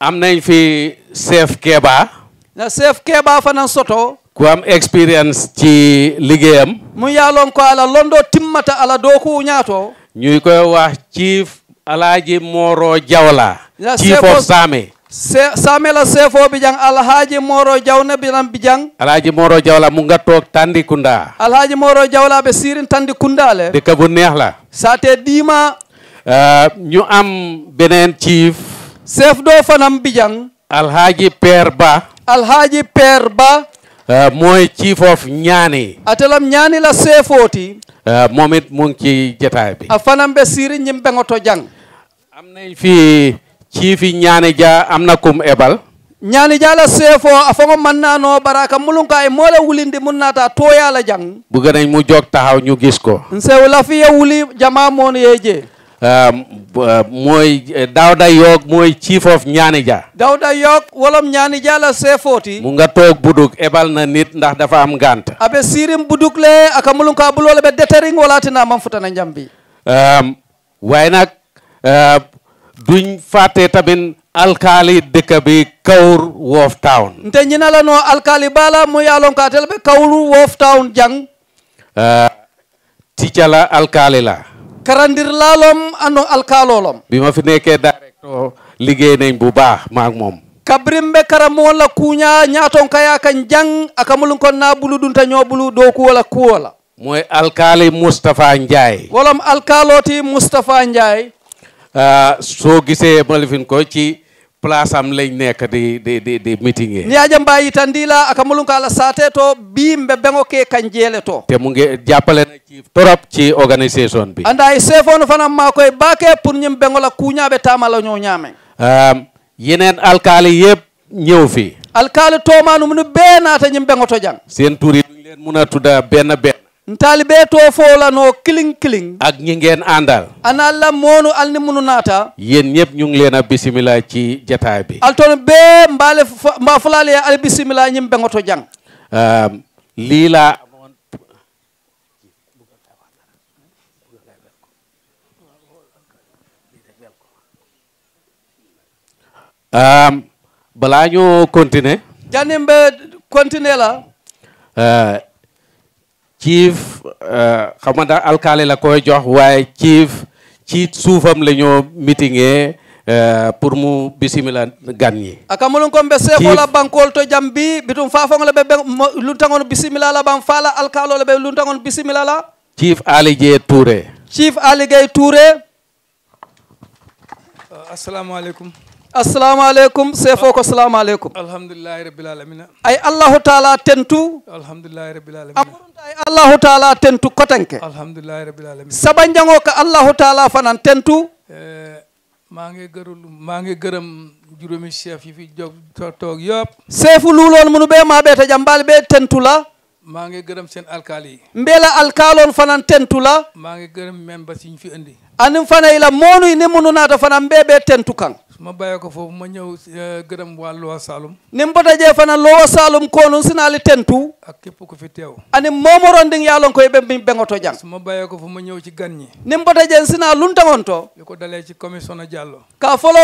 am nañ fi chef Keba. na chef Keba fanan soto. ku am expérience ci liggéeyam. mu yaalon ko ala londo timmata ala dooku ñaato. ñuy koy wax chief alaaji Moro Jawla. la chief of la chef o bi jang alhaji Moro Jawna bi Jawla mu nga toog Tandikunda. alhaji Moro Jawla be siirin Tandikunda le. dëkk bu neex la. saa diima. Euh, ñu am beneen chief. chef doo fanam bi Bijang alhaji Père Ba alhaji Père Ba euh, mooy chief of ñaani atelam ñaani la seefooti euh, moom it mu ci jataay bi a fanam be siiri ñim bengoto jang am nañ fi chief yi ñaani ja am na kum ebal ñaani ja la seefo a fango man naanoo baraka mulunkaay moo la wulindi mun naata tooyaa la jang bëgg nañ mu jog taxaw ñu gis ko nsew la fi wuli jamaa moon yee Um, uh, mooy uh, Daawda Yoog mooy chief of Ñaanija Daawda Yoog wolom Ñaanija la seefooti mu nga toog buduk ebal na nit ndax dafa am gant aɓe sirim buduk le aka mulum ka bulole ɓe detering walatina man futana njambi um, waaye nag uh, duñ fàtte tamit alkaali dëkk bi Kawr Wharf nte ñina la noo alkaali baala mu yaalon kaatel ɓe Kawr Wharf Town jang ticca la alkaali la karandirlaaloom ano alkaalooloom bi ma fi nekke directeur liggéey nañ bu baax maak moom kabrin be kara moola kuña ñaaton kaya kan jang akamulun kon na bulu dun ta ñobulu do kuwala kuwala moy alkali mustapha njay wolom alkaloti mustapha njay uh, ah, so gisee malifin place am lañ nekk di di di di meeting ñaaja aka mulun kala sate to bi mbe bengo ke kan to te mu ngi jàppale na ci torop ci organisation bi anda e sefono fana ma koy baake pour ñim bengo la kuñabe tamala ñoo ñame yeneen alkaali yëpp ñëw fi alkaali toomanu munu bee naata ñim bengo to jang seen tuuri duñ leen ntaalibe to foolano kiling kiling ak ñi ngeen àndal ana alla moonu alni munu naata yéen ñëpp ñu ngi leen bisimila ci jataay bi altoon bee mbaale mbaa fulaale ye ala bisimila ñim bengoto jang lii laa balaa ñu continuer janim be la ciif euh, xam nga daal alkaali la koy jox waaye ciif ci suufam la mitingee euh, pour mu bisimila gan ñi akamulum kon ɓe seefola to jam bi bitum fafongla ɓe bisimila la ɓan fala alkalola ɓe luntagon bisimila la chief ali gueye touré chief ali gueye touré euh, assalamualeykum sefo ko assalamualeykum alhamdulillahi rabbil alamin ay allahu taala tentu alhamdulillahi rabbil alamin amurunta ay allahu taala tentu kotenke alhamdulillahi rabbil alamin saba jango ko allahu taala fanan tentu eh, maa ngi gërul maa ngi gërëm juróomi chef yi fi jog toog yëpp seefu luuloon munu ɓe ma ɓeeta jam mbaali ɓe tentula maa ngi gërëm seen alkaali yi mbeela alkaaloon fanan tentula maa ngi gërëm même ba siñ fi indi anin fana ila monu ni munu nata fana mbebe tentukan ma baye ko fofu ma eh, ñew geureum wa salum nim bota je fana lo salum ko non sinali tentu ak kep ko fi tew ani momoro ndin yalon koy be mi bengoto jang ma baye ko fofu ma ñew ci ganni nim bota je sina lu tangonto liko dalé ya ci na jallo ka folo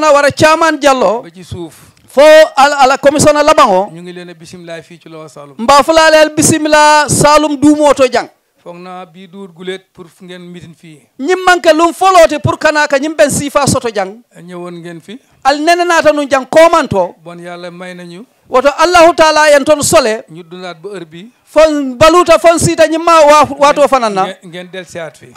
na wara chairman jallo ba ci souf fo ala, ala na labango ñu ngi leena bismillah ya fi ci lo salum mba fula lel bismillah salum moto jang foog naa bii duur guleet pour fu ngeen mitin fii ñimmanke lum foloote pour kanaka ñim ɓen siifa soto jang ñëwoon ngeen fi al nene naata nu jang komanto bon yàlla may nañu woto allahu taala en toon sole ñu dundaat ba heure bi fon baluuta fon siita ñimma wa waato fananna ngeen del siyaat fi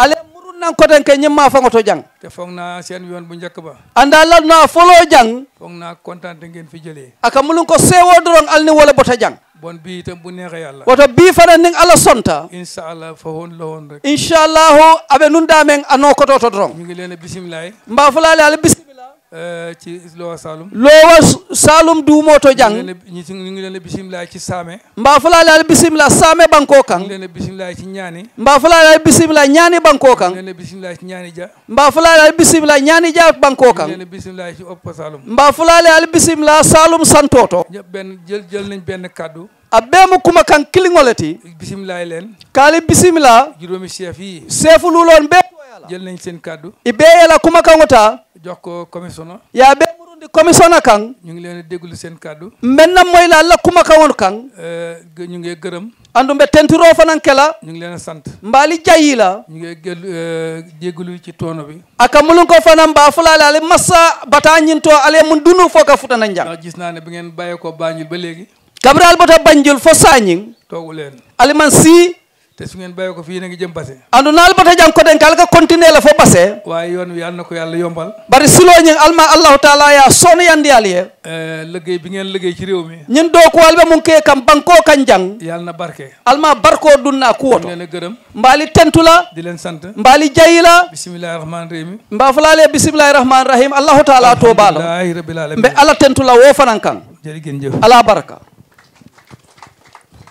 nankoten ke ñemma fangoto jang te foog na seen yoon bu njëkk ba anda lal naa foloo jang foog naa contente ngeen fi jëlee aka mulun ko seewo dorong alni wala bota jang bon bii itam bu neexee yàlla woto bii fana ning ala sonta inchallah fo hon la hon rek inchallahu aɓe nun damen ano kototo dorong ñu ngi leen a bisimilayi mbaa fulaale ala bisim Euh, ci lowa salum lowa salum duumoto jang ngi lene bisimla ci same mba fala laal bisimla same banko kan ngi lene bisimla ci ñaani mba fala laal bisimla ñaani banko kan ngi lene bisimla ci ñaani ja mba fala laal bisimla ñaani ja banko kan ngi lene bisimla ci oppo salum mba fala laal bisimla salum santoto ben jël jël nañ benn kaddu a ɓeemo kuma kan kiliŋole ti bisimila e len kaali bisimila juróomi chef yi chef luuloon ɓe jël nañ seen kaddu i ɓee yela kuma kaŋo ta jox ko commissionneur yaaɓe murundi commissionneur kan ñu ngi leen déglu seen kàddu maintenant mooy la lakkuma ka won kan euh, ñu ngi gërëm andu mbe tentiro fanan kela ñu ngi leen sant mbaali jayi la ñu ngi gël euh, jéggalu ci toono bi a aka mulun ko fanan mbaa fulaale ale massa bata ñinto ale mun dunu fo ka futana njang gis naa ne bi ngeen bàyyee ko Banjul ba léegi Gabriel bata Banjul fo sañing toogu leen aliman si té su ngeen bàyyi ko fi na ngi jëm passé andu naal bata jang ko den kalga continuer la fo passé waaye yoon wi yalla ko yalla yombal bari sulo ñing alma Allah taala ya sonu yandi yalla ye eh, liggey bi ngeen liggey ci rew mi ñin do ko walbe mu kee kam banko kan jang yalla na alma barko dun naa ku woto leen gërëm mbaali tentu la di len sante mbali jayi la bisimillahi rahim mbaa falaalee bismillahir rahmanir rahim allah taala toobaalo be ala tentu la woo fanan kan jërëjëf ala baraka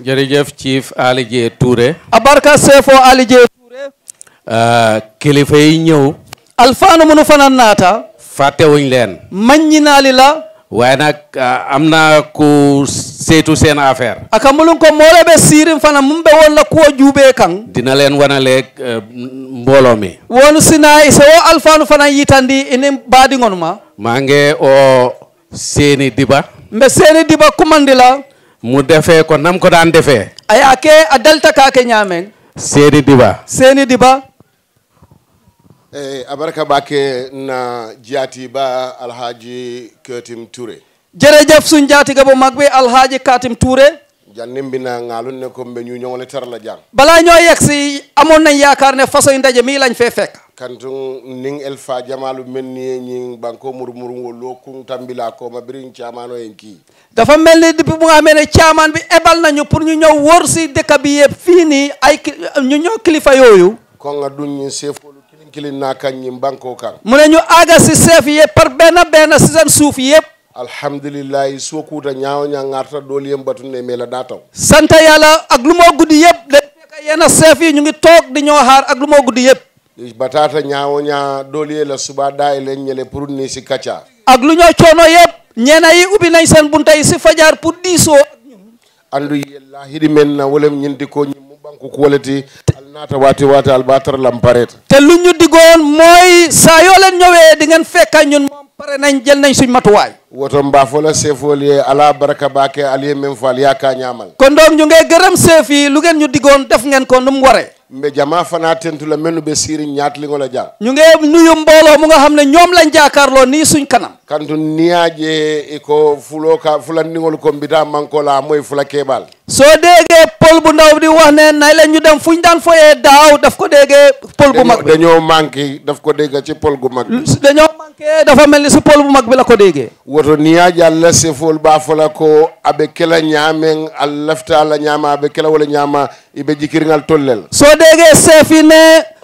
jërëjëf Chief Ali J Touré. abarka seefo Ali J Touré. Euh, kilifa yi ñëw. alfaanu munu fanaan naata. fàttewuñ leen. maññi naali la. waaye nag euh, am na ku saytu seen affaire. aka mulun ko moole be siirin fana mun be walla kuwo juubee kan. dina leen wanaleeg euh, mbooloo mi. wonu sina isa wo alfaanu fana yitandi ini baadiŋon ma. maa ngi seeni diba. mbe seeni diba kumandi la. mu defee ko nam ko daan defee aya a dalta kaake ñaamen seeni diba seeni diba eyi eh, abaraka baake na jaatiba alhaaji ketim touré jerejef sun jaatiga bo magɓe alhaaji katim touré jannimbina ngaalun ne ko mbe ñuñongole tarla jang bala ñoo yegsi amoon nañ yaakaar ne façon ndaje mi lañ fee fekk kantum nin elfa jamalu men ni ñin banko murmuru lo kun tambila ko ma birin chamano en ki dafa mel ni depuis bu nga amee ne caamaan bi ebal nañu pour ñu ñëw wóor si dëkk bi yëpp fii nii ay ñu ñëw kilifa yooyu ko nga dun ñin seefolu kilin kilin naa kan ñin banko kan mu ñu aaga si seef yëpp par benn benn si seen suuf yëpp alhamdulillahi soo kuuta ñaaw ñaa ŋaarta doolu yem batu ne mais la daa taw sant yàlla ak lu moo guddi yëpp day fekk yi ñu ngi toog di ñoo xaar ak lu moo guddi yëpp ba ñaa batata ñaawoña la suba daay leen ñele pour ni si kacca ak lu ñoo coono yëpp ñeena yi ubbi nañ seen bunta yi si fajar pour diisoo andu yella hiɗi men na wolem ñindi ko mu banku ko walati al naata waati waati al batar lam pareeta te lu ñu digoon mooy saa yoo leen ñëwee di ngeen fekka ñun moom pare nañ jël nañ suñ matuwaay woto mbaa fo la seefool ye ala baraka baake aliye men faal yaaka ñaamal kon donc ñu ngay gërëm seef yi lu ngeen ñu digoon def ngeen ko nu mu waree mbe jama fana tentula mennu be siiri ñaatliŋo la jaŋ ñu ngi nuyu mbooloo mu nga xam ne ñoom lañ jaakaarloo nii suñ kanam kantun niŋ ye je i e ko fuloo ka fulandiŋolu ko nbita manko mooy moy fula keebal soo déggee pol bu ndaw di wax ne nay la ñu dem fuñ daan foyee daaw daf ko déggee pol bu mag bi dañoo manqué daf ko dégg ci pol gu mag bi dañoo dafa mel ni si pol bu mag bi la ko déggee woto niŋ ye je alla sefoolu baa fo ko a be ke la ñaameŋ a lafita la ñaama a be ke la wo le ñaama i be jikiriŋal tol le la soo déggee seefi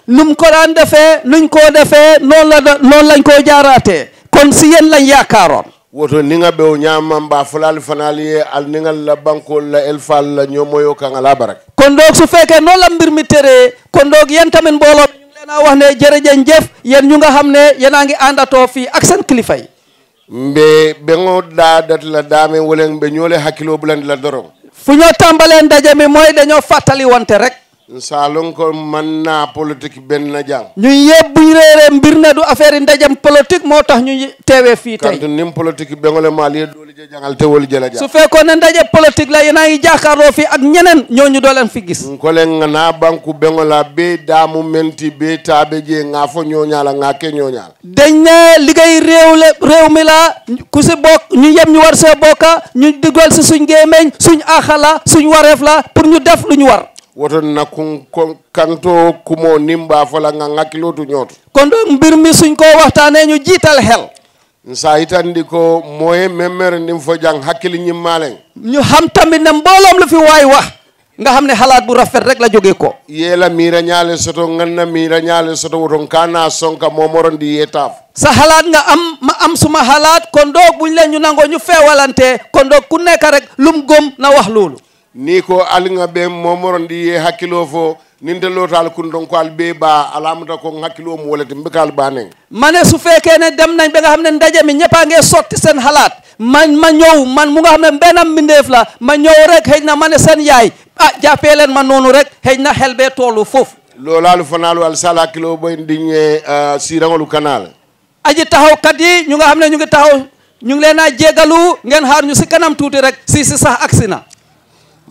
num ko daan defee nuñ ko defee noonu la noonu lañ koo jaaraatee kon si yéen lañ yaakaaroon woto ni nga ɓew ñaman mba fulal fanal ye al la bankol la elfal la ñomoyo kan ala barak kon donc su fekkee noonu la mbir mi tëree kon donc yéen tamit mbooloo ñu ngi leen a wax ne jërëjëf jëf yéen ñu nga xam ne yéen a ngi àndatoo fii ak seen kilifa yi mbe ɓeŋo daa dat la daame wala ɓe ñoole hakkiloo bulandi la doron fu ñoo tàmbalee ndaje mi mooy dañoo fàttali wante rek saalon ko man naa politique benn jàng ñun yëpp bu ñu réeree mbir ne du affaire yi ndajam moo tax ñu teewee fii tey kantu nim politique bengole maal ye doolu je jàngal te wolu jëla fii ak ñeneen ñooñu doo leen fi gis nkole nga naa banku bengola bee daamu menti bee taabe jee ngaa fo ñooñaala ngaa ke ñooñaala dañ ne liggéey réew le réew mi la ku si bokk ñu yem ñu war see bokka ñu dugal si suñ géemeñ suñ axala suñ wareef la pour ñu def lu ñu war woton na kun kanto kumo nimba fala nga ngakkilotu ñooto kono ɗon mbir mi suñ ko waxtaane ñu jiital hel sa yitandi ko moye memmere ndin fo jang hakkille ñimmalen ñu xam tamit ne mbooloom lu fi waay wax nga xam ne xalaat bu rafet rek la jógee ko yeela miira ñaale soto nganna miira ñaale soto woton kana sonka momorondi yeetaaf sa xalaat nga am ma am suma xalaat kon doog buñ leen ñu nangoo ñu feewalante kon doog ku nekk rek lum gom na wax loolu ni ko alinga ɓe momorondi ye hakkilo fo ninte lootal kundon ko al be ba alamata ko mu hakkilo mo wolete mbikal banen mane su fekkee ne dem nañ ba nga xam ne ndaje mi ñëpp a ngi sotti seen xalaat man ma ñëw man mu nga xam ne benam mbindeef la ma ñëw rek xëy na ma ne seen yaay ah jàppee leen ma noonu rek xëy na xel bee toolu foofu loolaalu fanaalu al sala kilo boy ndiñe euh, sirangolu canal aji taxaw kat yi ñu nga xam ne ñu ngi taxaw ñu ngi leen a jégalu ngeen xaar si kanam tuuti rek si si sax agsi na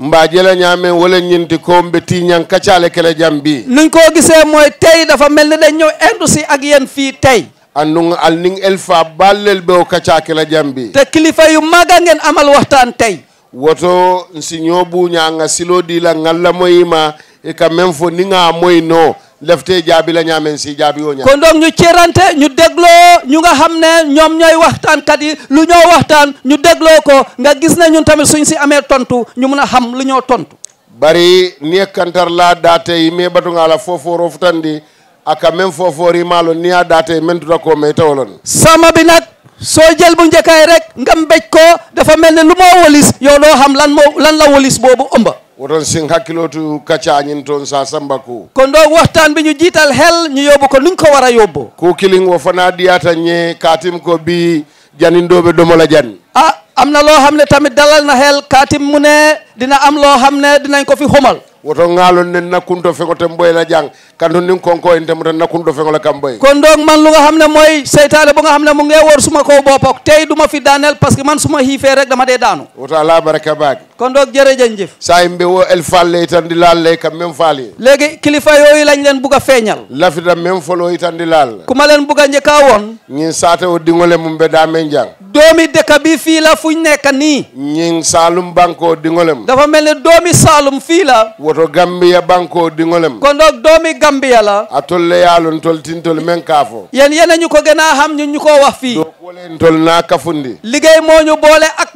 mba jela ñaamen wala ñindi kombe tiñan kacale kele jam bi nuñ ko gisee mooy tey dafa mel ni dañ ñëw indu si ak yéen fii tey andun al ning elfa ballel be o kacaa kele jam bi te kilifa yu maga ngeen amal waxtaan tey woto nsi ñoo buuñaa nga siloo di la ngalla moyima e ka men fo ni ngaa moy noo lefte jaabi la ñaamen si jaabi woo ñaa kon donc ñu cerante ñu dégloo ñu nga xam ne ñoom ñooy waxtaankat yi lu ñoo waxtaan ñu dégloo ko nga gis ne ñun tamit suñ si amee tontu ñu mun a xam lu ñoo tontu bari ni kantar la daate yi mais batunga la foofooroo futandi aka même foofoori maalo ni a daate men tuta ko mais tawolon sama bi nag soo jël bu njëkkaay rek nga mbéj ko dafa mel ne lu moo walis yow doo xam lan moo lan la walis boobu ëmba woton sin hakkilotu kacañin toon sa sambaku kon ɗo wohtan ɓe ñu jiital hel ñu yobbo ko nuñ ko wara yobbo kukilin wo fana ɗiyata ñe kaatim ko bi janindoɓe domola jani ah am na loo xam ne tamit dalal na hel kaatim mu ne dina am loo xam ne dinañ ko fi xumal woto ngaalon nen nakkunto feŋo ten boy la jang kanto nin konko en temuta nakkunto feŋo la kam boy kon donc man lu nga xam ne mooy seytaane bu nga xam ne mu ngi wor suma kaw boppok tey duma fi daaneel parce que man suma xiifee rek dama dee daanu woto ala baraka baagi kon donc jërëjëf saa yimɓe wo el falle itandi laal lay kam même faali léegi kilifa yooyu lañ leen bugg a feeñal lafita même folo itandi laal ku ma leen bugg a njëkkaa woon ñin saate o diŋole mum be daamen jang doomi dëkk bi fii la fuñ nekk nii ñin saalum banko diŋole mu dafa mel ne doomi saalum fii la woto gambiya banko dingolem kono doomi gambiya la a tolle yaalon tol tintol men kaa fo yen yenañu ko gën a xam ñun ñu ko wax fii wolen tol naa kafundi liggéey moo ñu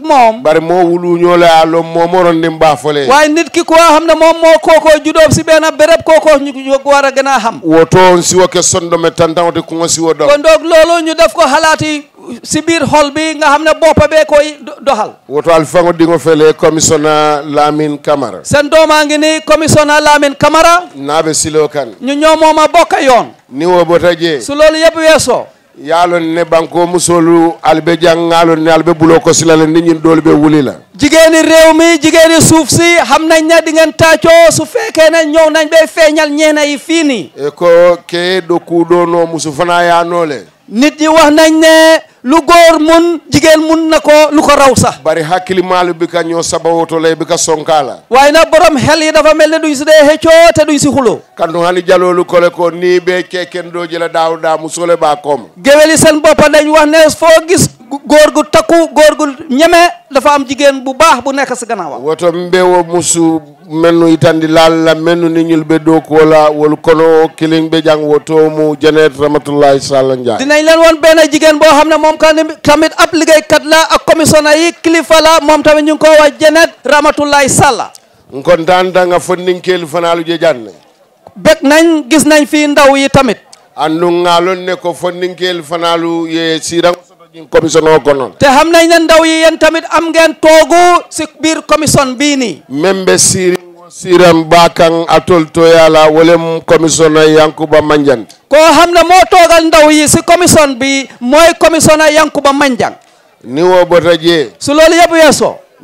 moom bari moo wuluñoo la yaa lom moo moron di mbaafolee waaye nit ki ko xam ne moom moo kookoo judóob si benn béréb kookoo ñu war a gën a xam wotoon si wo ke sondome tantaŋote kuŋo si wo dom kon donc loolu ñu def ko xalaati si biir xol bi nga xam ne boppa bee koy doxal woto alfaŋo dingo fele commissionnaire Lamine Camara seen doomaa commissioner Lamine Camara naaɓe silo kan ñu ñoomooma bokka yoon ni wo bota jee su loolu yëpp weesoo yaalon ne banko musolu albe jangaalon ne albe buloo ko silale nit ñin doolu be wuli la jigéeni réew mi suuf si xam nañ ne di su fekkee ne ñëw nañ bay feeñal ñeena yi fii nii e ko ke do kuuɗoo noo musu fanaa yaanoole nit ñi wax nañ ne lu góor mun jigéen mun na ko lu ko raw sax bari hakkilimaalu bi ka ñoo sabawoto lay bi ka sonkaala waaye nag borom xel yi dafa mel ne duñ si dee xëccoo te duñ si xuloo kandu hani jaloolu kole ko nii bee keekendoo ji la daaw daamu mu sole baa koom géwéli seen boppa dañ wax ne foo gis góor gu takku góor gu ñeme dafa am jigéen bu baax bu nekk si gannaawam woto mbewo musu mennu itandi laal la mennu ni ñul be dookuwola wol kono kiling be jàng woto mu jeneet rahmatullahi sall ndiaye dinañ leen woon benn jigéen boo xam ne moom kan tamit ab liggéeykat la a commissionnaire yi kilifa la moom tamit ñu ngi ko wax jeneet rahmatullahi sall nkontaanta nga fonninkeel fanaalu je janne bég nañ gis nañ fii ndaw yi tamit andu ngaalon ne ko fonninkeel ñun commission oo ko noon xam nañ ndaw yi yéen tamit am ngeen toogu si biir bii nii même be siiri siram bakan atol toyala wolem commissioner yankuba manjang moo toogal ndaw yi si commission bi mooy commissioner yankuba manjang ni wo bota jee su loolu yëpp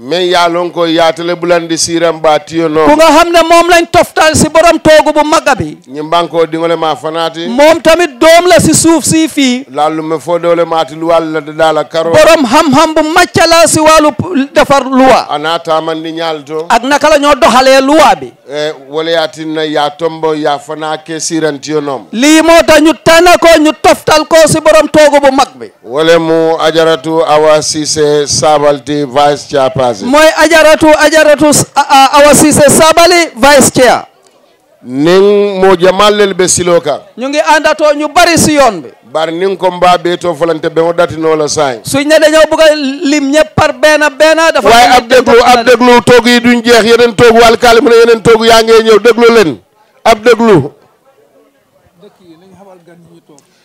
mais yàlla nga yaatale bu leen di siiram ba tiyo noonu ku moom lañ toftal si borom toogu bu magga bi ñi mbankoo dingole maa fanaati moom tamit doom la si suuf si fii laalu me foo doole maati luwal la daal la karo borom xam-xam bu macca la si wàllu defar luwa anaa taaman di ñaal to ak naka la ñoo doxalee luwa bi E, woloyaatina yaa tombo yaa fanaake sirantiyo lii moo ñu tànn ko ñu toftal ko si borom toogu bu mag bi wala mu ajaratu awa siise sabalti vice chair pasi mooy ajaratu ajaratu awa siise sabali vice chair nin moo jamallel be siloo ñu ngi àndatoo ñu bari si yoon bi bari ni nga ko mbaa beetoo falante be ngo datino la saay suñ ne dañoo bëgg a lim ñëpp par benn benn dafa waaye ab déglu ab déglu toog yi duñ jeex yeneen toog wàlkaali mu ne yeneen toog yaa ngee ñëw déglu leen ab déglu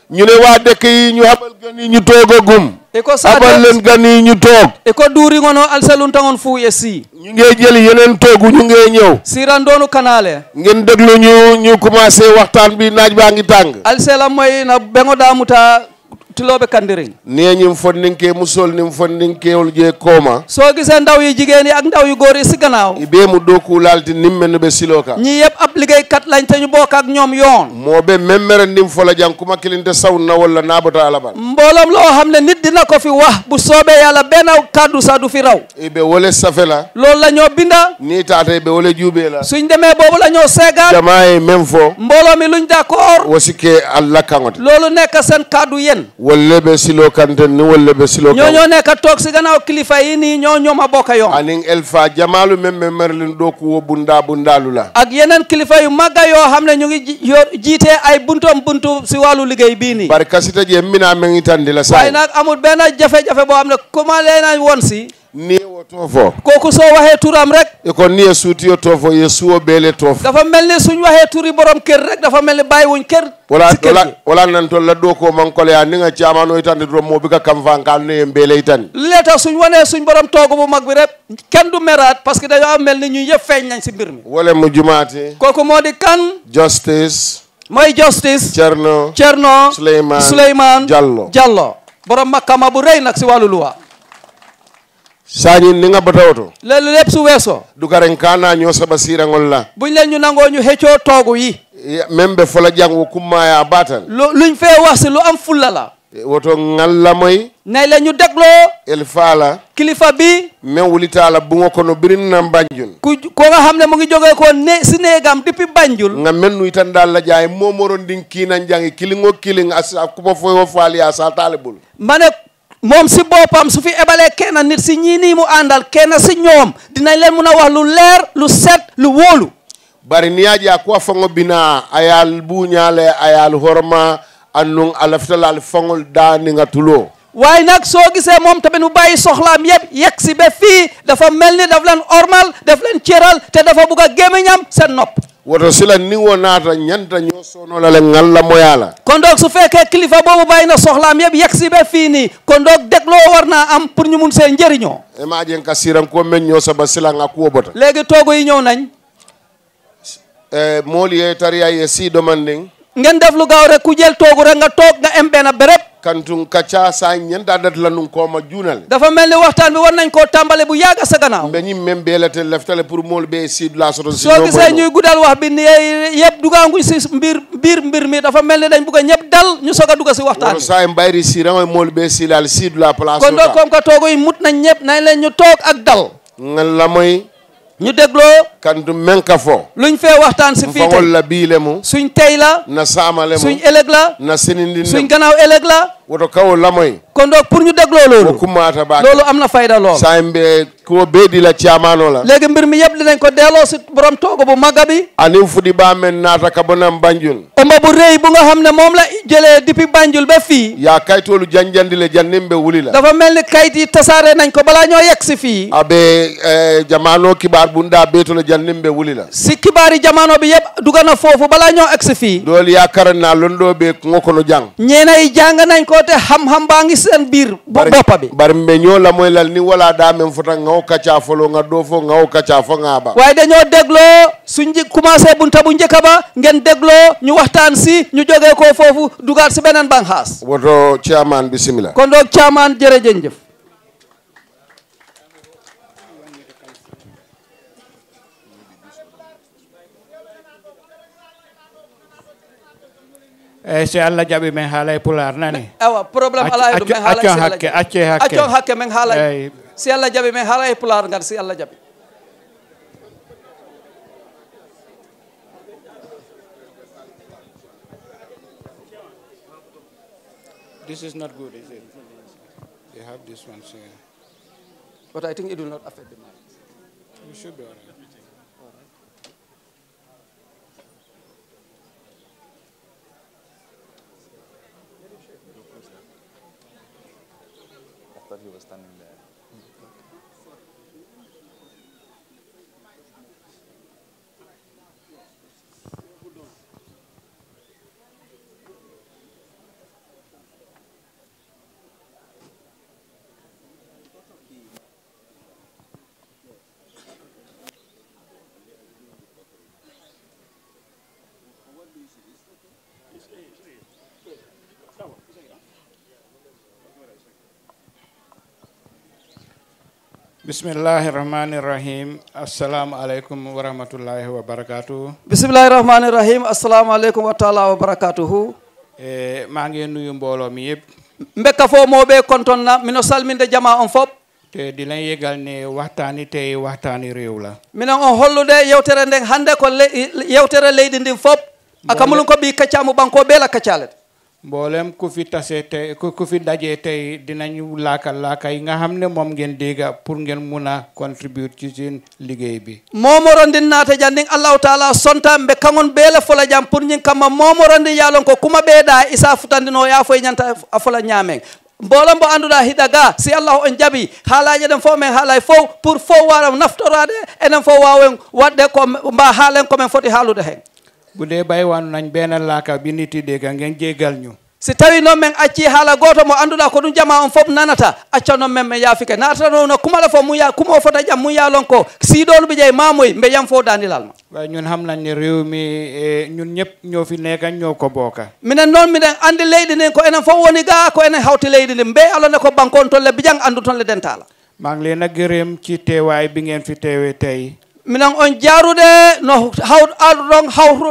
ñu ne waa dëkk yi ñu habal gan yi ñu toogagum habal leen gan yi ñu toog e ko duuringono alsaluntaŋon fuu e si ñu ngee jël yeneen toogu ñu ngee ñëw sirandoonu kanaale ngeen déglu ñu ñu commencé waxtaan bi naaj baa ngi tàng alsela moy na beŋo daamuta tuloɓe kandirin neñim fondinke musol nim fondinkewol je kooma so gise ndaw yi jigéen yi ak ndaw yu góor yi si gannaaw i ɓe mu doku laalti nimmen no ɓe silo ka ñi yeb ab liggéey kat lañ te ñu bokk ak ñoom yoon mooɓe memmere ndim fola jan kuma kilinte sawn na walla naabata alabal mbooloom loo xam ne nit dina ko fi wax bu soobee yàlla benn kàddu sa du fi raw i ɓe wole safe la loolu la ñoo binda ni taata ɓe wole juuɓee la suñ demee boobu la ñoo seegaat jamaa ye même fo mbooloo mi luñ d'accord wasike allah kaŋote loolu nekk seen kàddu yéen wollebe silo kanten ni wollebe silo ñoo ñoo nekk toog si gannaaw kilifa yi ni ñoo ñoom a bokk yoon anin elfa jamaalu men men merlin doo ku wo bundaa bundaalu la ak yeneen kilifa yu magga yoo xam ne ñu ngi yor jiite ay buntoom buntu si wàllu liggéey bii nii bari kasita jee mbinaa mengi la saay waaye nag amul benn jafe-jafe boo xam ne kuma leen woon si niyewo toofo kooku soo waxee turam rek e ko niye suutiyo toofo ye suwo beele dafa mel ni suñ waxee turi borom kër rek dafa mel ni bàyyiwuñ kër wala wala wala nan tol la ɗo ko mankole ni nga caamano yitande dorom moo bi ka kam fan ka andonaye mbeele yitan leeta suñ wanee suñ borom toogu bu mag bi rek kenn du meraat parce que dañoo mel ni ñun yëpp feeñ nañ si mbir mi wala mu jumaate kooku moo di kan justice mooy justice Cerno Cerno Souleymane Souleymane Jallo Jallo borom makama bu rey nag si wàllu luwa a ni nga batawoto loolu lépp su weesoo dugaren kana ñoo saba sirangol la buñ leen ñu nangoo ñu xëccoo toogu yi même be fola jàngu kummaaya baatal lu luñ fee wax si lu am fulla la e, woto ngalla moy nay la ñu dégloo el faala kilifa bi me même wulitaala bungo kono birin na banjul ko nga xam ne mu ngi jógee ko ne si néegam depuis banjul nga men nuy tan daal la jaay moomoron din kiinan jangi kilingo kiling a kubo foyo faali a sa taalibul ma mom si bopam su fi ebalé kenn nit si ñi ni mu andal kenn si ñom dinañ leen mëna wax lu leer lu set lu wolu bari niyaji akuwa fongo bina ayal buñale ayal horma annun alaftalal fongol dani nga tulo waaye nag soo gisee moom tamit mu bàyyi soxlaam yeb yegg si ba fii dafa melni ni daf leen ormal daf leen cëral te dafa bugg a gémmiñam sen nopp woto sila niŋo naata ñanta ñoo sonola le ŋal la moya la kon donc su fekkee kilifa boobu bàyyi na soxlaam yëpp yegg si ba fii nii kon donc dégloo war naa am pour ñu mun seen njëriñoo maa jeng ka siiran ko men ñoo saba sila ŋa kuwo bota léegi toogo yi ñëw nañ eh, moolu ye tariya ye sii domandiŋ ngeen def lu gaaw rek ku jël toogu rek nga toog nga em benn béréb. kantung kaca sa ñen dadat lanun koma dafa mel ni waxtaan bi war nañ koo tàmbale bu yàgg sa gannaaw mbeñi même beelate leftale pour mool be sid la soto soo gisee ñuy guddal wax bi ni yëpp si mbir mbir mi dafa mel ni dañ bugg a ñëpp dal ñu soog a si waxtaan bi sa mbayri sirangoy mool be silal sid la place kon doo yi mut nañ ñëpp nañ leen ñu toog ak dal ngan mooy ñu dégloo kandu menka fo ñu fee waxtaan si fii tey la bii le suñ tey la na saamale mu suñ ëllëg la na sinindin suñ gannaaw ëllëg la woto kawo lamoy kon donc pour ñu dégloo loolu ko kummaata baa loolu am na fayda lool saa mbe ko beedi la ciamaano la léegi mbir mi yëpp nañ ko delloo si borom toogo bu magga bi anin fudi baa men naata ka bonam banjul omba bu rëy bu nga xam ne moom la jëlee depuis banjul ba fii yaa kaytoolu janjandi le jannin be wuli la dafa mel ni kayit yi tasaare nañ ko balaa ñoo yegg si fii abe eh, jamaano kibaar bundaa beetolo jannin be wuli la si kibaar yi jamaano bi yëpp duga na foofu balaa ñoo egg si fii doolu yaa naa londoo be ŋo kono jang ñeena nañ ko côté xam baa ngi seen biir boppa bi bari mbe ñoo la moy lal ni wala daa men fota ngaw kacca folo nga doo fo ngaw kacca fo ngaa ba waaye dañoo dégloo suñ commencé bunta bu ba ngeen dégloo ñu waxtaan si ñu jógee ko foofu dugaat si beneen banxaas woto chairman bismillah kon doog chairman jërëjëf se eh, alla jaɓi men haalay pular nani awa problem ala ɗum men haalay accon hakke acce hakke accon hakke men haalay si allah jaɓi men haalay e pular ngar si allah jaɓi eh, this is not good is it they have this one here. but i think it will not affect the mind you should be all right bismillahi rahmani rahim asalaamualeykum wa rahmatullahi bismillahi rahmani rahim asalaamualeykum wa taala wa eh, maa ngi nuyu mbooloo mi yëpp mbekka fo mooɓe kontonna mino salminde jama on fop te dina yegal ne waxtaani tey waxtaani réew la minon on hollude yewtere nden hannde ko yewtere leydi ndin fop akamulum ɓi kaccamu banko ɓeela kaccalede mboolem ku fi tasee tey ku fi dajee tey dinañu laakal laaka yi nga xam mom moom ngeen dégga pour ngeen mun a contribute ci seen liggéey bi momorodin naata jan ndin allahu taala sontan ɓe kaŋon beele fola jam pour ñin kamma momorodi yaalon ko kuma ɓeeɗa isa futandino yaa foye ñanta a fola ñaamen mbolon mbo annduɗa hiɗa ga si allahu on jaaɓi haalaji eɗen fof men haalay fof pour fof waram naftorade enen fof wawen waɗde ko mba haalen komin foti haalude hen bu dee baywaanu nañ benn laaka bi nit yi dégg ngeen jéggal ñu si tawi noon min acci haala gooto mo annduɗa ko ɗum jama on fof nanata acca noon min mi yaafike naata noon no kumala fof muya ko siiɗolu ɓe ƴey mamoy mbe yam fo dandilal ma way ñun xam nañ ne réew mi e, ñun ñëpp ñoo fi nekk ñoo ko booka minen noon minen anndi leydi ndin ko enen fof woni ga ko enen hawti leydi ndin mbe alonde ko banque on tolle bijan anndu toon le dentala maa ngi leen a gërëm ci teewaay bi ngeen fi teewe tey minon on jaarude no haw alɗuɗon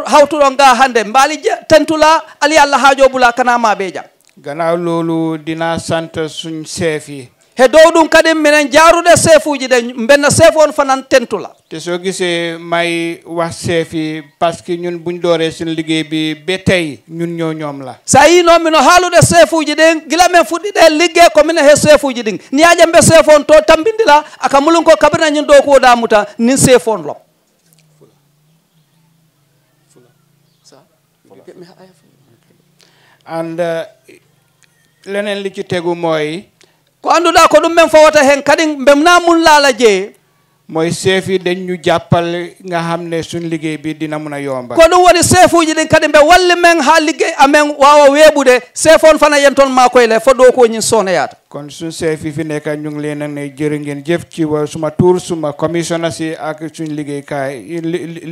hawtuɗon ga hannde mbaali tentula ali allah haajo bula kana maɓe jam ganaw loolu dina sant suñ chef yi he dow ɗum kadi minen jaaruɗe chef uji ɗe benna chef on fanan tentula te soo gisee may wax chef parce que ñun buñ dooree suñu liggéey bi ba tey ñun ñoo ñoom la so noo yii noon mino haalude chef uji ɗen gila men fuɗɗiɗe liggey ko minen he chef uji ɗin niyaje mbe chef on to tambindila aka mulun ko kabina ñin dow kuwodamuta nin chef on uh, li ko anduɗa ko ɗum men fawata hen kadi mbemna mun laala jeeye moy seefi den ñu jappal nga xamne sun liggey bi dina mëna yomba ko ɗum woni chef uji ɗin kadi mbe walli men ha liggey amen wawa weeɓude chef fana yen toon ma koye le fo ɗo koñin sonayata kon suñ chef yi fi nekk ñu ngi leen ne jërë ngeen jëf ci suma tour suma commissioner si ak suñ liggéeykaay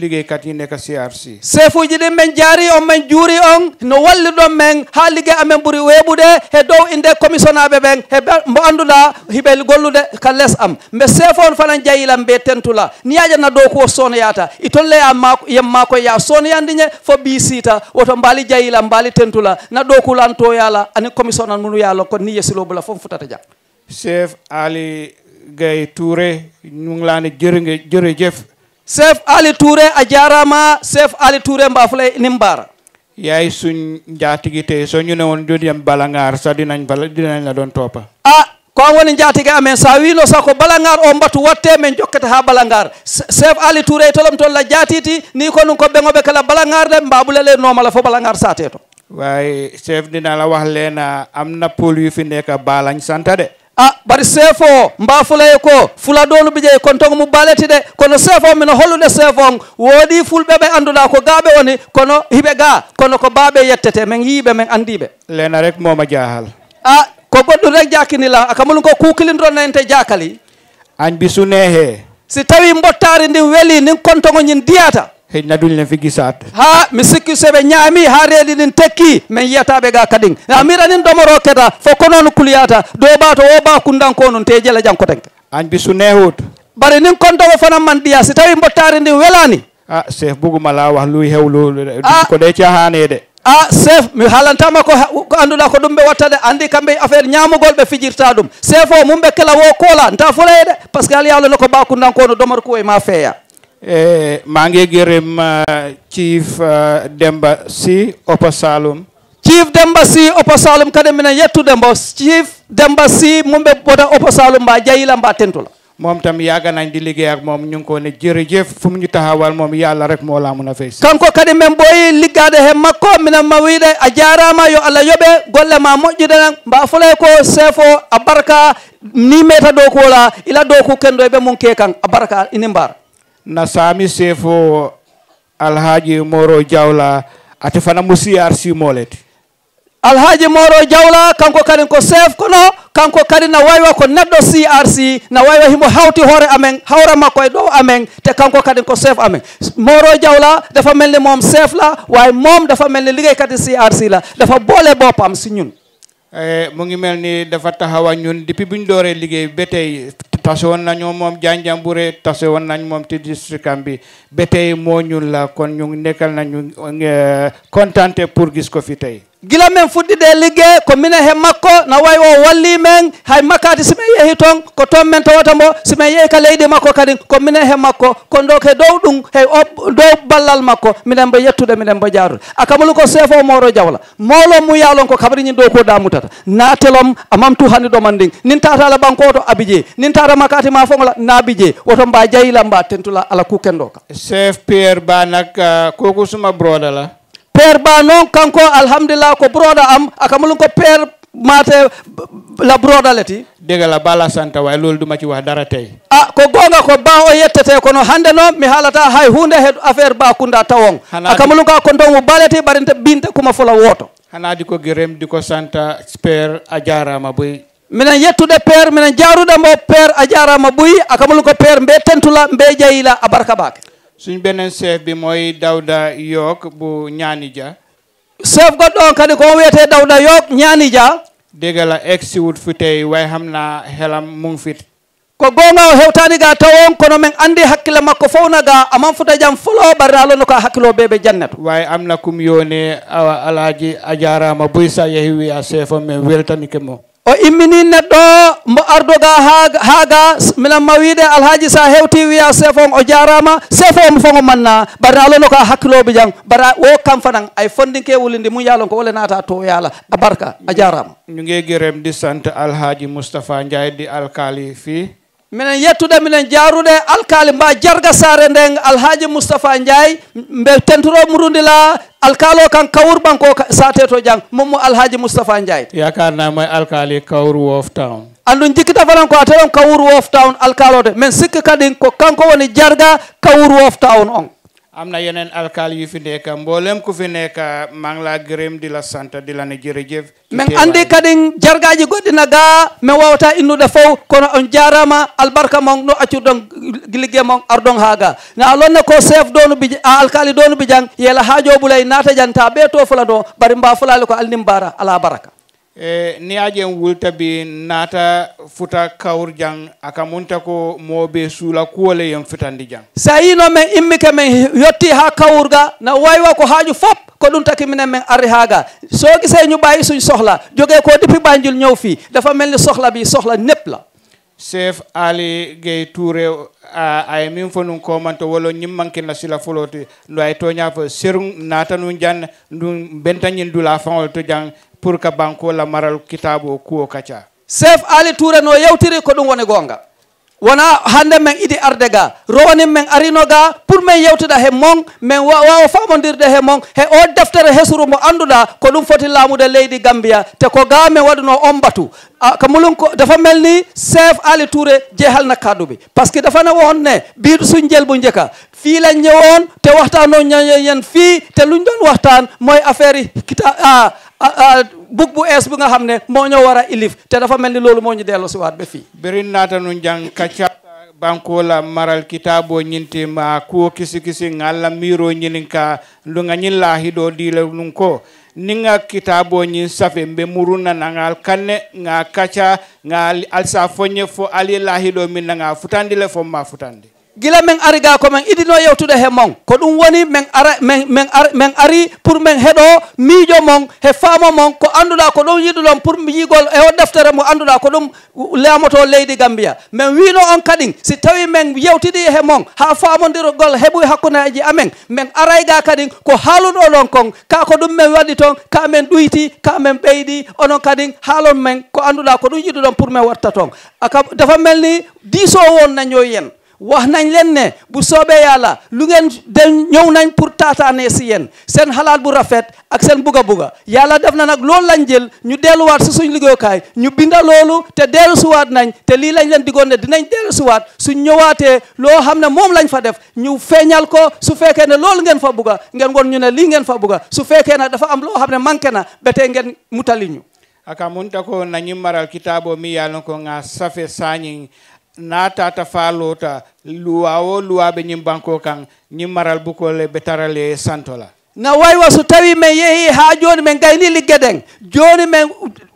liggéeykat yi nekk CRC sefo ji ɗin men jaari on men juuri on no walli ɗon men haa liggey amen ɓuri weeɓude he do inde commissionnaɓe ɓen he mbo annduɗa hiɓe gollude ka less am mbe sefo on fanan jayilan mbe tentula ni yajatna dow ko sonoyata i tolle a mako yem mako ya sonoyandiñe fo ɓi sita, woto mbaali jayilan mbaali tentula na ɗo kulantoyala ani commissionnan munu yalon kon ni yesilobula fof Moutata Dia chef Ali Gaye Touré ñu ngi laa jëre nge jëre jëf chef Ali Touré a jaarama chef Ali Touré fulay nimbar. yaay suñ jati tey so ñu ne woon jodi am balangar sa dinañ bal dinañ la don topa ah ko woni njaatigi amen sa no sa ko balangar o mbatu watte men jokkata ha balangar chef Ali Touré tolom tol la jaatiti ni ko nun ko ɓeŋoɓe kala le de mbaabulele nomala fo balangar sa teto waaye chef dina la wax leen am na pël yu fi nekk baalañ santa de a ah, bari seefo mba fulaye ko fula doolu bi jey kono mu baaleti de kono seefo mino hollude seefon woodi fulɓe ɓe annduɗa ko gaaɓe woni kono hiɓe ga kono ko baaɓe yettete min yiiɓe min andiɓe lena rek moma jaahal a ah, ko goɗɗum rek jakinilam akamolum ko kukilindiron na en te jakali añ bi su neehe si tawi mbottaari ndin weli ndin kontogo ñin diyata hejna duñ leen ha mi sikki soɓe ñaami ha reedi nin tekki min yiyataɓe ga kadin amiranin domoro keta foko non kuliyata dow ɓato o kundan ko non te jela jankotenke an bi su nehut bari nin kontowo fanan man ɗiya si tawi mbottari ndin welani a chef bugu la wax luy hewlo ko ɗe cahane de a chef mi halanta ko ko annduɗa ko ɗum ɓe wattade andi anndi kamɓe affaire ñaamugol ɓe fijirta ɗum chef o mum ɓe kela wo kola nta parce que de par ce que kundan ko bakundankono domar ko e ma feeya Eh, maa ngi gërëm eh, Chief eh, Demba Si Upper Saloum Chief Demba Si Upper Saloum kadi minen yettudemo Chief Demba Si mum ɓe boda Upper Saloum mba tentula moom tam yàgg nañ di liggéey ak moom ñu ngi ko ne jërëjëf fu mu ñu taxawal moom yàlla rek moo laa mun a kanko kadi men ɓooyi liggaade heen makko minen ma a jaaraama yo allah yoɓe golle ma moƴƴude nan mba fulay ko seefo a barka ni meta ila dow ku ɓe mum ke a barka ini mbaara na sami sefo alhaji moro jawla ate fana mo siyar simolete alhaji moro jawla kanko kadi ko sef kono kanko kadi na waywa ko neɗɗo crc na waywa himo hawti hoore amen hawra makko e ɗow amen te kanko kadi ko sef amen moro jawla dafa mel mom moom la way moom dafa mel ligay liggéey kadi crc la dafa boole bopam si ñun Eh, mu ngi mel ni dafa taxawa ñun depuis bu ñu dooree liggéey ba tey tase woon nañu moom Janjanbureh tase woon nañ moom ci district am bi ba tey moo ñun la kon ñu nekkal nañu eh, kontaan pour gis ko fi tey. gila men fuɗɗiɗe ligge ko mine he makko na way o walli men hay makkati simin yeehi toon ko toon men tawata mbo simin yeehi ka leydi makko kadi ko mine he makko ko do ke dow ɗum hey o dow ballal makko minen mbo yettude minen mbo jaarude akamulu ko chef o moro jawla mawlo mu yaalon ko do dow da mutata natelom amam tu hani ɗoman ndin nin tatala banko to abije nin tata makkati ma fongola naabidje woto mba jayila mba tentula ala ku kendo ka chef pierre banak uh, kokusuma broda père ba noon la broda leti dëgg la bala santa waaye loolu duma ci wa dara tey ah ko gonga ko ba o yettete kono hande noon mi haalata hay hunde he affaire ba tawon akamulum ka ko baleti barinte binte kuma fola woto hana ko gërëm ko santa père a jaarama boy minen yettude père minen jaarude mo père a jaarama ɓuyi akamul ko père mbe tentula mbe jeyila a barka baake suñ beneen chef bi mooy Dawda Yok bu Ñaanija chef goɗɗo on kadi ko on wiyete Dawda Yok Ñaanija dégg la egg si wut fi tey waaye xam naa xelam mu ngi fit ko goonga o hewtani ga taw kono min andi hakkille makko fowna ga aman futa jam fulo ɓarralo no ko hakkilo ɓeɓe jannat way amna kum yone awa alaji a jarama boysa yeehi wiya chef o min o immini neɗɗo mbo ardoga haaga minan ma alhaji sa hewti wiya chef o jarama chef omo fongo manna bare alono ko a hakkiloɓe jan bara o kam fanan ay fondinke wulinde mum yalon ko wole naata to yaala a a jarama ñu ngi gërëm di sant alhaji Mustafa ndiaye di alkali fi. minen yettude minen jaarude alkaali mba jarga saare ndeng alhaaji moustapha ndiaye mbe tentoro murundi la alkaalo kan kawur ɓanko saate to jang mommo alhaaji moustapha ndiaye moy alkaali kawur wof town andu jikkita fanan ko a kawur wof town de min sikki kadi ko kanko woni jarga kawur wof town on am na yeneen alkaal yu fi nekka mboolem ku fi nekka maa ngi laa gërëm di la sant di la ne jërëjëf min anndi kadi jargaaji goɗɗina ga min wawata innude fof kono on jarama albarka mon no accirɗon ligge mon ardon ha ga no ko chef donu bi a alkaali donu bi jang yeela haajo ɓulay naata jan ta ɓe to fula ɗo ɓari mba fulali ko alnim bara ala baraka e ni aƴen wulta bi naata futa kawr jang aka munta ko mooɓe suula kuwole yen fitandi jang so yino men immike men yetti ha kawurga na waywa ko haaju fop ko ɗum taki minen men arri ha ga so gise ñuɓayi sun sohla jogue ko ɗipi ɓanjul ñawfi dafa melni sohla bi sohla nepla chef ali gey touré aye min fo num komanto wolo ñimmankinna sila fulote ndu ay toñafo sérum natanu jan ndu bentañin dula fanol to jang pour ka banko la maral kitabu kuo kuwo kaca chef ali touré no yewtiri ko ɗum woni gonga wona hande men idi arde ga rowani men arino ga pour min yewtida he mon min wawa famodirde he mon he o deftere hesuru mo anduɗa ko ɗum foti laamude leydi gambia te ko ga min waɗuno on batu ko mulum ko dafa melni chef ali touré jehal nakkaɗuɓe par ce que dafane wonne biɗo suñ jelbu jeka fiilan ñewon te waxtano yen fi te luñ ɗon waxtan moye affaire kita a Ah, ah, bug bu ees bu nga xam ne moo wara ilif te dafa mel ni loolu moo ñu dellu si wat ba fii birin naata nu jàng kacata bankola maral kitaabo ñinti ma kuwo kisi kisi ngalla miro ñinin ka lu nga ñin le diile nun ko ni nga kitaabo ñin safe mbe muruna na ngal kanne nga kaca nga alsa foñe fo ali laahiɗo min na nga futandi le fo ma futandi gila min ari ga ko min idino yewtude he mon ko ɗum woni min ara min min ari min ari pour min heɗo miijo mon he faamo mong ko annduɗa ko ɗum yiɗu ɗon pour yiigol e o deftere mo annduɗa ko ɗum laamoto leydi Gambia men wino on kadi si tawi min yewtidi he mon ha hebu hakuna aji amen min aray ga kadi ko o ɗon kon ka ko ɗum men waɗi toon ka men ɗoyti ka men ɓeydi onon kadi haalon men ko annduɗa ko ɗum yiɗu ɗon pour min watta toon aka dafa mel ni diiso won nañoyen wax nañ leen ne bu soobee yàlla lu ngeen de ñëw nañ pour taataane si yéen seen xalaat bu rafet ak seen bugga bugga yàlla def na nag loolu lañ jël ñu delluwaat si suñ liggéeyukaay ñu binda loolu te dellusiwaat nañ te lii lañ leen digoon ne dinañ dellusiwaat suñ ñëwaatee loo xam ne moom lañ fa def ñu feeñal ko su fekkee ne loolu ngeen fa bugga ngeen won ñu ne lii ngeen fa bugga su fekkee ne dafa am loo xam ne manqué na ba ngeen mutali ñu aka munta ko nañu maral kitaabo mi yalon ko nga safe sañin naatata faalota luwa o luwaɓe ñim banko kan ñim maral bukole ɓe tarale santo la no waywa so tawi min yeehi ha joni min gayni ligge ɗen joni min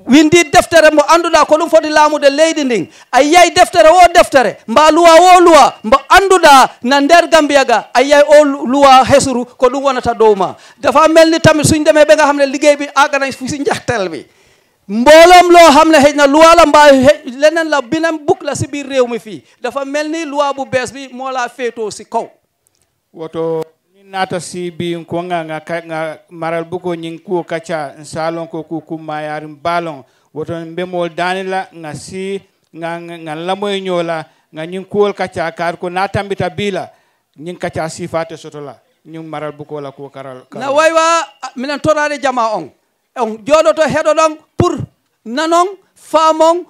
windi deftere mo anduɗa ko ɗum foti laamude leydi ndin a yiyay deftere o deftere mba luwa o luwa mbo anduɗa na nder gambiya ga a yiyay o luwa hesru ko ɗum wonata dow ma dafa melni tami suñdeme ɓe ga hamne liggey ɓi aganay fisi jahtelɓe mbolam loo xamne ne na loi la mbaa lenen la binam bukk la si bir rew mi fii dafa mel ni loi bu bees bi mo la feto si kaw woto ñin nata si bi ko nga nga nga maral bu ko ñin kuo kaca salon ko ku mayar balon woto mbemol dani la nga si nga nga la moy ñola nga ñing kuwol kaca kar ko natambita bi la ñin kaca sifate soto la ñu maral bu ko la kuo karal na way wa minen torale jama on on jooɗoto heɗoɗon pour nanon faamon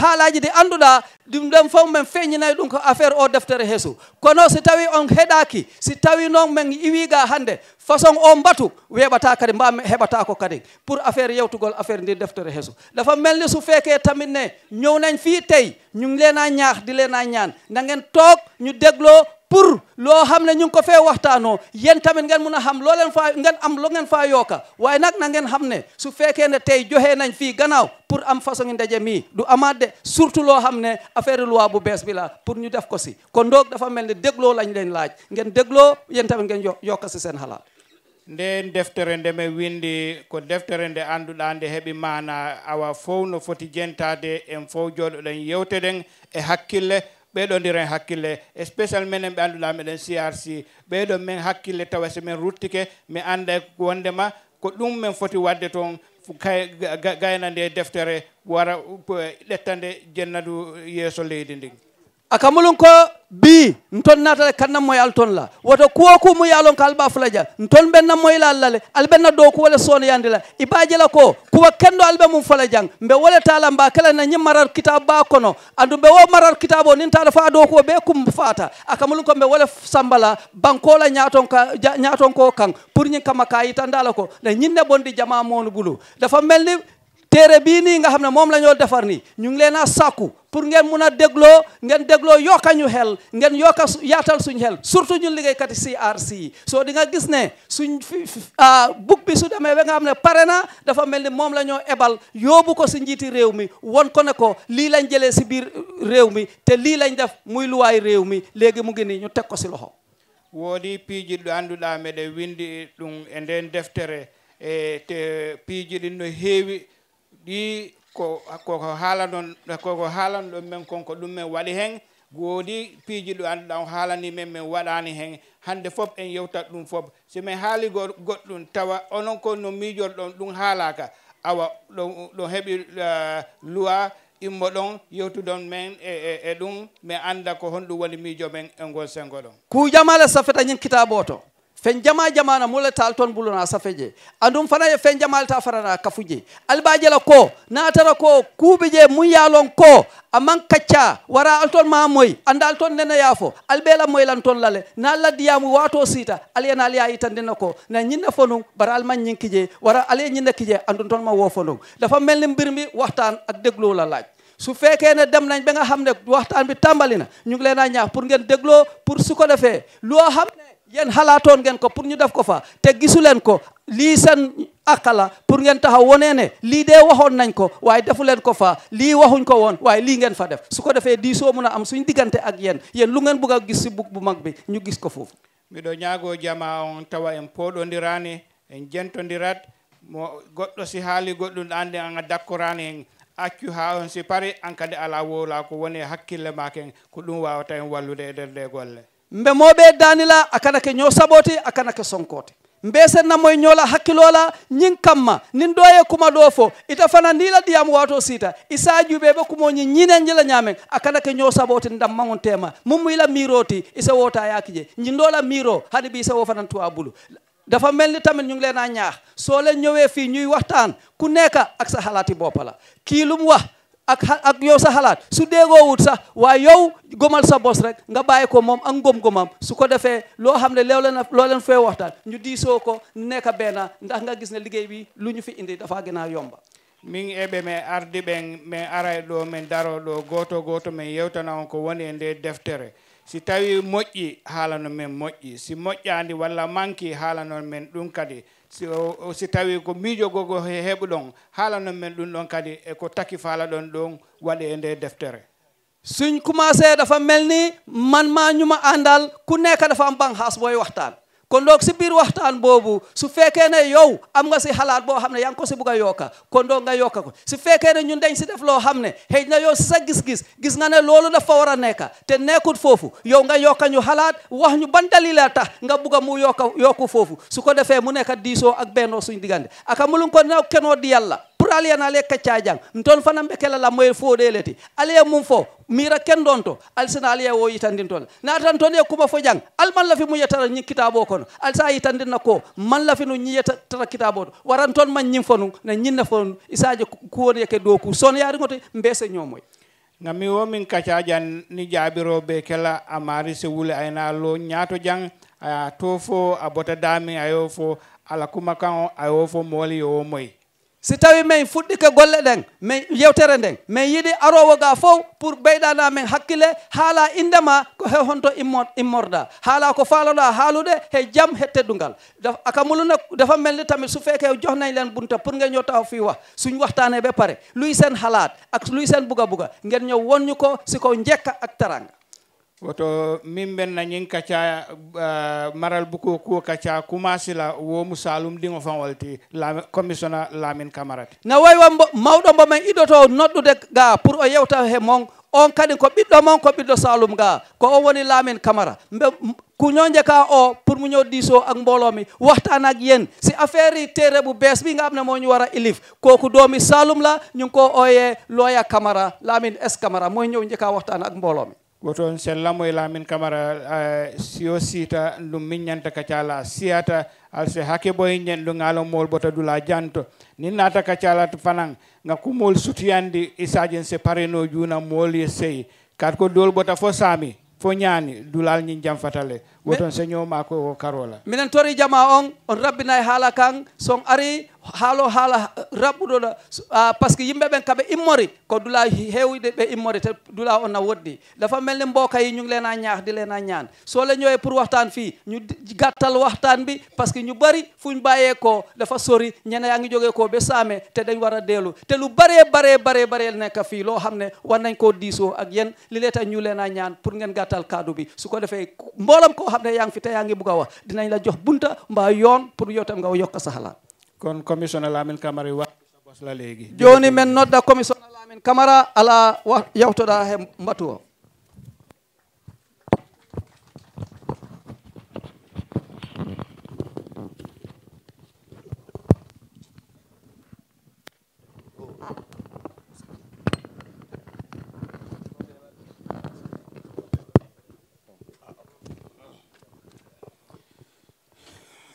haalaji ɗi annduɗa ɗum ɗon fof min feññinayi ɗum ko affaire o deftere heeso kono si tawi on heɗaki si tawi noon min iwiga hande façon o mbatu weɓata kadi mbami heɓata ko kadi pour affaire yewtugol affaire ndi deftere heeso dafa melni so feeke taminne ñownañ fi tey ñu lena ñaax di lena ñaan na ngeen toog ñu dégloo pour loo xam ne ñu ngi ko fee waxtaanoo yéen tamit ngeen mun a xam loo leen faa am loo ngeen faa yooka nag na ngeen xam ne su fekkee ne tey joxe nañ fii gannaaw pour am façon ndaje mii du amaat de surtout loo xam ne affaire loi bu bees bi la pour ñu def ko si kon ndoog mel ni dégloo lañ leen laaj ngeen dégloo yéen tamit ngeen yokka si seen xalaat nden deftere nde mi windi ko deftere nde annduɗa nde heɓi mana awa fof no foti jentade en fof jooɗoɗen yewteden e hakkille ɓeɗodiren hakkille especial menen ɓe annduɗa meɗen crc ɓeɗo men hakkille tawa so min ruttike mi annda e wondema ko ɗum min foti wadde toon gaynande e deftere wara ɗettande jennadu yeeso leydi ndin aka mulun ko bi n ton natale kannan moy ala ton la woto kuwo ku mu yaalon ko alba fulaja n ton ɓen nan moyla allah le alɓen na dow kuwole soono yandi la i baajela ko kuwa kenndo alɓe mum falajang mbe woletaala mba kala na ñim marar kitabe ba kono andu mbe wo marar kitabe o nin taala faa dow kuwo ɓe kum faata aka mulun ko mbe wole sambala bankola ñaaton ko ñaaton ko kan pour ñin kamma ka yitandala ko na ñinne bondi jama moonu bulu dafa mel ni tere bi ni nga xam mom lañu la ñoo defar nii ñu ngi leen saku pour ngeen mëna a ngeen dégloo yoka ñu xel ngeen yoka yaatal suñu xel surtout ñun kat CRC So di nga gis ne suñ ah, book bi su nga na dafa melni ni lañu ebal yobu ko ci reumi, réew mi won ko ne ko lii lañ jëlé ci bir uh, réew mi te li lañ def muy luway réew mi légui mu ngi ni ñu tek ko ci loxo du windi dum e den deftere e te piiji ɗin no heewi ɗi koko haala non koko haalan ɗon men konko ɗum men waɗi hen goodi piiji ɗo anduɗa o haalani men min waɗani hen hande foof en yewtat ɗum foof so min haali goɗɗum tawa onon ko no miijol ɗon ɗum haalaka awa ɗo heɓi eh, loi immo ɗon yewtudon men e, e, e ɗum mi anda ko honɗum woni miijo men e gon sengo ɗon kujamala safeta ñin kitaboto fen jama jamana mula tal ton buluna safeje andum fana ye fen jamal ta farana kafuje albaje la ko na tara ko kubije je mun yalon ko amman kacca wara alton ma moy anda alton nena yafo albela moy lan ton lale na la diamu wato sita alena ali ayi tandina ko na nyinna fonu bara alman nyinkije wara ale nyinna kije andun ton ma wo fonu dafa melni mbirmi waxtan ak deglo la laaj su fekkee ne dem nañ ba nga xam ne waxtaan bi tàmbali na ñu ngi leen a ñaax pour ngeen dégloo pour su ko defee loo xam ne Yen halaton ngeen ko pour ñu def ko fa te gisulen ko li sen akala pour ngeen taxaw wonene ne de waxon nañ ko way defulen ko fa li waxuñ ko won way li ngeen fa def su ko defee di so am suñ digante ak yen yen lu ngeen bëgg gis ci bu mag bi ñu gis ko mi do ñaago jama on tawa en ndirani en ndirat mo goddo si haali goddo ande an dakkorani accu ha on si pari an kadi ala wola ko woni hakkille ma ken ko dum wawata en wallude e golle mbe moɓe danila akana ke ño saboti akana ke sonkote mbesen na moy ñola hakkilola ñing kamma nin doye kuma do fo ita fana nila diyam wato sita isa jube be kumoñi ñinen jila ñamen akana ke ño ndam mangon tema mum ila miroti isa wota yakije ndola miro hadi bi isa wo fanan tuwa bulu dafa mel ni tamit ñu ngi leena ñaax so le ñëwee fii ñuy waxtaan ku nekk ak sa halati bopala ki kii lu mu wax ak ak yow sa xalaat su déggoo wut sax waaye yow gomal sa bos rek nga bàyyi ko moom ak ngom gomam su ko defee loo xam ne loo leen loo leen fee waxtaan ñu diisoo ko nekk benn ndax nga gis ne liggéey bi lu ñu fi indi dafa gën a yomba min eɓe ardi ardiɓe min aray ɗo min daro ɗo goto goto min yewtana on ko woni e nde deftere si tawi moƴƴi haalano men moƴƴi si moƴƴandi walla manki haalano men ɗum kadi si tawi ko miijo gogo heɓu ɗon haalano men ɗum ɗon kadi eko taki faala ɗon ɗon waɗi e nde deftere suñ commencé dafa mel ni man maa ñu ma àndal ku nekk dafa am banqaas booy waxtaan kon donc si biir waxtaan boobu su fekkee ne yow am nga si xalaat boo xam ne yaa ngi ko si bugg a yokka kon donc nga yokka ko su fekkee ne ñun dañ si def loo xam ne xëy na yow si gis-gis gis nga ne loolu dafa war a nekka te nekkut foofu yow nga yokka ñu xalaat wax ñu ban dalil la tax nga bugg mu yokka yokku foofu su ko defee mu nekk diisoo ak bennoo suñu diggante aka mulun na naw kenoo di yàlla taali yana ale kaccajang ntol fanan be kela lamoye fo ɗeleti alaye mum fo mira kendon to alsina aliye wo yitandin toon na toon ye kuma fo jang alman lafi mu yetara ñi kitabo kono sa yitandin na ko man lafi nu ñiyetara kitabo to waran toon man ñin fo nu na na fo nu isaji kuwon yeke dow ku son yaringoto mbese ñomoy ngam mi wo min kacajan ni jaabiroɓe kela amari se wule ayna lo ñaato jang aya tofo fo a bota dami ayo fo ala kuma kan fo si tawi min fuddi ke golle den men yewtere den min yidi arowo ga fow pour ɓeyɗana men hakile hala indema ko he honto immorda hala ko falola halude he jam he teddungal aka muluna dafa melni tamit su fekke nañ len bunta pour nga ñow taw fi wax suñ waxtane be pare luy sen halat ak luy sen buga buga ngen ñow wonñu ko siko ak taranga woto mimben na nyin kaca maral maral ku kacha kaca kumasila wo musalum dingo fan walti la, commissionna lamin kamarat. na wawi wa mawdo mbo men idoto notude ga pour o yewta he mon on kadin ko biddo mon ko biddo salum ga ko o woni lamin kamara mbe nyonje ka o pour mu diso ak mi waxtan ak yen si affaire tere bu bes bi nga mo ñu wara elif ilif ko kudomi salum la ñu ngi ko ooyee looya camara lamin s camara mooy ñëw ka waxtan ak mi woton sellamoye lamin kamara siyo siita ɗum miññanta kacala siyata alse hake boyeñen ɗum alomol bota dula janto nin nata kacala fanan ga kumol sutiyandi isajen se pareno juna mool ye sey kat ko dol bota fo saami fo ñaani dulal ñin jam fatale woton seño ma ko o karola minen tori jama on on rabbina hala kan son ari haalo haala rabbuɗoɗo par parce que yimbe ben kabe immori ko dula hewide be immori te dula on na woddi dafa melni mbokay ñu ngi di leena ñaan so la ñëwee pour waxtaan fi ñu gattal waxtaan bi parce que ñu bari fuñ baye ko dafa sori ñena yaangi joge ko be samé te dañ wara delu te lu bare bare bare bare nekk nañ ko diso ak yeen li leta ñu leena ñaan pour ngeen gattal bi su ko defé mbolam ko xam ne yaa te yaa ngi wax dinañ la jox bunta mbaa yoon pour yow tam nga yokk sa xalaat kon commissioner Lamin Camara wax sa bos la léegi joni men nodda commissioner Lamin Camara ala wa yawtoɗa he mbatu o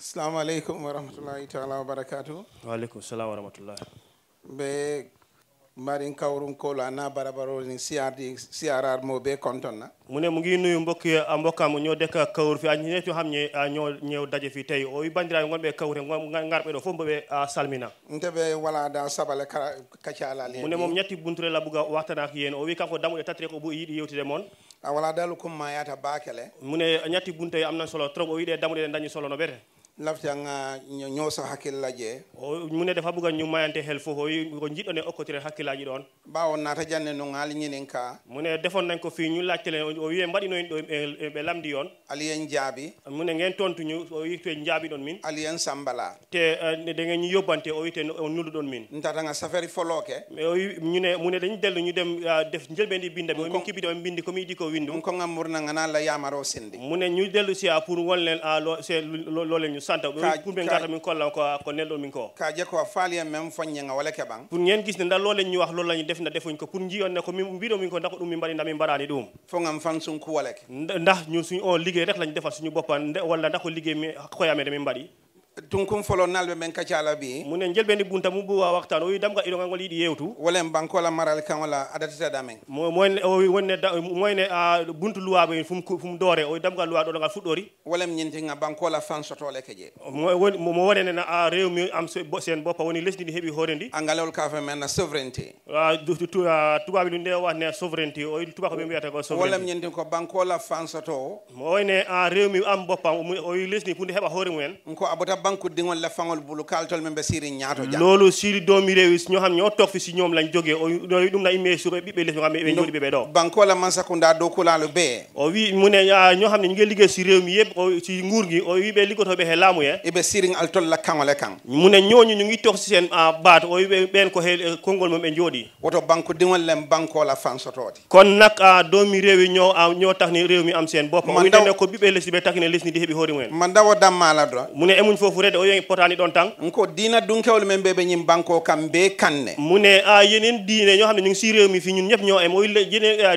assalamu aleykum wa rahmatullahi taala wa barakatu waaleykum salam wa rahmatullah ɓe mbaɗin kawrunkolo ana barabaroni siyardi siyarar mo ɓe contonna mune mo ngi nuyu mbokki mbokkamo ñoo dekka kawr fi añine to hamñe ñoo ñew daje fi tawi o wi bandiraɓe gonɓe kawre garɓe ɗo fof mboɓe salmina nteɓe wala da sabale kacalal hen mune mom ñatti bunture labuga waxtanaki yen o wi kanko damuɗe tatire ko ɓo yiiɗi yewtide moon a wala dalu kum ma yata bakele mune ñatti bunte am nan solo trop o wiɗe damuɗe ɗe dañi solo no ɓete lafta nga ñooso hakkilla jee mu ne dafa bugga ñu mayante xel foofu ko njiɗone okkotire hakkillaaji ɗoon ɓaawo naata janne no ŋaali ñinin ka mu ne defoon nañ ko fii ñu laajte o wiye mbaɗinoyin ɗo ɓe e, e, lamdi yoon aliyen yen jaabi mu ne ngeen tontu ñu o wi to jaabi ɗon min ali sambala te e, da ngeen ñu yobbante o wiyte o nulu ɗon min ntata nga safari folooke ñu ne mu ne dañu dellu ñu dem def njëlbeen di binda mi min kibita mi bindi ko mi di ko windu ko nga murna nga naa la yaamaro sindi mu ne ñu dellu si a pour won a lo se loole ñu santa pour ben gata min kollan ko ko nelɗo min ko ka je ko faali en même foññenga wala keɓan pour gis ne nda lolé ñu wax loolu lañu def na defuñ ko pour ne ko min mbiɗo min ko ndako ɗum min mbaɗi mbaraani dum fo ngam fan sun ku ke ndax ñun suñ on liggéey rek lañu defal suñu wala walla ko liggéey mi dem min mbari tunkum folonnalɓe ɓen kacala bi mune jelɓeni bunta mum buwa waxtan oyi damga iɗo ngangol yiɗi yewtu wolen bankola maral kan wala adatataɗa men moyne wonne moyne buntu luwaɓe en fum fum o oyi damga luwa ɗo ɗogal fuɗɗori wolem banko bankola fan sotole keje mo wonene na rewmi am sen boppa woni lesdi ndi heeɓi hoore ndi angalewol kafe men souveraineté tubaɓe bi nde watne souveraineté sovereignty tubako ɓe mbiyata ko wolem ñintin ko bankola fan soto mo wayne mi am boppa oyi lesdi fu heba heɓa hoore mumen ko abota banqude ngol la fangol bulu kaltol men be siri ñaato ja loolu siri domi réew yi ñoo xam ñoo tok fi ci ñoom lañ joge o ɗum na immee sur ɓiɓɓe les ñoo xam ne ɓe jooɗi ɓe banko la man sakunda do dow kulaalo be o wi mu ne ñoo xam ne ñu ngi liggéey ci rew mi yëpp ci nguur gi o wi be ɓe liggotooɓe he laamu ye eɓe sirin altol la kaŋole kaŋ mu ne ñooñu ñu ngi tok ci sen ah, baat o wi ɓe ɓeen ko he eh, kongol mum ɓe jooɗi woto banko diŋol len banko la fansotoode kon nak ah, domi réew yi ñoo ah, ñoo tax ni rew mi am seen bopp o wi dane ko ɓiɓɓe lesdi ɓe takine ni di hebi heɓi hoore mumen ma ndawo dammaala do mu ne emuñ fof fofurede o wiyi potani ɗon tan ko dina dunkewol men ɓe ɓe ñin banko kam be kanne mune a yinin dine ño hamde ñin sireumi fi ñun ñep ñoo e moyine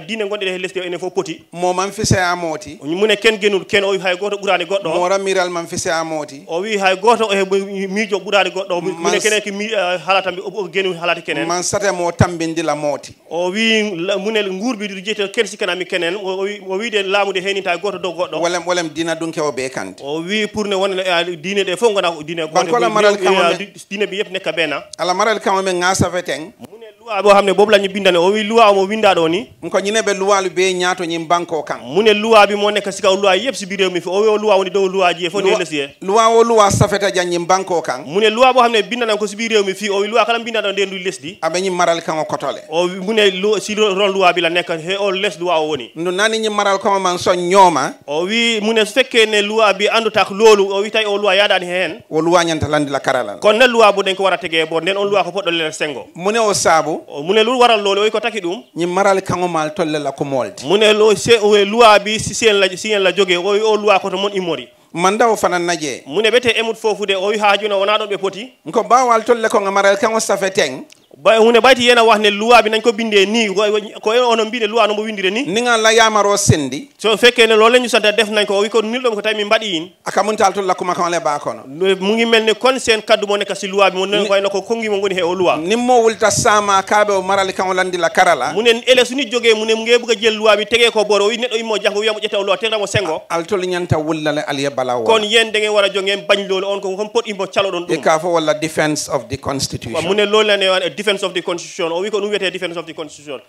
dine gonɗe ɗe lesdi enen fof poti mo man fise a mooti mune ken genul ken o wi hay goto ɓurani goɗɗo o ramiral man fise a mooti o wi hay goto e miijo ɓurani goɗɗo mune kene ki mi halata mbi o genu halata kenen man satemo tambindila mooti o wi mune nguurɓi jeyte ken sikkanami kenen o wiide laamude heeninta goto dow goɗɗo wolem wolem dina dunkewo ɓe kante o wi pour ne wonne dine ɗe fo ngona dine ko ala maral kama eh, dine bi yep ne kabena ala maral kama me ngasa feteng luwa bo xamne bobu lañu bindane o wi luwa mo winda do ni ko ñine be luwa lu be ñaato ñim banko kan mu ne luwa bi mo nek ci kaw luwa yeb ci rew mi fi o wi luwa woni do luwa ji fo ne lesiye ci luwa o luwa safeta jañ ñim banko kan mu ne luwa bo xamne bindane ko ci rew mi fi o wi luwa kala bindane do les lesdi abe ñi maral kan o kotole o mu ne lu ci ron luwa bi la nek he o les luwa o woni ndu nani ñi maral ko man so ñoma o wi mu ne fekke ne luwa bi andu tax lolu o wi tay o luwa yadani hen o luwa ñanta landi la karala kon ne luwa bo den ko wara tege bo den on luwa ko poddo le sengo mu ne o saabu maru mune lu waral lolo ko taki dum ni maral kango mal tolle la ko molde mune lo se o luwa bi si sen la si sen la joge o o luwa ko to mon imori manda o fanan naje mune bete emut fofude o wi hajuna wona don be poti ko bawal tolle ko ngamaral kango safeteng ba hunde bayti yena wax ne loi bi nañ ko bindee ni ko ono mbiɗe loi no mo windire ni ni nga la yamaro sendi so fekke ne loolu la ñu santa def nañ ko wi ko nil do ko tawi min mbaɗi yin akamuntal to lakkuma kan le ko kono mu ngi melni kon sen kaddu mo nekka si loi bi mo koy nako ko ngi mo ngoni he o loi nim mo wulta sama kaaɓe o marali kan o landi la karala mu nen ele suni jogee mu ne mu ngee bëgg jël loi bi tegee ko boro wi neɗɗo immo jango wiyamo ƴetta o loi tegramo sengo altol ñanta wullale aliye bala wa kon yen da ngeen wara a bañ on ko kon pot imbo calo ɗon dum e ka fo walla defense of the constitution mu ne loolu la ne defense of the constitution o wi ko ɗum wiyete defense of the constitution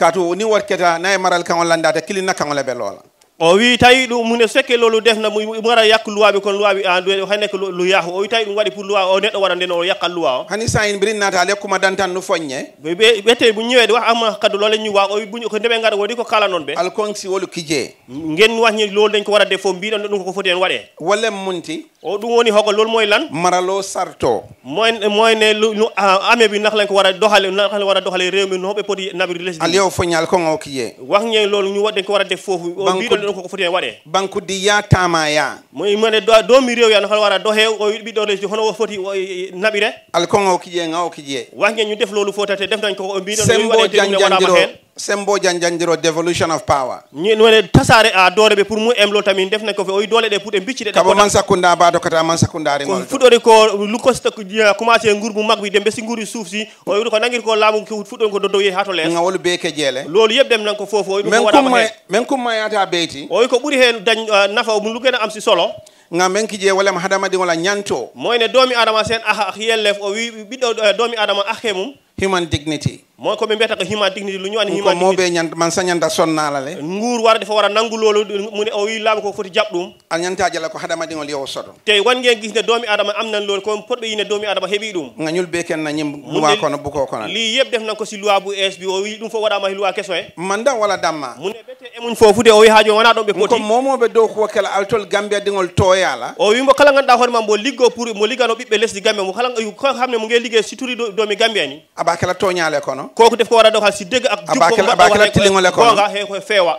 katu ni wotketa nayi maral kaŋo landata kilinna kaŋo le ɓe loola o wi tawi ɗum mune ne sekke lolu defna mu wara yakku luwa bi kon luwa bi an ah, hayne ko lu yahu o wi tawi ɗum waɗi pour luwa o neɗɗo waɗa nden o yakal luwa o hani sa en mbirin naata kuma dantan no foññe be ɓete bu ñëwede wax ama kadu ñu wa o ñu ko ndeɓe ngar wodi ko kala noon ɓe alkonsi wolu kijee wax wañi lolu dañ ko waɗade fof mbiɗon ɗum koko foti en waɗe wala munti o ɗum woni hogo lol moy lan maralo sarto moyen moyene ah, amé bi lañ ko wara dohale lañ wara dohale rewmi no ɓe poti nabri les al yew ko kongo kijee wax ñe lolu ñu waɗden ko waɗade fof o mbiɗon tan koko foti e waɗe bankudi ya tamaya mone do miriw yan hono wara do hew o ɓiɗɗo lesdi hono foti naɓire alkongo kiƴe nga o kiƴe wange ñu def loolu fotete def nañ ko o mbiɗo sembo janjandiroo sembo janjandiro devolution of power wone tasare a doole ɓe pour mu emlo tamin defna ko fe oyi doole ɗe pour ɓe biccide kabo man sakkunda baado kata man sakkundare ngol fuɗɗori ko lukosta commencé ngurbu magbi de mbesi nguri suuf si o wiɗi ko nangiri ko laamu fuɗɗori ko dodow yehi ha to lees ngawol beeke jeele loolu yeb dem nan ko foofu oyi ɗum waɗama hen min kummayata beyti oyi ko ɓuri hen dañ nafa mu lugena am si solo ngam men kije walema hadama ɗi ngola ñanto moyne doomi adama sen aha yellef o wi ɓiɗɗo doomi adama ahe human dignity mo ko ɓe mbiyata ko human dignity lu ñu ani human ko moɓe ñanta man sa na la le nguur warde fo wara nangu lolu mune o wi laamu ko foti jaɓ ɗum a ñantaji la ko hadamadiŋol yewo soto te wange gis ne doomi adama am nan ko komi potɓe yine doomi adama heeɓi ɗum gañul be ken na ñim luwa kono buko kono li yeb def nan ko si luwa bu es bi o wi ɗum fo waɗama he luwa keso he manda wala damma mune ɓete emun de o wi haajo wona ɗon ɓe koti ko momoɓe dow ko kala altol gambia diŋol toyala o wimo kala ganduɗa da hor mbo liggo pour mo liggano ɓiɓɓe lesdi gambia mo kala xam ne mo ngi liggey turi doomi gambia ni abakela toñale kono koko def ko waɗa ɗo si dégg ak abakela abakela tiliŋole kono gonga he koye feewa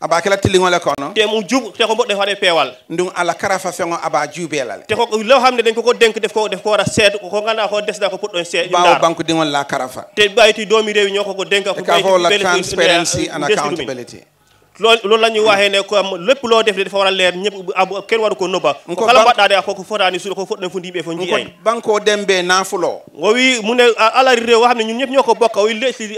abakela tiliŋole kono te mum jub te ko mboɗɗo waɗe peewal ndun ala karafa feŋo aba juubelale te ko law hamde denk def ko def ko ko ganduɗa ko desda ko puɗɗon seed bawo banque ɗiŋol la karafa te ɓayti domi rewi ñoo koko denk ko transparency and accountability loolu loolu la ñuy waxee ne ko lépp loo def de dafa war a leer ñëpp waru ko nëbba ko kala mbaɗɗaade a koko fotaani suuɗa ko fotaani fundiiɓe e fof njiyani banko dembe naafulo o wi mune alari rew xam ne ñun ñëpp ñoo ko bokka o wi lesdi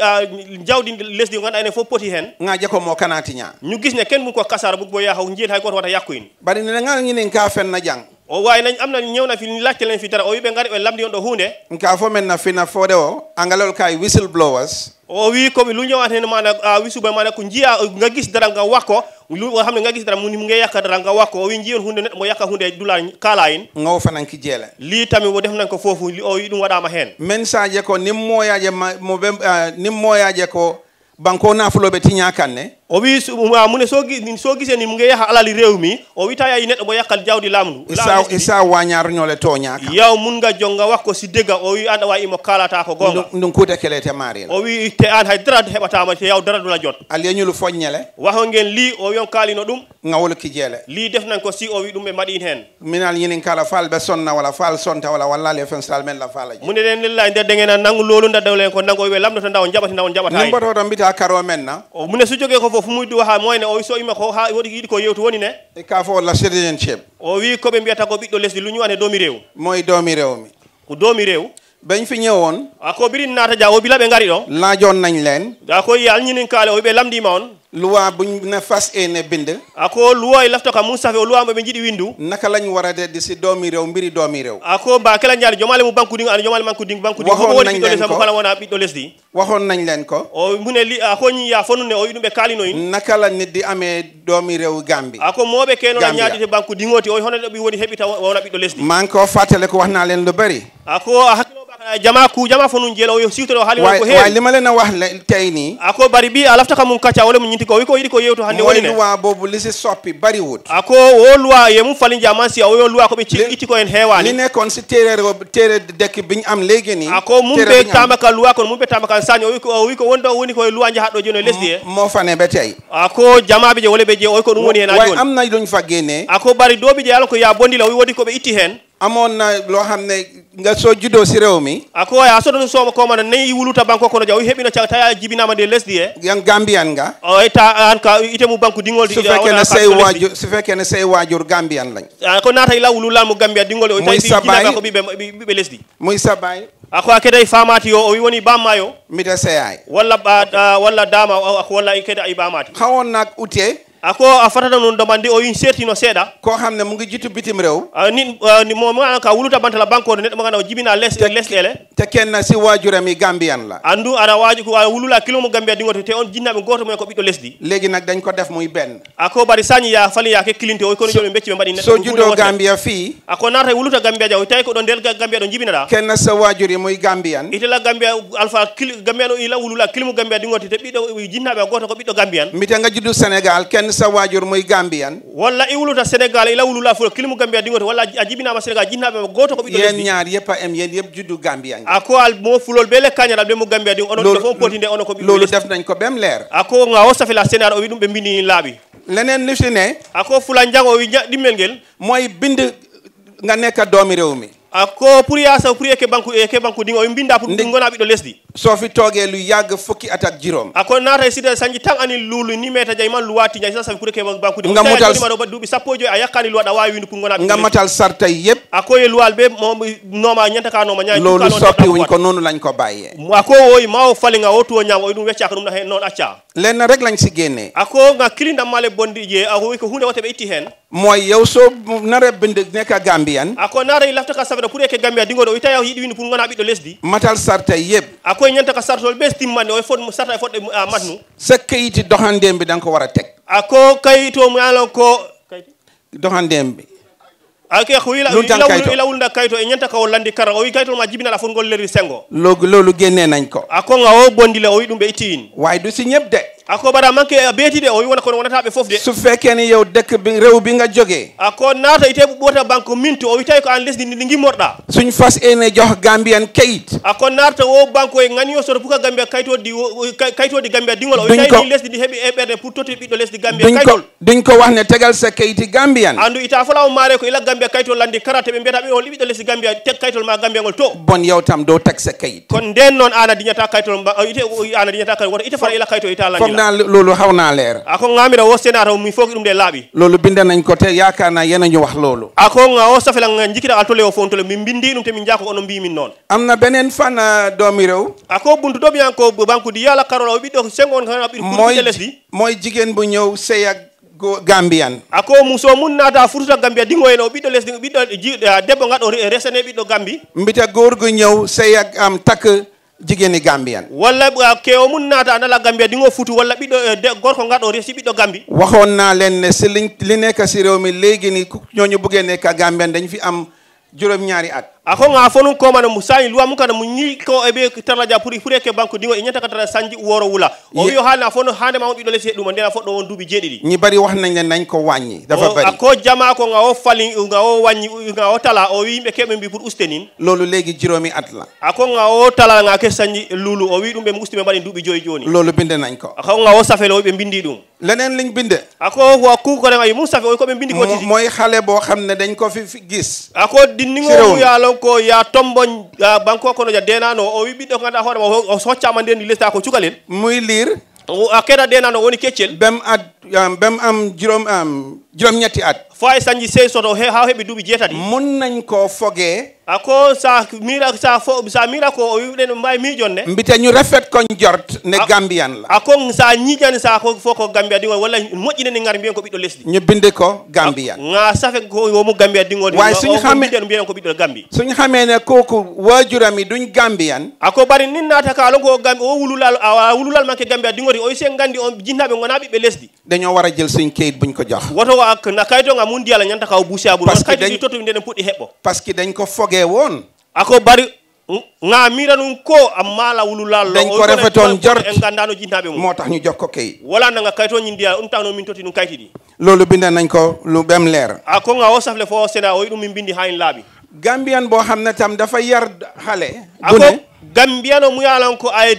jawdi lesdi ngannduɗa ene fof poti heen ŋaaje ko mo kanatiña ñu gis ne kenn mun ko kasara bu bo yaha njiyet hay gooto wata yakkuyin bari nene ŋañinen ka fenna jang o way nañ am na ñewna fi laajte len fi tara o ɓe ngari ɓe lamdi on ɗo hunde ka fo men na fina fode o angalol kay whistle blowers o wi koɓe lu ñewata hen mana wisuɓe mana ko njiya nga gis dara nga wakko lu xam ne nga gis dara mu nge yakka dara nga wakko o wi njiyon hunde neɗɗo mo yakka hunde dula kala en ngawo fananki jeele li tami wo def nan ko foofu o wi ɗum waɗama hen men saje ko nim moyaje mo ɓe nim moyaje ko banko nafuloɓe tiña kanne o wi um, ma um, mune so gi so gise ni mu ngi yaha alali rew mi o wi taya yi neɗɗo mo yakkal jawdi lamdu isa isa wañar ñole to ñaka yaw mun nga jonga wakko si dega o wi anda wa imo kalata ko gonga ndun kude kele te mari o wi te an hay dara hebata ma te yaw dara dula jot al yeñulu foññele waho ngen li o yon kalino dum ngawol ki jele li def nan ko si o wi dum be madin hen minal ñinin kala fal be sonna wala fal sonta wala walla le fen sal men la fala mune den lillahi de dengena nangu lolu nda dawlen ko nango we lamdo to ndaw jabati ndaw jabata ni mboto mbita karo men na o mune su joge ko fu muy du ha moy ne o so ima ko ha wodi yidi ko yewtu woni ne e ka fo la sedenen chem o wi ko be mbiyata ko biddo lesdi lu ñu wane doomi rew moy doomi rew mi ko doomi rew bañ fi ñewoon ako birin naata jaawo bila be ngari do laajon nañ leen da ko yal ñinin kaale o be lamdi ma on luwa buñ ne fas ene bind ako luwa i lafta ka mun safe o luwa ɓe jiɗi windu naka lañ wara dedde si doomi mbiri doomi ako mba kela ñaali jomale mu bankudin ana jomale mankudin bankudin ko woni ɓiɗɗo o mune li ako ñi naka la nit di amee doomi rew gambi ako moɓe kenona ñaadite bankudin oti o hono ɗo ɓi woni heɓita wona ɓiɗɗo lesdi ko fatale naa leen lu bari ako Eh, jama ku jama fo nun jelo yo siwtoro hali ko heewi way lima lena wax le tey nii ako bari bi alafta ka mun kacca wala mu ñinti ko wi ko yidi ko yewto hannde woni ne luwa boobu lisi soppi bari wut ako wo luwa ye mu falin jaman si o loi luwa ko ɓe ci itti ko en heewani li kon si téere téere dekk biñ am léegi nii ako mum ɓe tamaka luwa kono mum ɓe tamaka sañi o wi ko won woni koye luwa jahaɗo joni e lesdi he mo fane ɓe tey ako jamaɓe je wole ɓe je oy ko ɗum woni hen a joni am na luñ fa ako bari dooɓi je ala ko ya bondila o wi wodi ko ɓe itti hen amoon lo hamne nga so judo soo juddoo si réew so do so ko sooma ne nayi wuluta banko o kono jaw jibi na jibinama de lesdi he yan gambiyan nga o ta an ka mu banque dingol di fekkee ne say waajur su fekke ne sey wajur gambiyan lañ ko naata la wulu mu gambiya dingol o tawi jinaka ko ɓiɓe ɓiɓe lesdi muy sabay ako day famati yo o wi woni bamma yo mita seyay walla walla dama walla kede ay bamati xawon nak utee ako a fatata noon demande o yin seertino seeɗa ko xam ne mu ngi jitu bitim réew ni mo maana ka wuluta bantala banko neɗɗo mo gana o jibina les lesɗele te kenn si waajuram mi gambiyan la andu ara waaju ko wulula kilo mo gambia dingoto te on jinnaɓe goto mumen ko ɓiɗɗo lesdi legi nak dañ ko def muy ben ako bari sañi ya fali ya ke kilinte oy kono jomi becci ɓe mbaɗi so judo gambia fii ako naata wuluta gambia ja tawi ko ɗo nder gambia ɗo jibinaɗa kenn sa waajur yi muy gambiyan itela gambia alpha gambia no ila wulula kilimo gambia dingoto te ɓiɗɗo jinnaɓe goto ko ɓiɗɗo gambiyan mitenga juddu sénégal kenn sa waajur muy gambiyan walla i wuluta sénégal ila wulula fula kilimu gambia dingote walla a jibinama sénégal a ko al mo fulol ɓe lekkañaɗal ɓe mo gambia ding onon ko ɓiɗo lolu ko ɓem a ko ga o safila sénégal o wi ɗum ɓe mbini laaɓi leneen li fi ne a ko fula jang o ɗimmel ngel mooy bind nga nekka doomi réew mi ko pour yaasa pour yeke banque yeke banque dingo mbinda binda pour ɗum gona ɓiɗɗo lesdi sofi toogelu yagg fukki atak jirom ako naata sida sanji tan ani lulu ni meta jay man luwa tiña sida sabi pour yeke banque dingo ngamatal ma ɗo ba duuɓi sappo joyi a yakkani luwa ɗa wawi winde pour gona ngamatal sarta yeb ako ye luwal ɓe nooma ñanta ka nooma ñaa lolu soppi wuñ ko noonu lañ ko bàyyee ako woy mawo falinga o tuwo ñaama oy ɗum wecca ko ɗum hen noon acca lenn rek lañ si génnee ako nga kilindam male bondi je ako ko hunde wote ɓe itti hen mooy yow so nara bende nekka gambiyan ako naara lafta ka sabata pour eke gambia dingo ɗo wita yaw yiɗi wini pour gona ɓiɗɗo lesdi matal sarta yeb akoye ñanta ka sartol ɓes timmande o fot e fotɗe matnu sa kayiti dohandembe dan ko wara teg ako kayito mu yalon ko dohandembe ake ko wila wila kayto e ñanta ka o landi kara o wi kaytol ma jibinal a fotgol lerdi sengo loolu génnee nañ ko ako ga o bondile o wi ɗum ɓe itti in way du si ñeb de ako bara manke de o wona kono wonataɓe fof de so fekke ni yow dekk bi rew bi nga joge ako nata ite ɓoota banque mintu o witay ko an lesdi ndi morda suñ fas ene jox gambian kayit ako narta wo banque e ngani soto pour que gambia kayto di gambia dingol o witay ni lesdi ndi heeɓi eɓerde pour totti ɓiɗɗo lesdi gambia kayitol duñ ko wax ne tegal sa kayiti gambian andu ita fala o mare ko ila gambia kayto landi karate ɓe mbiyata ɓe on ɓiɗɗo lesdi gambia teg kayto ma gambia ngol to bon yow tam do tag sa kayit kon nden noon ana diñata kayitol ite ana diñata kayto woto ite fara ila kayto ita landi binda lolu xawna leer ako ngamira wo sena taw mi foki dum de labi lolu binda nañ ko te yaakaar naa yéen ñu wax lolu ako nga wo safela nga njikita al tole fon mi bindi dum te mi jaako ono bi mi non amna benen fan do mi rew ako buntu doomi yan ko di yalla karola do sengon sengo on ko di les lesdi moy jigen bu ñew sey ak gambian ako muso mun nata furta gambia dingo en eh, do les lesdi do debbo ngaɗo resane ɓiɗɗo gambi mbita gorgo ñew sey ak am tak jigéeni gambiyan walla kewo mun naata ana la gambia di nga futu walla ɓiɗɗo eh, gorko ngaɗo resi ɓiɗɗo gambi waxoon naa len ne si li li ci rewmi réew mi léegi ni ñooñu bëggee nekk dañ fi am jurom ñaari at akho nga fonu ko mana musani luwa muka mu ñi ko ebe ja puri puri ke banko ñata ka tara sanji woro wula o yo hala fonu hande ma on do lesi dum ndena fodo won dubi jeedidi ñi bari wax nañ nañ ko wañi dafa bari akko jama ko nga o fali nga o wañi nga o tala o wi be kebe mbi pour ustenin lolu legi juromi at la akko nga o tala nga ke sanji lulu o wi dum be mu ustime bari dubi joy joni lolu binde nañ ko akko nga o o be bindi dum leneen liñ binde akko wa ku ko nga mu o ko be bindi ko ti moy xale bo xamne dañ ko fi gis akko dinniŋo yaalo ko ya tombo banko kono ja denano o wi ɓiɗɗo ko ganduɗa hoore ma o hoccama lesta ko cukalel muy lire a keɗa denano woni keccel bem a Ya, bam am jurom am jurom ñetti at fo ay e sañji sey soto he haa hebi dubi jeetati mon nañ ko foge a ko sa mira sa fo sa mira ko o wiwɗen mbay mi jonne de mbite ñu rafet ko jort ne gambian la a ko sa jani sa ko fo ko gambia ɗingol walla moƴƴine ne ngar mbiyen ko biddo lesdi ñu binde ko gambian sa fe ko womo gambia ɗingol way suñu xammiɗen mbiyen ko biddo gambi suñu xamene koko wajurami duñ gambian a ko bari nin ka lo ko gambi o wululal a ma ke gambia ɗingoti o sen gandi on jinnaɓe gona ɓiɓɓe lesdi dañu wara a jël suñ kayit buñ ko jox woto wa ak nakay kayito nga mundial ñan taxaw kaw busi abul parce que dañ totu ndene pudi hebo parce que dañ ko fogee won ako bari nga mira nun ko amala wulula lo dañ ko refeton jor en jintabe mo motax ñu jox ko kay wala na nga kayto ñi diyala un taxno min toti ñu kayti di lolu binda nañ ko lu bem leer ako nga wo safle fo sena o dum min bindi hayn labi gambian bo xamna tam dafa yar xale ako gambiano muyalan ko ay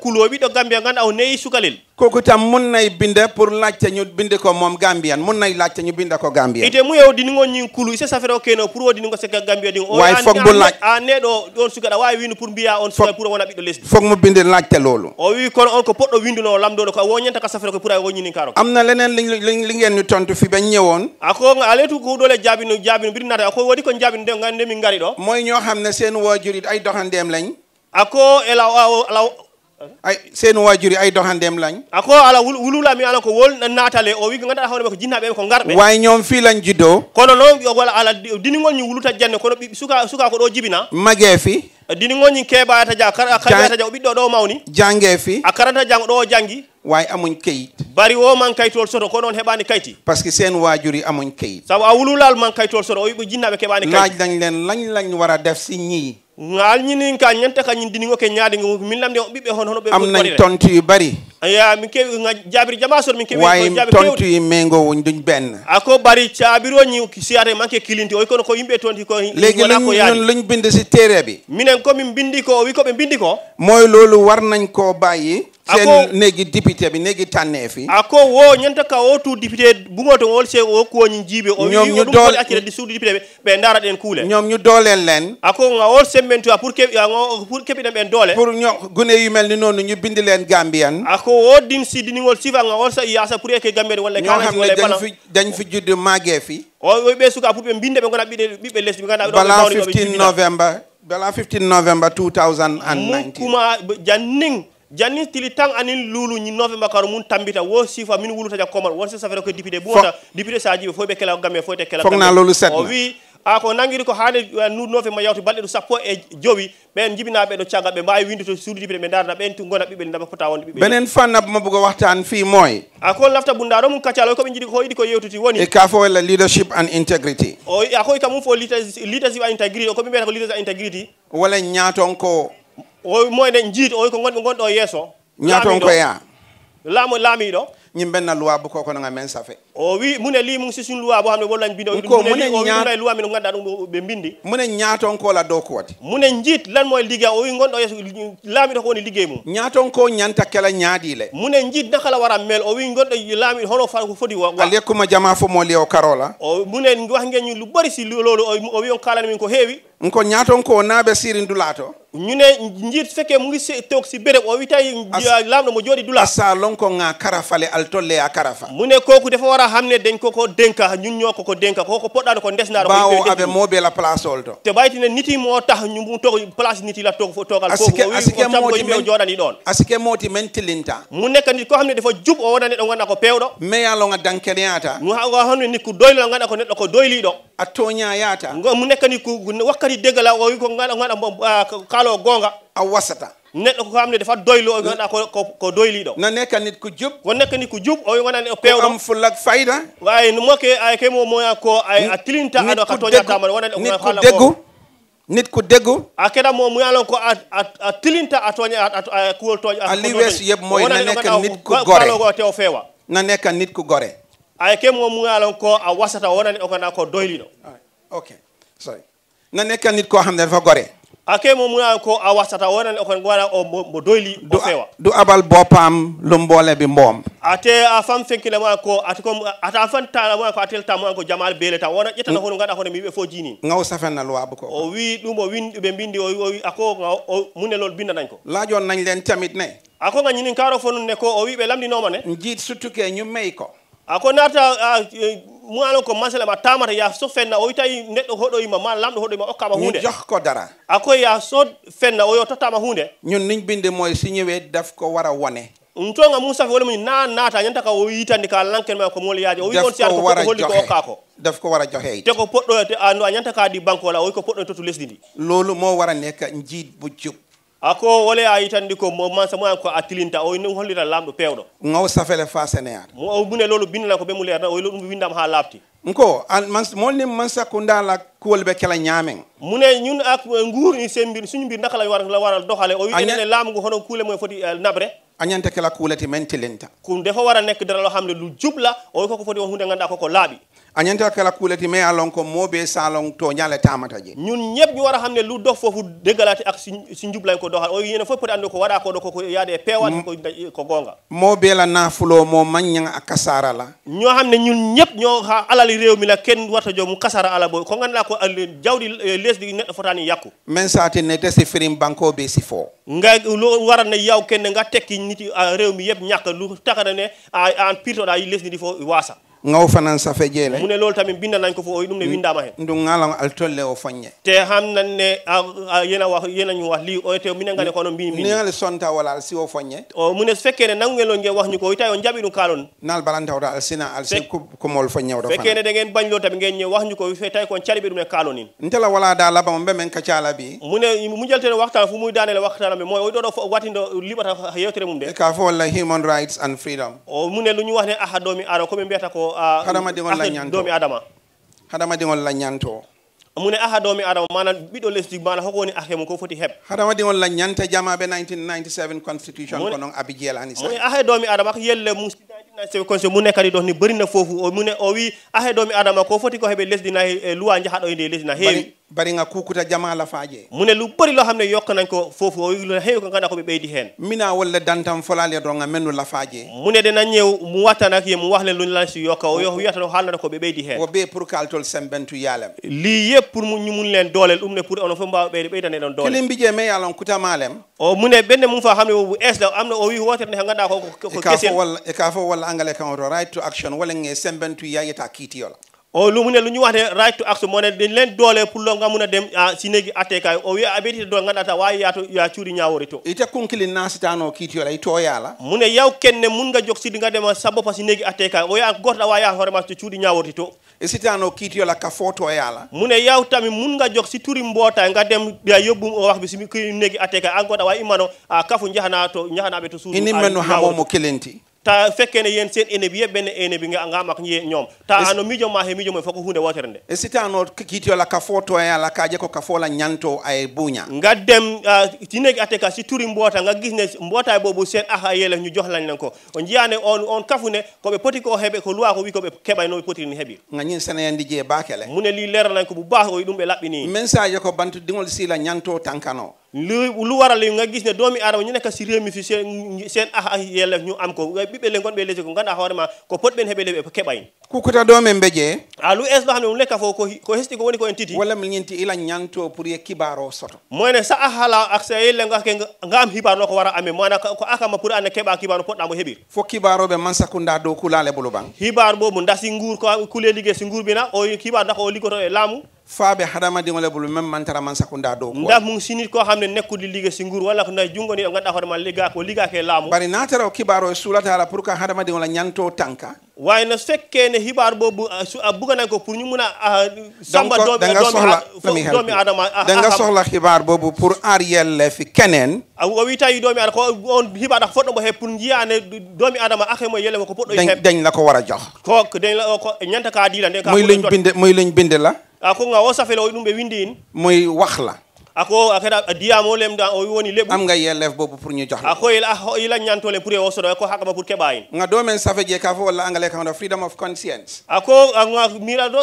kulo bi do gambia ganda aw neyi sukalel kooku tam mun nay binde pour laajte ñu binde ko moom gambiyan mun nay laajte ñu binde ko gambiyan ite muyew diningo ñin kulu ise safere o keno pour o diningo sekka gambiya ding way foog mu laaj a neɗo on sukaɗa wawi wino pour mbiya on suka pour o wona ɓiɗɗo lesdi foog mu binde laajte loolu o wi kono on ko poɗɗo winduno lamdoɗo ko woñanta ka safere ko pour a woñinin karo am na leneen li li ngeen ñu tontu fi ɓen ñëwoon ako aletu ko ɗole jaabino jaabino mbiri nata ako waɗi kon jaabino nde nde min gari ɗo moy ñoo xam ne seen wajurit ay doxandeem lañ ako ela ay seen waajuri ay doxandeem lañ ako ala wululami ala ko wol naatale o wi ganda hawre ko jinnaɓe ko ngarɓe waaye ñoom fii lañ juddoo kono noon wala ala dinigol ñu wuluta janne kono suka suka ko ɗo jibina magee fi dinigol ñin keɓayata ja kaɓeyata ja o ɓiɗɗo ɗo mawni jangee fi a ɗo o jangi waaye amuñ kayit bari o man kayitol soto ko noon heɓani kayti parce que seen waajuri amuñ kayit sabu a wululal man kayitol soto o wi ɓe jinnaɓe keɓani laaj lañ lañ lañ war a def si ñii ngal ñinin ka ñanta ka ñin dini ngoke ñaade ngo min lamde ɓiɓɓe hon hono ɓe am nañ tontu yu bari ya min kewi ga jaabiri jama son min kewi wayi tontu yu mengo duñ benn ako bari caabiro ñi siyata manke kilinti oy kono ko yimɓe tonti ko léegi ñun luñ bind si téere bi minen komin bindi ko wi ko ɓe bindi ko mooy loolu war nañ koo bàyyi seen néegi député bi néegi tànneef yi ako wo ñanta ka o tu o ko ñi jibe o ñoom ñu dool accire di suudu ñoom ñu dooleel leen ako nga o semmentu pour doole pour ñoo gune yu mel ni noonu ñu bindi leen gambian ako wo dim si dini ngol sifa nga o sa yaasa pour ke gambian wala kana wala dañ fi dañ november bala janni tili tan anin lulu ñi nove makaro mun tambita wo sifa min wuluta ja komal wonse safere ko député bonta député sajibe fo be kala gamme fo te kala na lolu set o wi a ko nangiri ko haade eh, nu nove ma yawti balɗe ɗo sappo e jowi ɓen be do caggal be mbawi windu to suudu député ɓe darna ɓen tu gona ɓiɓɓe ndaba fota wonde ɓiɓɓe benen fannab ma bugo waxtan fi moy a ko lafta bundaɗo mum kaccalo koɓe jiiɗi ko yidi ko yewtuti woni e ka fo walla leadership and integrity o a e koy kamum fo leadership and integrity o koɓe be ko leadership and integrity wala nyaaton ko oy moyne jiidi oy ko gonɓe gonɗo yeeso ñaton koya laamu laamiɗo ñim benna loi bu koko nanga men safe o wi mune li mum sisun loi bo hamne wollan bino ko mune ñaata loi min ganda dum be bindi mune ñaaton ko la do ko wati mune njit lan moy liggey o wi gondo yesu laami do ko woni liggey mum ñaaton ko ñanta kala ñaadi le mune njit nakala wara mel o wi gondo laami hono fa ko fodi wa alekuma jama fo mo li o karola o mune wax ngeen ñu lu bari si loolu o wi on kalani min ko heewi nko ñaaton ko naaɓe sirin dulato ñu ne njiit fekkee mu ngi toog si béréb o witay laamɗo mo jooɗi dula asa lonko nga karafale al tolle a karafa mu ne kooku dafa war a koko ne dañ ko ko denka ñun ñoo ko ko koko poɗɗaano ko ndesnaaro baawo aɓe mooɓe la place ol to te ɓaytine niti mo tax ñu mu toog place niti la toog toogal kookoyimɓe o jooɗani ɗoon asike mooti men tilinta mu nekka nit ko xam ne dafa jub o wona neɗɗo ngannda ko peewɗo meyalo ŋa dankeneyaata mu honne nit ko doylo ngannda ko neɗɗo ko doyliiɗo a toñayaata mu nekka ni ko wakkati waɗi dégala o wi ko gaɗa gaɗa ah, kaalo goonga a wasata neɗɗo ko amne dafa doylu o ganduɗa ko doyliɗo no nekka nit ko jub won nit ko jub o gonani o pewɗo am fulak fayida ay no moke ay ke mo moya ko ay a tilinta aɗo ka toñatama wonani nit ko deggu nit ko a keɗa mo muyalon ko a tilinta a toña kuwol toña a li weesu yeb moy na nekka nit ko gore go tew feewa na nit ko gore ay ke mo muyalon ko a wasata wonani o ganduɗa ko doyliɗo ok na nekkal nit koo xam ne dafa gore ake mo muna ko a wasata wonan kon gwana o mo doyli o fewa du abal bopam lu boole bi mbom ate a fam fenkile ma ko ate ko a fan tala ma ko atel ta ma ko jamal beele ta wona ƴetta hono ngada hono mi ɓe fo jini ngaw safenna wabo ko o wi ɗum o win ɓe bindi o wi ako munelol binda nañ ko laajon nañ len tamit ne ako gañinin karo fo nun ne ko o wi ɓe lamdinoma ne jiit surtout ke ñu may ko ako nata ah, eh, mwalo ko masala ma tamata ya so fenna o tawi hodo hoɗoyima ma lamɗo hoɗoyima okkama hunde jox ko dara ako ya so fenna o yo tottama hunde ñun niñ binde moy si ñewé daf ko war a wone ntonga musa wala mun na nata ñanta ka o yitandi ka lanken ma ko mol yaaji o yikon siar ko ko holli ko kako daf ko wara joxe te ko poddo te ah, ando ka di banko la o ko poddo to lesdi ndi lolu mo wara nek njiit bu jub ako wole a yitandi ko mo man samoyan ko atilinta o ni holira lamɗo pewdo ngaw safele fa mo o mune lolu bindana ko ɓe mu na o lolu ɗum windama ha laabti nko man mansa ko ko kuwol be kela ñaamen mune ñun ak eh, nguur ni bir suñu mbir ndaka la waral la waral doxale o yiɗene laamu ngu hono kuule moye foti eh, nabre añante kala kuulete men tilinta kun defo wara nek dara lo xamne lu jubla o ko koko foti on hunde ko koko laaɓi añanta kala kuulati mais alon ko moobe salon to ñaale tamata je ñun ñëpp ñu war a xam ne lu dox foofu dëggalaati ak si njublañ ko doxal o yene fof poti ko waɗa ko ɗo koko yaade peewat ko mm. ko goonga moobe la naafuloo moo maññang a kasara la ñoo xam ñun ñëpp ñoo ha alali réew mi la kenn warta jom mu kasara ala bo ko ngannduɗa ko jawdi eh, lesdi neɗɗo fotaani yakku min saati nete si firim banko be si fo nga lu waral ne yaw kenn nga tekki nit ah, réew mi yëpp ñàkk lu taxana ne an ah, pirtoɗa lesdi ndi fo waasa ngaw fanan safe jeele jele mune loolu tamit binda nañ ko fo oy ɗum ne windama hen ndu ngala al tolle o foññe te nan ne yena wax yena ñu wax li o te mine ko kono mbi mbi ngale sonta wala al si o foññe o mune ne fekkee ne nangu wax ñuko ko tawi on jaɓi ɗum kalon nal wala al sina al si kumol foññewɗo fekkee ne da ngeen bañ lo tamit ngeen ñe wax ñu ko fe tawi kon cariɓe ɗum ne kalonin ntela wala da mo mbe men ka kacala bi mu ne mu jaltene waxtaan fu muy daanele waxtan mbe moy oy do watindo liɓata yewtere mum de ka fo walla human rights and freedom o mune lu ñu wax ne ahadomi aro ara ko ɓe mbiyata ko Uh, hadamadiŋol la ñanto adama hadamadiŋol la ñanto mu ne aha doomi adama maanaam ɓiɗɗo lesdi maana hokoni ahe mum ko foti heɓ hadamadiŋol la ñanta jamaɓe 1997 constitution ko noon abi jeelani sa mu ne ahe doomi adama ko yelle mum conseil mu nekkati ɗon ni barina na foofu mu ne o wi ahe doomi adama ko foti ko heɓe lesdi nayi eh, luwa jahaɗo e nde lesdi na heewi bari nga kukuta jama lafaaje mu ne lu bari lo xamne yok nañ ko o lu xew ko nga ko bi ɓeydi heen mina wala dantam folale do nga mennu lafaaje mu ne dana ñew mu waxtaan ak yéen mu wax le luñ la ci yok o yo wiyata haal nana ko ɓe ɓeydi heen wo ɓee pour kaltol sembentu yaalem lii yep pour mu ñu mun len dolel umne ne pour ono be mbaawa don ɓeydane kelim bi je me yalon kuta malem o mu ne benn mu fa xamne ne bu ees la o wi wootere ne nga naa ko ko kesel e ka fof walla angale kan oto right to action wala nge sembentu kiti kiitiyola o lu mu ne lu ñu wax ne right to action moo ne dañ leen doole pour lo nga mun a dem ah, si néegi attekaay o wiya abeetite do ngandata waawi yaato ya cuuri ñaawori to ite kunkili naasitaanoo kiitiyola i tooyaala mu ne yaw kenne mun nga jog sidi nga dema sa pa si néegi attekaay o yaa gorta waa yaa hoorema to cuuri ñaaworti to e sitaanoo kiitiyola ka fo tooyaala mu ne yaw tami mun nga jog si turi mbootaay nga dem ya yóbbu o wax bi si néegi attekaay an gorta waa immano a ah, kafu njahana to njahanaaɓe to suudu inimmen no hamomo kelenti ta fekkene yen sen ene wiye ɓene ene ɓe gamak ñoom ta ano miijo ma he miijo mum fof ko hunde wotere nde e sita no kiitola ka fo to ala kaje ko ka fola ñanto ay e buuña gaddem tinegi ate ka si turi mbota nga ne mbota e boobu sen aha yele ñu joxlañ len ko o jiyane on on kafune koɓe poti ko heɓe ko luwa ko wi koɓe keɓay no ɓe poti ni heɓi ga ñin seneyandi jee baakele mune li leeralan ko bu baax oy ɗum ɓe laɓɓini mensaje ko bantu diŋol siila ñanto tankano lu lu waral nga gis ne doomi adama ñu nekk si réew mi fi seen seen ah yelleef ñu am ko ɓiɓɓe le gonɓe leydi ko ganduɗa hoore ma ko potɓen heɓe leɓe keɓayn kukuta ɗo min beje a ah, lu es ɗo hamde mum lekka fof ko hesti ko woni ko en titi walla min ñinti ila ñanto pour ye kibaro o soto moyne sa a haala sa yelle ngake ngam hibar ɗo ko wara amen mana ko akama pour anne keɓa kibar no poɗɗa mo heɓir fo kibaroɓe man sakunda dow kulale bolo ban hibar bo mo dasi nguur ko kuleligue si nguurbina o kibar dako o liggoto e laamu faabe hadamadiŋole bulu meŋ mantara maŋ sakundaa doo ndax muŋ sinit ko xam ne nekkul di liggéey si nguur walla na ko ligaa ke laamu bari naa tara o kibaaroo e suulata la pour que hadamadiŋo la ñantoo tanka waaye na fekkee ne xibaar a ah, ah, bugga nañ ko pour ñu a ah, samba doomi adama da nga soxla xibaar boobu pour aar yelle fi keneen o wi tawi doomi adama ko on xibaar ak fodɗo mo heɓ pour jiyaane doomi adama ake mo yelle ma ko poɗɗo heɓ dañ ko war a jox ko dañ la ko ñanta kaa diila nde muy luñ muy luñ binde la a ko nga wo safelo ɗum ɓe windi in moye ako dia mo lem da o woni lebu am nga yelef bobu pour ñu jox ako ila ila ñantole pour o sodo ko hakama pour keba nga do men safe je ka fo wala angale ka freedom of conscience ako nga mira do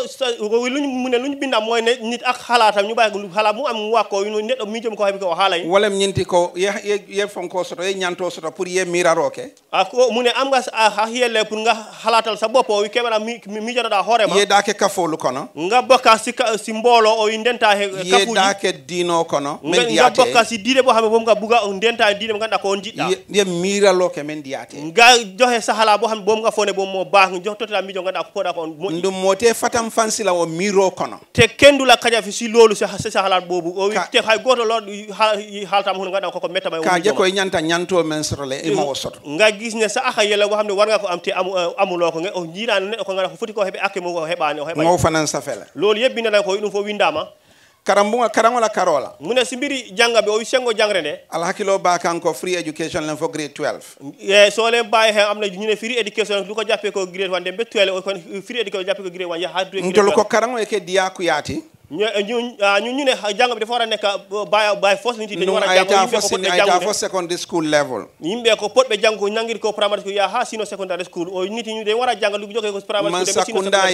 luñ mune luñ binda moy ne nit ak halatam ñu bay halam mu am wako ñu net mi jëm ko habi ko halay wala ñinti ko ye ye fonko soto ye ñanto soto pour ye mira roke ako mune am nga ha yelle pour nga halatal sa bopo wi kebara mi mi jara da horema ye da ke kafolu kono nga bokka si simbolo o indenta he kafuji ye da ke dino kono men ndiyate nga bokka si diine boo xam ne moom nga buga ndenta diine nga ko njiɗɗa ndiye miiralo ke men ndiyate nga joxe sahala bo xam ne moom nga fone bo mo baax jox totala mijo nga ko koɗa ko moƴƴi ɗum mote fatam fansila o miiro kono te kendula kaña fi si loolu si sahala bobu o te hay goto lo haltam hun nga koko metta may ka je koy ñanta ñanto men sorole e mawo soto nga gis ne sa aka yela boo xam war nga ko am te amu eh, amuloo ko nga o jiiraan neɗɗo ko nga ko foti ko heɓe akke mum ko heɓaani o heɓa mo fanan safela loolu yebbinana ko ɗum fof windama karambuga karaŋola karola mu ne simbiri janga be o sengo jangre nde ala hakkilo ba kanko free education len fo grade 12 e so len mbawi hen am na ñine free education du ko jappe ko grade wande be 12 o kon free education jappe ko grade wande ha do ko karaŋo e ke yaati ñu ñu ñu ne dafa war a nekk by by force nit school level yimɓe eh, ko potɓe jàng ko nangir ko primary ya ha sino secondary school o nit ñi dañu war a ko primary school man sakunda a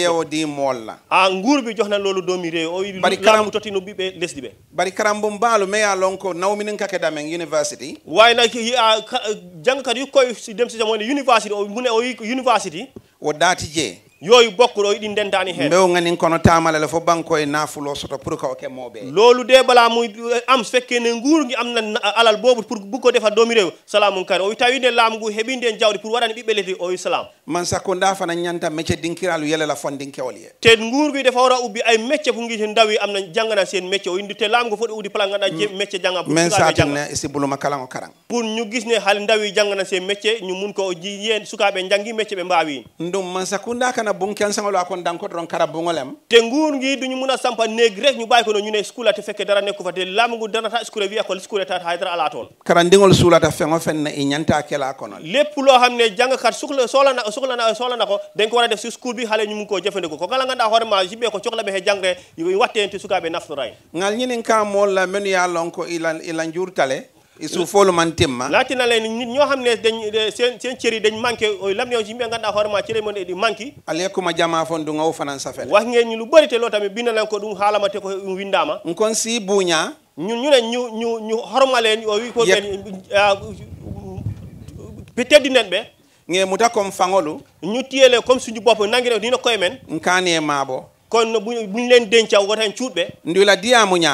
ah, nguur bi loolu doomi réew o bari karam no ɓiɓe lesdi ɓe bari karam bo mbaalu ko nawminin kake damen university way na ah, eh, jàng kat yu koy dem si jamone o mune o university o daati jee yooyu bokkuloo iɗi ndentaani heen ngani kono taamalele fof banko e naafulo soto pour ko ke mooɓe loolu de bala muy am fekke ne ngi am na alal boobu pour ko defa doomi rew salamun kare oyi tawinde laamu ngu heɓinde en jawdi pour waɗani ɓiɓɓe leti oyi salam man sakko nda fana ñanta métier la yelela fondinkewol ye te nguurngi defa wara ubbi ay métier pour ngiti ndawi am na janngana seen métier o indi te laamu ngu foɗi udi plan ganduɗa métier mm. men min ne sibuluma buluma o karan pour ñu gis ne haali ndawi janngana seen métier ñu mun ko jiyen sukaaɓe janngi métier ɓe mbaawi ndum man sakko nda kana na bun ken sengol akon danko ron kara bungolem te nguur ngi duñu mën a sampa néeg ñu bàyyi ko no ñu ne school ate fekke dara nekku fa te lamungu danata school school ata haydara ala toon i ñanta kela kono lépp loo xam ne jàngkat soxla soxla na ko dañ ko war a school bi xale ñu mun koo ko kala nganndaa hoore ma jibe ko coxla ɓe he jangre wattente sukaaɓe naftorayi ngal ñinin ka mool la menu ya lon ko suufolu man timma latina len nit ñoo xam ne dañ seen seen cër dañ manqué lam ne yimɓe ngannduɗa hoore ma cere mon eɗi manqui ala yekkuma jama fon du ngaw fanan safel wax ngeen ñu lu bëri te loo tamit bindalan ko ɗum haalama te ko ɗum windama kon si buuña ñun ñu ne ñu ñu ñu hormaleen o wi ko ɓen ɓe ah, teddinen ɓe nge muta comme faŋolu ñu tiyele comme suñu bopp nangine nina koy men nkaane maabo kono buñ leen denca woto hen cuuɗɓe nduyla diyamu ña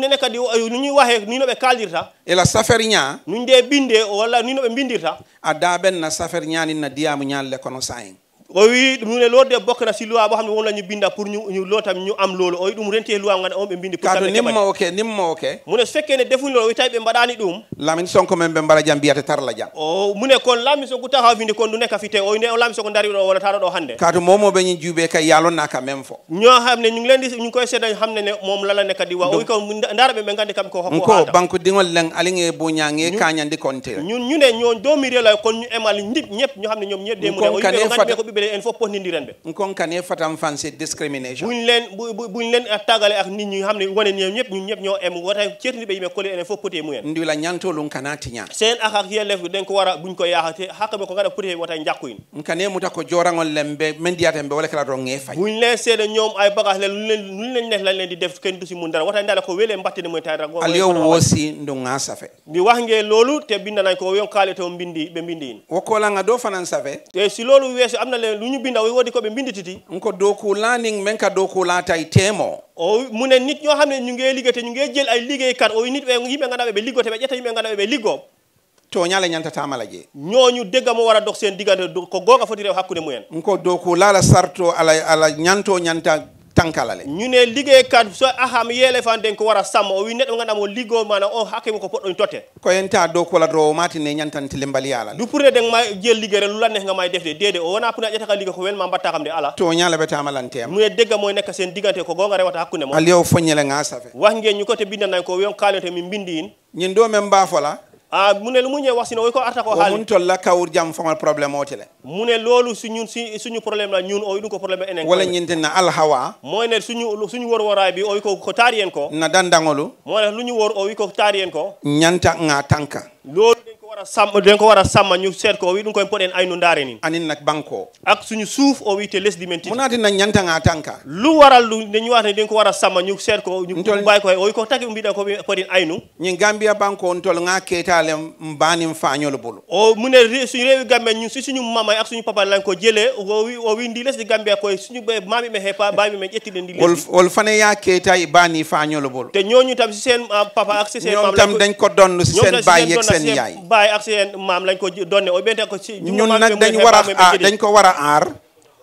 nene kadi nuñuy wahe ni no ɓe kaldirta ela safere ña nuñ de binde walla ni no ɓe bindirta a daɓen na safere ñanin na diyamu ñalle kono sayin o wi ɗum ne lorde bokk na si loi bo xam won moom binda pour ñu ñu loo tam ñu am loolu o wi ɗum rentee loi nga on ɓe bindi pour kaɗo nimmawo ke nimmawo ke mu ne so ne defuñi loolu o wi tawi ɓe mbaɗani ɗum lamin sonko men ɓe mbaɗa jam mbiyata tarla jam o mu ne kon lamin sonko tawa winde kon du nekka fi te o ne o lamin sonko dari ɗo wona taɗo ɗo hannde kaatu momoɓe ñin juuɓe kay yalonna ka même fo ño xam ne ñu ngi leen di ñu koy seeda xam ne ne moom lala ne kadi wa o ko ndara ɓe ɓe nganndi kam ko ko banque diŋol leŋ bo boñaŋe kañandi konte ñun ñu ne ñoo domiri la kon ñu emal ndip ñëpp ñu xam ne ñoom ñëpp demude o yiɓe dimbele en fof posnondiren ɓe kon kane fatam fanse a buñ ah, tagale ak nit ñi xam ne wone ñoom ñëpp ñun ñëpp ñoo em wata ceetiniɓe yimɓe kole enen fof poti mumen ndila ñantolum kana tiña sen akak yellef den ko wara buñ ko yahate hakkaɓe ko kada poti wata jakkuyin kane muta ko joragol len ɓe min diyaten ɓe wala kala ɗon ŋe fay buñ leen seeɗa ñoom ay bagage le lun len nek lan len def ken dusi mum dara wata ndala ko wele mbattene mumen tayra aliyo wosi ndo ŋa safe mi wahnge ne luñu binda wo wodi ko ɓe bindititi nko doku laning men ka doku laata e temo o mune nit ño xam ne ñu ngee liggéey te ñu ngee jël ay liggéey kat o nit ɓe yimɓe ngannda ɓe ɓe liggote ɓe ƴetta yimɓe ngannda ɓe ɓe liggoo to ñala ñantatamala je ñooñu degga mo wara dox seen diggante ko goga foti rew hakkunde mumen nko doku la sarto ala ala ñanto ñanta tankalale ñune liggéey kan so aham yele fan den ko wara sammo o winne ɗo ganduɗa mo liggo mana o hakkimo ko poɗɗon totte ko yenta dow kola dow o matine ñantante lembal yalal du pour den ma jeel liggéey ren lulanne nga may defde dede o wona pour a ƴetaka liggéey ko welma mbatta kam de ala to ñala ɓetamalantema mune degga moye nekka sen digante ko gonga rewata hakkude mo aliyo foñele ga safe wasgue ñu kote bindanay ko wiyon kalete min bindi in ñin ɗo men mbafola ah mu ne lu mu ñe wax sino woy ko arta ko haali mun tolla kawur jam famal problème o tile mu ne loolu suñun si suñu problème la ñun o ɗum ko problème enen wala ñinten na alhawa moy ne suñu suñu wor woray bi o wi ko ko taari en ko na dandangolu moy ne lu ñu wor o wi ko taari en ko ñanta nga tanka wara sàmm dañ ko wara a sàmm ñu seet ko wi ɗum koye poɗen aynu ndaare nin anin nag banque o ak suñu suuf o wiyte lesdi men tigi na ñanta nga tanka lu waral lu dañu waata den ko wara a sàmm ñu seet ko ñu mbayi ko oyi ko tagi o mbiɗa ko poɗen aynu ñin gambia banque on tol nga keetale mbanin faañol bolo o mune suñu reewi gambe ñun si suñu mama ak suñu papa lan ko jëlee o wi o wi ndi lesdi gambia koye suñu mami men hepa baami men ƴettiɗe ndi lesdi wol fane ya keeta e baani faañol bolo te ñooñu tam si sen ah, papa ak si seen ñoom tam dañ ko donn si seen baay ak seen yaay ay maam lañ ko donne o ko ñun nag dañ war dañ ko war a aar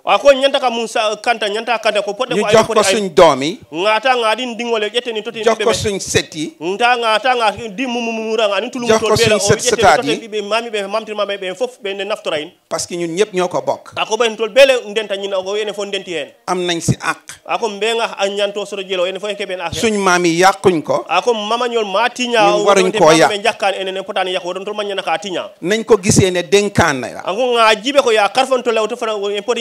ako ñanta ka mun kanta ñanta kanta jox ko suñ set yi nda ngata di mum mum ra ngani tulum to bela o yetteni be mami be mamtir mami be fof be ne naftora in nga e tiña nañ ko gisee ne denkaan la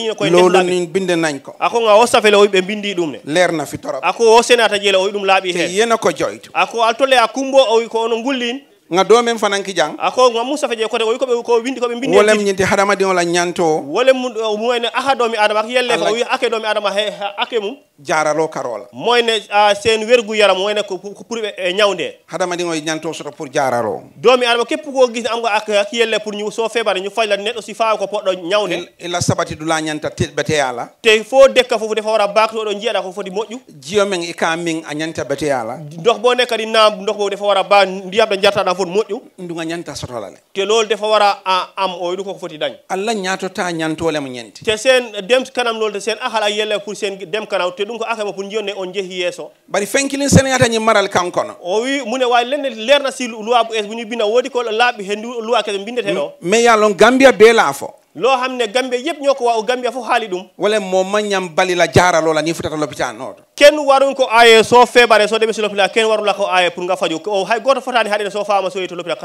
ya loolu ni binde nañ ko ako nga o safele o ɓe bindi ɗum ne leer na fi torop ako o senata jeela o ɗum laaɓi heen yena ko joytu ako altole a kumbo o ko ono gullin nga do men fanan jang ako nga musa fe je ko de ko ko windi ko be bindi wolem nyinti hadama di wala nyanto wolem mu uh, ne aha domi adama ak yelle ko ake domi adama he ake mum jaralo karola moy ne uh, sen wergu yaram moy ne ko pour eh, nyawnde hadama di ngoy nyanto soto pour jaaralo do domi adama kep ko gis am nga ak ak yelle pour ñu so febar ñu fajla neddo si faaw ko poddo nyawnde sabati du la nyanta tebete yala te fo dekka fofu defa wara bakto do njeda ko fodi moju jiyo men e ka min a nyanta bete yala ndox bo ne kadi na ndox bo defa wara ba ndiyam da jarta da kon moƴƴu ndu nga ñanta sotolale te loolu dafa war a am o yiɗu koko foti dañ allah ñatota ñantole mo ñanti te sen dem kanam loolu te sen ahal a yelle pour sen dem kanam te ɗum ko akama pour jiyonne on jeehi yeeso bari fenkilin senegata ñi maral kankono o wi mune wawi lenne leerna si loi bu es bu ñu binda woodi ko laaɓi he loi kese bindeteɗo mais yallon gambia be laafo loo xam ne gambe yëpp ñoo ko waaw gambe fof haali ɗum wala mo mañam bali la jaaraloo la ni futata l'hôpital nooto kenn warun ko aaye soo feebare soo demee si l'hôpital kenn warula ko aaye pour nga faju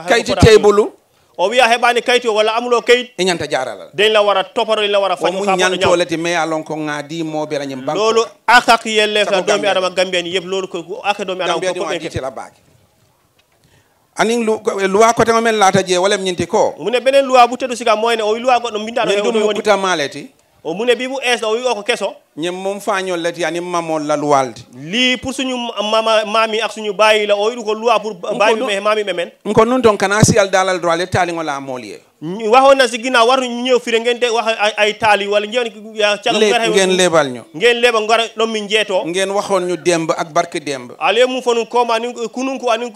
kayti teybolu o wiya kayti o walla amuloo kayit e ñanta jaarala dañ la wara topato dañ la wara faju omu ñantoolete mais alon ko loolu akak yelle ka doomi adama gambiyen yëpp loolu ko ake doomi adama ko potɗen ke la anin luwa koteŋo men lata jee wo lem ñinti ko mune ne beneen luwa bu teddu sika moy ne o luwa goɗɗo mbindaɗo e ɗum kutamaale ti o mune bibu es o wi'o ko keso ñin mum fañolleti anin mamol la luwalde li pour suñu mama mami ak suñu bayi la o yiɗu ko luwa pour bayi ɓe mami ɓe men ko noon toon kana siyal dalal droit le taaliŋo la amol ye wahona si ginnaw warno ñew fire ngen de wax ay taali walla njewn leebal ñu ngeen leeba ngara ɗon min jeeto ngeen waxoon ñu demb ak barke demb ale mum fo nun koma anin kununko anin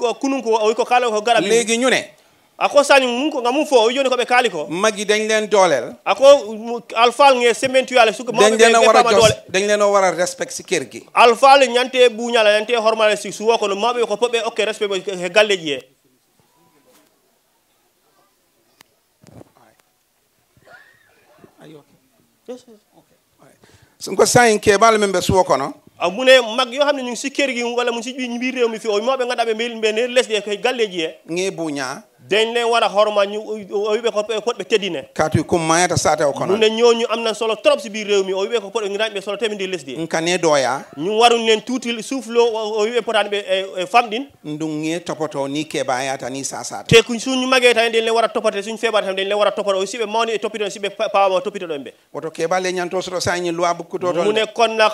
ko kala ko gara léegi ñu ne ako sani mu ko nga mu fo yoni ko be kaliko magi dañ len dolel ako alfal nge sementu yalla suko mo be be wara dole dañ len wara respect ci kergi alfal nyante bu nyala nyante hormal ci su woko no mabbe ko pobe okay respect bo he galle ji sunko sayin ke bal membe su woko no amune mag yo xamne ñu ci kergi wala mu ci bi mbir rew mi fi o mabbe nga dabe mel mbene les ye galle ji nge bu nya dañ leen war a xorma ñu o wiɓe ko koɗɓe teddine kaatu kum mayata sata o kono ɗum ne ñooñu am solo trop si biir réew mi o wiɓe ko koɗɓe rañɓe solo teɓe ndir lesdi ɗum kane doya ñu warun leen tuti suuflo o wiɓe potani ɓe eh, eh, fam din ndum ye topoto ni kebayata ni sasata te suñu magee tan ɗen leen wara toppate suñu feeɓata tan ɗen leen wara toppata o siɓe mawni e toppitoɗon siɓe pawama toppito ɗon ɓe woto keɓa solo sa sañi loi bu kutoto mune konna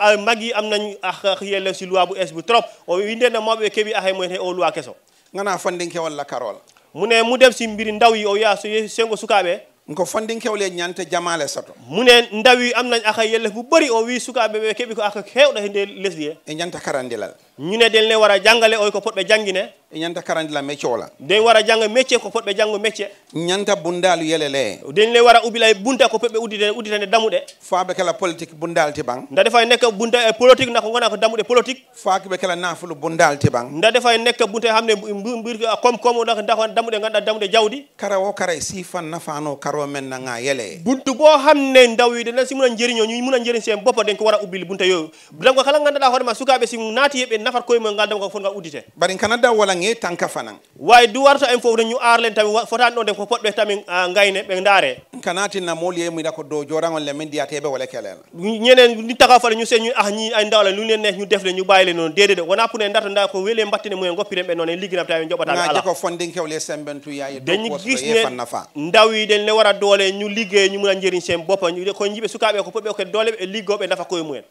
ah, magi am nañ ah, yelle si loi bu es bu trop o winde no mawɓe keeɓi ahay mumen he o loi keso ngana fandinke walla karol mu ne mu def si mbiri ndaw yi o yaa so sengo sukaaɓe ko fandinkewle ñante jamale soto mu ne ndaw yi am nañ aka yelle bu bëri o wi sukaaɓe ɓe keɓi ko aka hewɗo e nde lesdi e e ñanta karandilal ñune ne dañ leen war a oy ko potɓe jangine ñanta karandila métier ola dañ wara jang métier ko potɓe jangu métier ñanta bundalu yelele dañ le wara a ubila bunta ko potɓe uddite udditande damuɗe faaɓe kala politique bundal bang nda defay nek bunta e politique nako gona ko damuɗe politique be kala nafulu bundal bang nda defa nek bunta hamde mbir kom ah, kom nako ndako damuɗe ganduɗa damuɗe jawdi kara o kara sifan nafano karo men nga yele buntu bo hamne ndawide nan si muna jeriño ñu muna jerin sen boppa dañ ko wara a ubbil bunta yoyu danko kala hoore ma sukaɓe si naati yeɓe nafar koyemumen ngal ndema ko foti ngal uddite bari kana da wala nge tanka fanan way du warta en fof no ñu ar len tamin fotani ɗon de ko poɗɓe tamin gayne ɓe ndaare kana tinna mooli e muyɗa ko dow joragol le men ndiyateɓe wala kelela ñenen ni taga fale ñu se ñu ah ñi ay ndawla lu len ne ñu defle ñu bàyyile noon dedede wona pour en darta nda ko weeli e mbattine mumen goppiren ɓe noon en ligginam tawi en joɓataɓe ala ko fondinkewle sembentuyaye dañi gisne ndawiden ne wara doole ñu liggey ñu muna jerin sen boppa ko jiɓe sukaɓe ko poɓɓe ko doole ɓe liggoɓe nafa koye mumen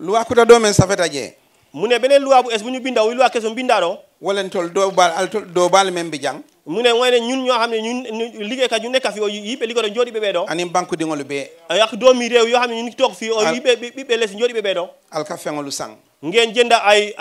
luwakuta ɗo men safeta jee mu ne beneen loi bu es bu ñu binda wuy tol do bal al tol do bal men mbi jang mu ne ñun ño xam ne ñun ka ñu nekk fi o yimɓe liggoto jooɗiɓe ɓee ɗo anin banque diŋolu ɓee ak doomi réew yoo xam ne ñu toog fi o yimɓe ɓiɓɓe lesi alka feŋolu sang ngeen jenda ay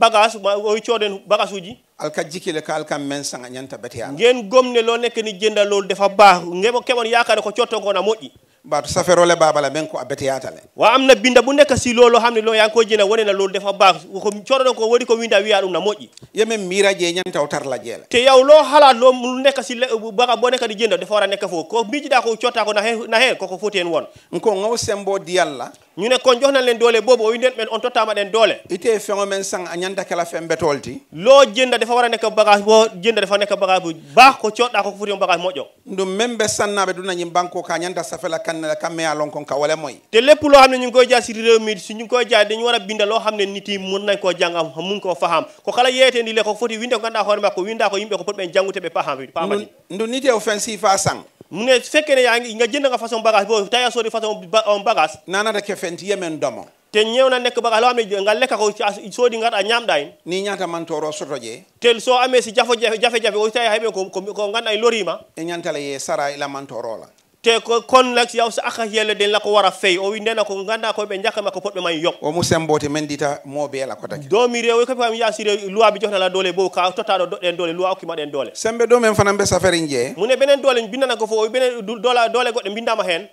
bagage o cooden bagage uji alka jikile ka alka men sang a ñanta bete yala ngeen gomne ne nekk ni jënda loolu dafa baax ngebo keɓon yaakaare ko cotton ko na moƴƴi baatu safeerole la men ko a beteyatale wa am na binda bu nekk si loolu xam ne loolu yaa ngi koy wane na loolu dafa baax ko corono ko wari ko winda wiya ɗum na moƴƴi yemen miira jee ñantaw tarla jeela te yow loo xalaat loo mu nekk si baga boo nekk di jënd dafa war a nekk foofu ko miijiɗaa ko cottaa ko nahe nahe koko foti hen won ko ngaw sembo diyalla ñu ne kon jox na leen doole boobu o nden men on tottama ɗen doole itee feŋo men sang a ñanta kala feŋ betool ti loo jënda dafa war a nekk bagage boo jënda dafa nekk bagage bu baax ko cottaa koko foti hen bagage moƴƴo ɗum men be sannaɓe dunañi banko ka ñanta safela kan la ka meya lonkon ka wala moy te lépp loo xam ne ñu ngi koy jaay si réew mi si ñu ngi koy jaay dañu war a binda loo xam nit yi mën nañ ko jàng am mun ko faham ko kala yeeteendi le ko foti winde ko ganduɗa hoore makko winda ko yimɓe ko potɓen janggude ɓe paham pamati ndu nite o fen sifa sang mu ne su fekkee ne yaa ngi nga jënd nga façon bagage boobu taya soodi façon on euh, bagage nanata ke fenti yemen domo te ñew na nekk bagage lo xam ne nga lekka ko soodi nga a ñaamɗa en ni ñaata mantoro soto je tel so amee si jafo jafe jafe o taya hayɓe ko ko ganduɗa e lorima e ñantala ye sara ila mantoro la te ko konlak yaw so aka yele den lako wara fey o windena ko ganda ko ɓe jakama ko poɗɓe man yo o musembote mendita mobela ko take domi rew ko fami yasi rew loi bi johnala dole bo ka tottaɗo doɗɗen dole loi okki maɗen dole sembe ɗo men fana be safari jee mune benen dole bindana ko fo benen dola dole goɗɗo bindama hen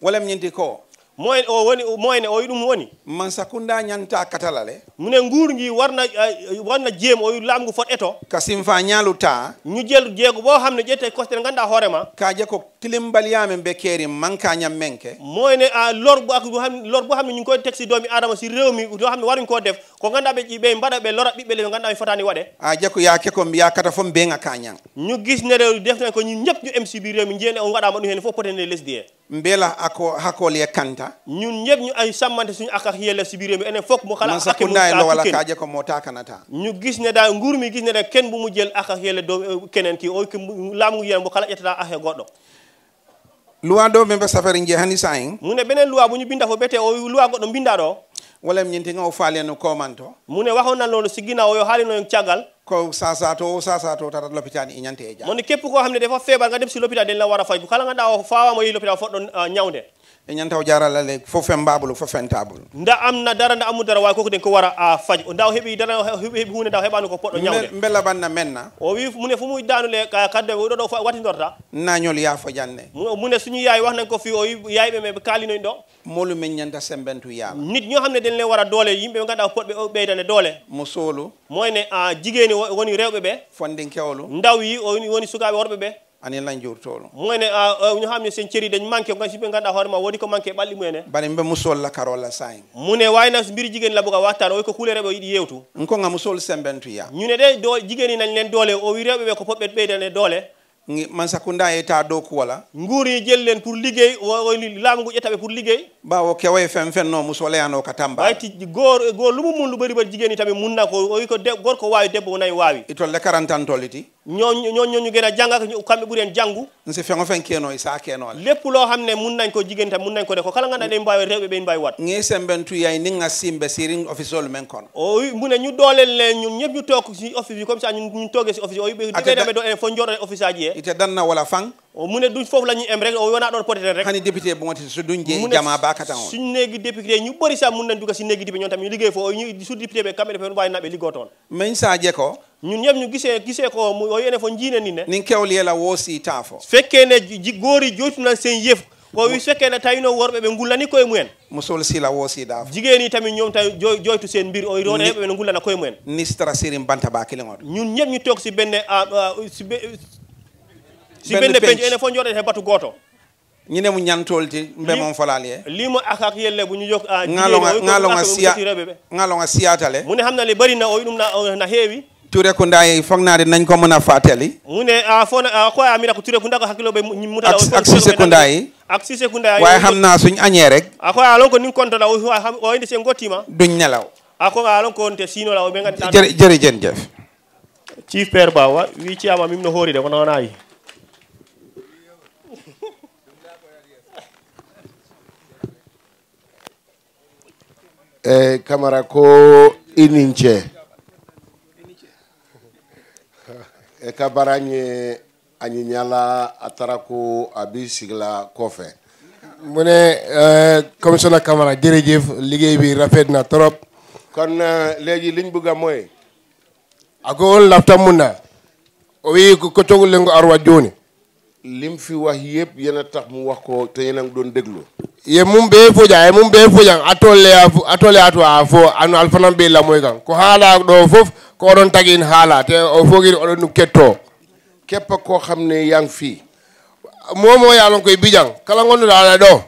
walam ñinti ko moyne o oh, woni moyne o oh, ɗum woni man sakunda ñanta katalale mune nguur ngi warna eh, warna jeem o oh, lamgu fot eto kasim fa ñaalu ta ñu jël jeego bo xam ne ƴette kostere ganda hoorema kaje ko tilimbalyamen be keeri manka ñam menke moyne a ah, lor bo ak lor bo xam ne ñu koy teg si doomi adama si réew mi to xam ne waruñ koo def ko ganda ɓe ɓe mbaɗa ɓe lora ɓiɓɓe le ko ganda ɓe fotani waɗe a ya yaake ko ya kata fo mbeŋa ka ñang ñu gis ne rew def nañ ko ñu ñëpp ñu mcb réew mi njiyene on waɗama ɗum hen fof potene lesdi e mbela ako hakol ye kanta ñun ñep ñu ay samante suñu ak ak yele ci biir mi ene fokk mu xala ak mu wala wala kaaje ko mo ta kanata ñu gis ne da nguur mi gis ne rek ken bu mu jël ak ak yele do euh, kenen ki o lam ngu yene bu xala yetta ak goddo loi do membe safari nje hani sain mu ne benen loi bu ñu binda fo bété o loi goddo binda do wala ñinti nga o faale no komanto mu ne waxo na lolu ci ginaaw yo no yo tiagal ko sasato o sasato tatat l'hôpital i ñante e ja moni képp koo xam ne dafa feebar nga dem si l'hôpital dañ la war a faj bu kala nga daaw faawama yi l'hôpital foɗɗo ñawde e ñanta o jarala le fo fembabulo fo fentabul nda am na dara nda amu dara way koko den ko wara a ah, faj nda heɓi dara heɓi hunde nda o ko poɗɗo ñawde mbella banna menna o wi mune fo muy danule kadde ɗo ɗo watidorta nañol yaafo janne mune suñu yaayi wax nan ko fi o yaayiɓe ɓe kaalinoyn ɗo molu men ñanta sembentu yaala nit ñoo xam ne den le wara doole yimɓe ɓe ganduɗa poɗɓe ɓeydane doole mo soolu moyne a ah, jigéeni woni rewɓe ɓe kewlo ndawi woni sukaɓe worɓe ɓe ani lanjurtolo mumene ñu xamne sen ciiri dañ manqué ko sibe ganda hoore ma wodi ko manque balli muyene bari mbe musol la karola sain mune wayna mbiri jigen la buga waxtaan o ko kule rebe yidi yewtu nko nga musol sembentu ya ñune de do jigeni nañ len doole o wi rebe be ko pobbe beydane doole man sakunda eta do ko wala nguri jel len pour liggey o laamu gu etabe pour liggey bawo kewoye fen fenno musolayano ka tamba way lu bari bari jigéen i tamit mun na ko oyi ko de gorko waawi debbo wonayi waawi itolle karantantoli ti ñooñ ñooñ ñooñu a jànga kamɓe ɓuri en jàngu si feŋo feŋ keeno e saa loo xam ne mun nañ ko jigéen tamit mun ko de ko kala ngannduɗa ɗen mbawi rewɓe wat ŋi semben tuyay ni ŋa simbe sirin office olu men kono o mune ñu le ñun ñëpp ñu toog si office yi comme ça ñun ñu tooge si office o yɓe ɗeɓe e office aji he ite Oh, mu ne duñ foofu em rek oh, wona ɗon poteten rek hani député bonti so duñ je jama sa mun nañ duga si néegi ɓe kamɓe ɗefen wawi naɓe liggoo toon min sa je ko ñun ñëpp ñu ko o oh, ene fo jiine ni ne nin kewliyela woosi taafo fekkee ne ji joytunan seen yëf ko wi fekkee ne tawino worɓe ɓe ngullani koye mumen musol sila woosiiɗaaf jigéen yi tamit ñoom tawi joytu seen mbir o roone ɓe ngullana koye mumen nistra si benn ene fo jooɗete batu gooto ñine mu ñantolti mbe mon falal ye mo akak yelle bu ñu yok a ah, ngalonga nga siya ngalonga siyatale mu ne xam li bari na o ñum na oh, na heewi ture ko ndaye de nañ ko mëna fateli mu ne ah, ah, a fo na ko amira ko ture ko ndako hakilo be mu tada ak sise ko ak sise ko ndaye waaye xam naa suñ añee rek a ko alon ko ni konta la o indi sen ngotima duñ nelaw ak ko alon ko nte sino la o be tan jere jere jen jef chief père bawa wi ci ama hori de ko nonay eh, kamera ko ininche e eh, ka baara ɲe a ɲiɲala a ko mune eh, komisona kamara jerejef liggéey bi rafet na trop kon eh, léegi liñ bëgg a mooy ako lafta mun na o wi ko cogul lengo arwa jooni lim fi wax yëpp yéen a tax mu wax ko te yéen doon déglu ye mum be foja ye mum be fojan atole atole atu a fo anu alfanan be lamoy kan ko haala ɗo fof ko oɗon tagi in haala te o fogiri oɗon ɗum ketto keppa ko xam ne yang fi momo yalon koy bijan kala gonnuɗo ala ɗo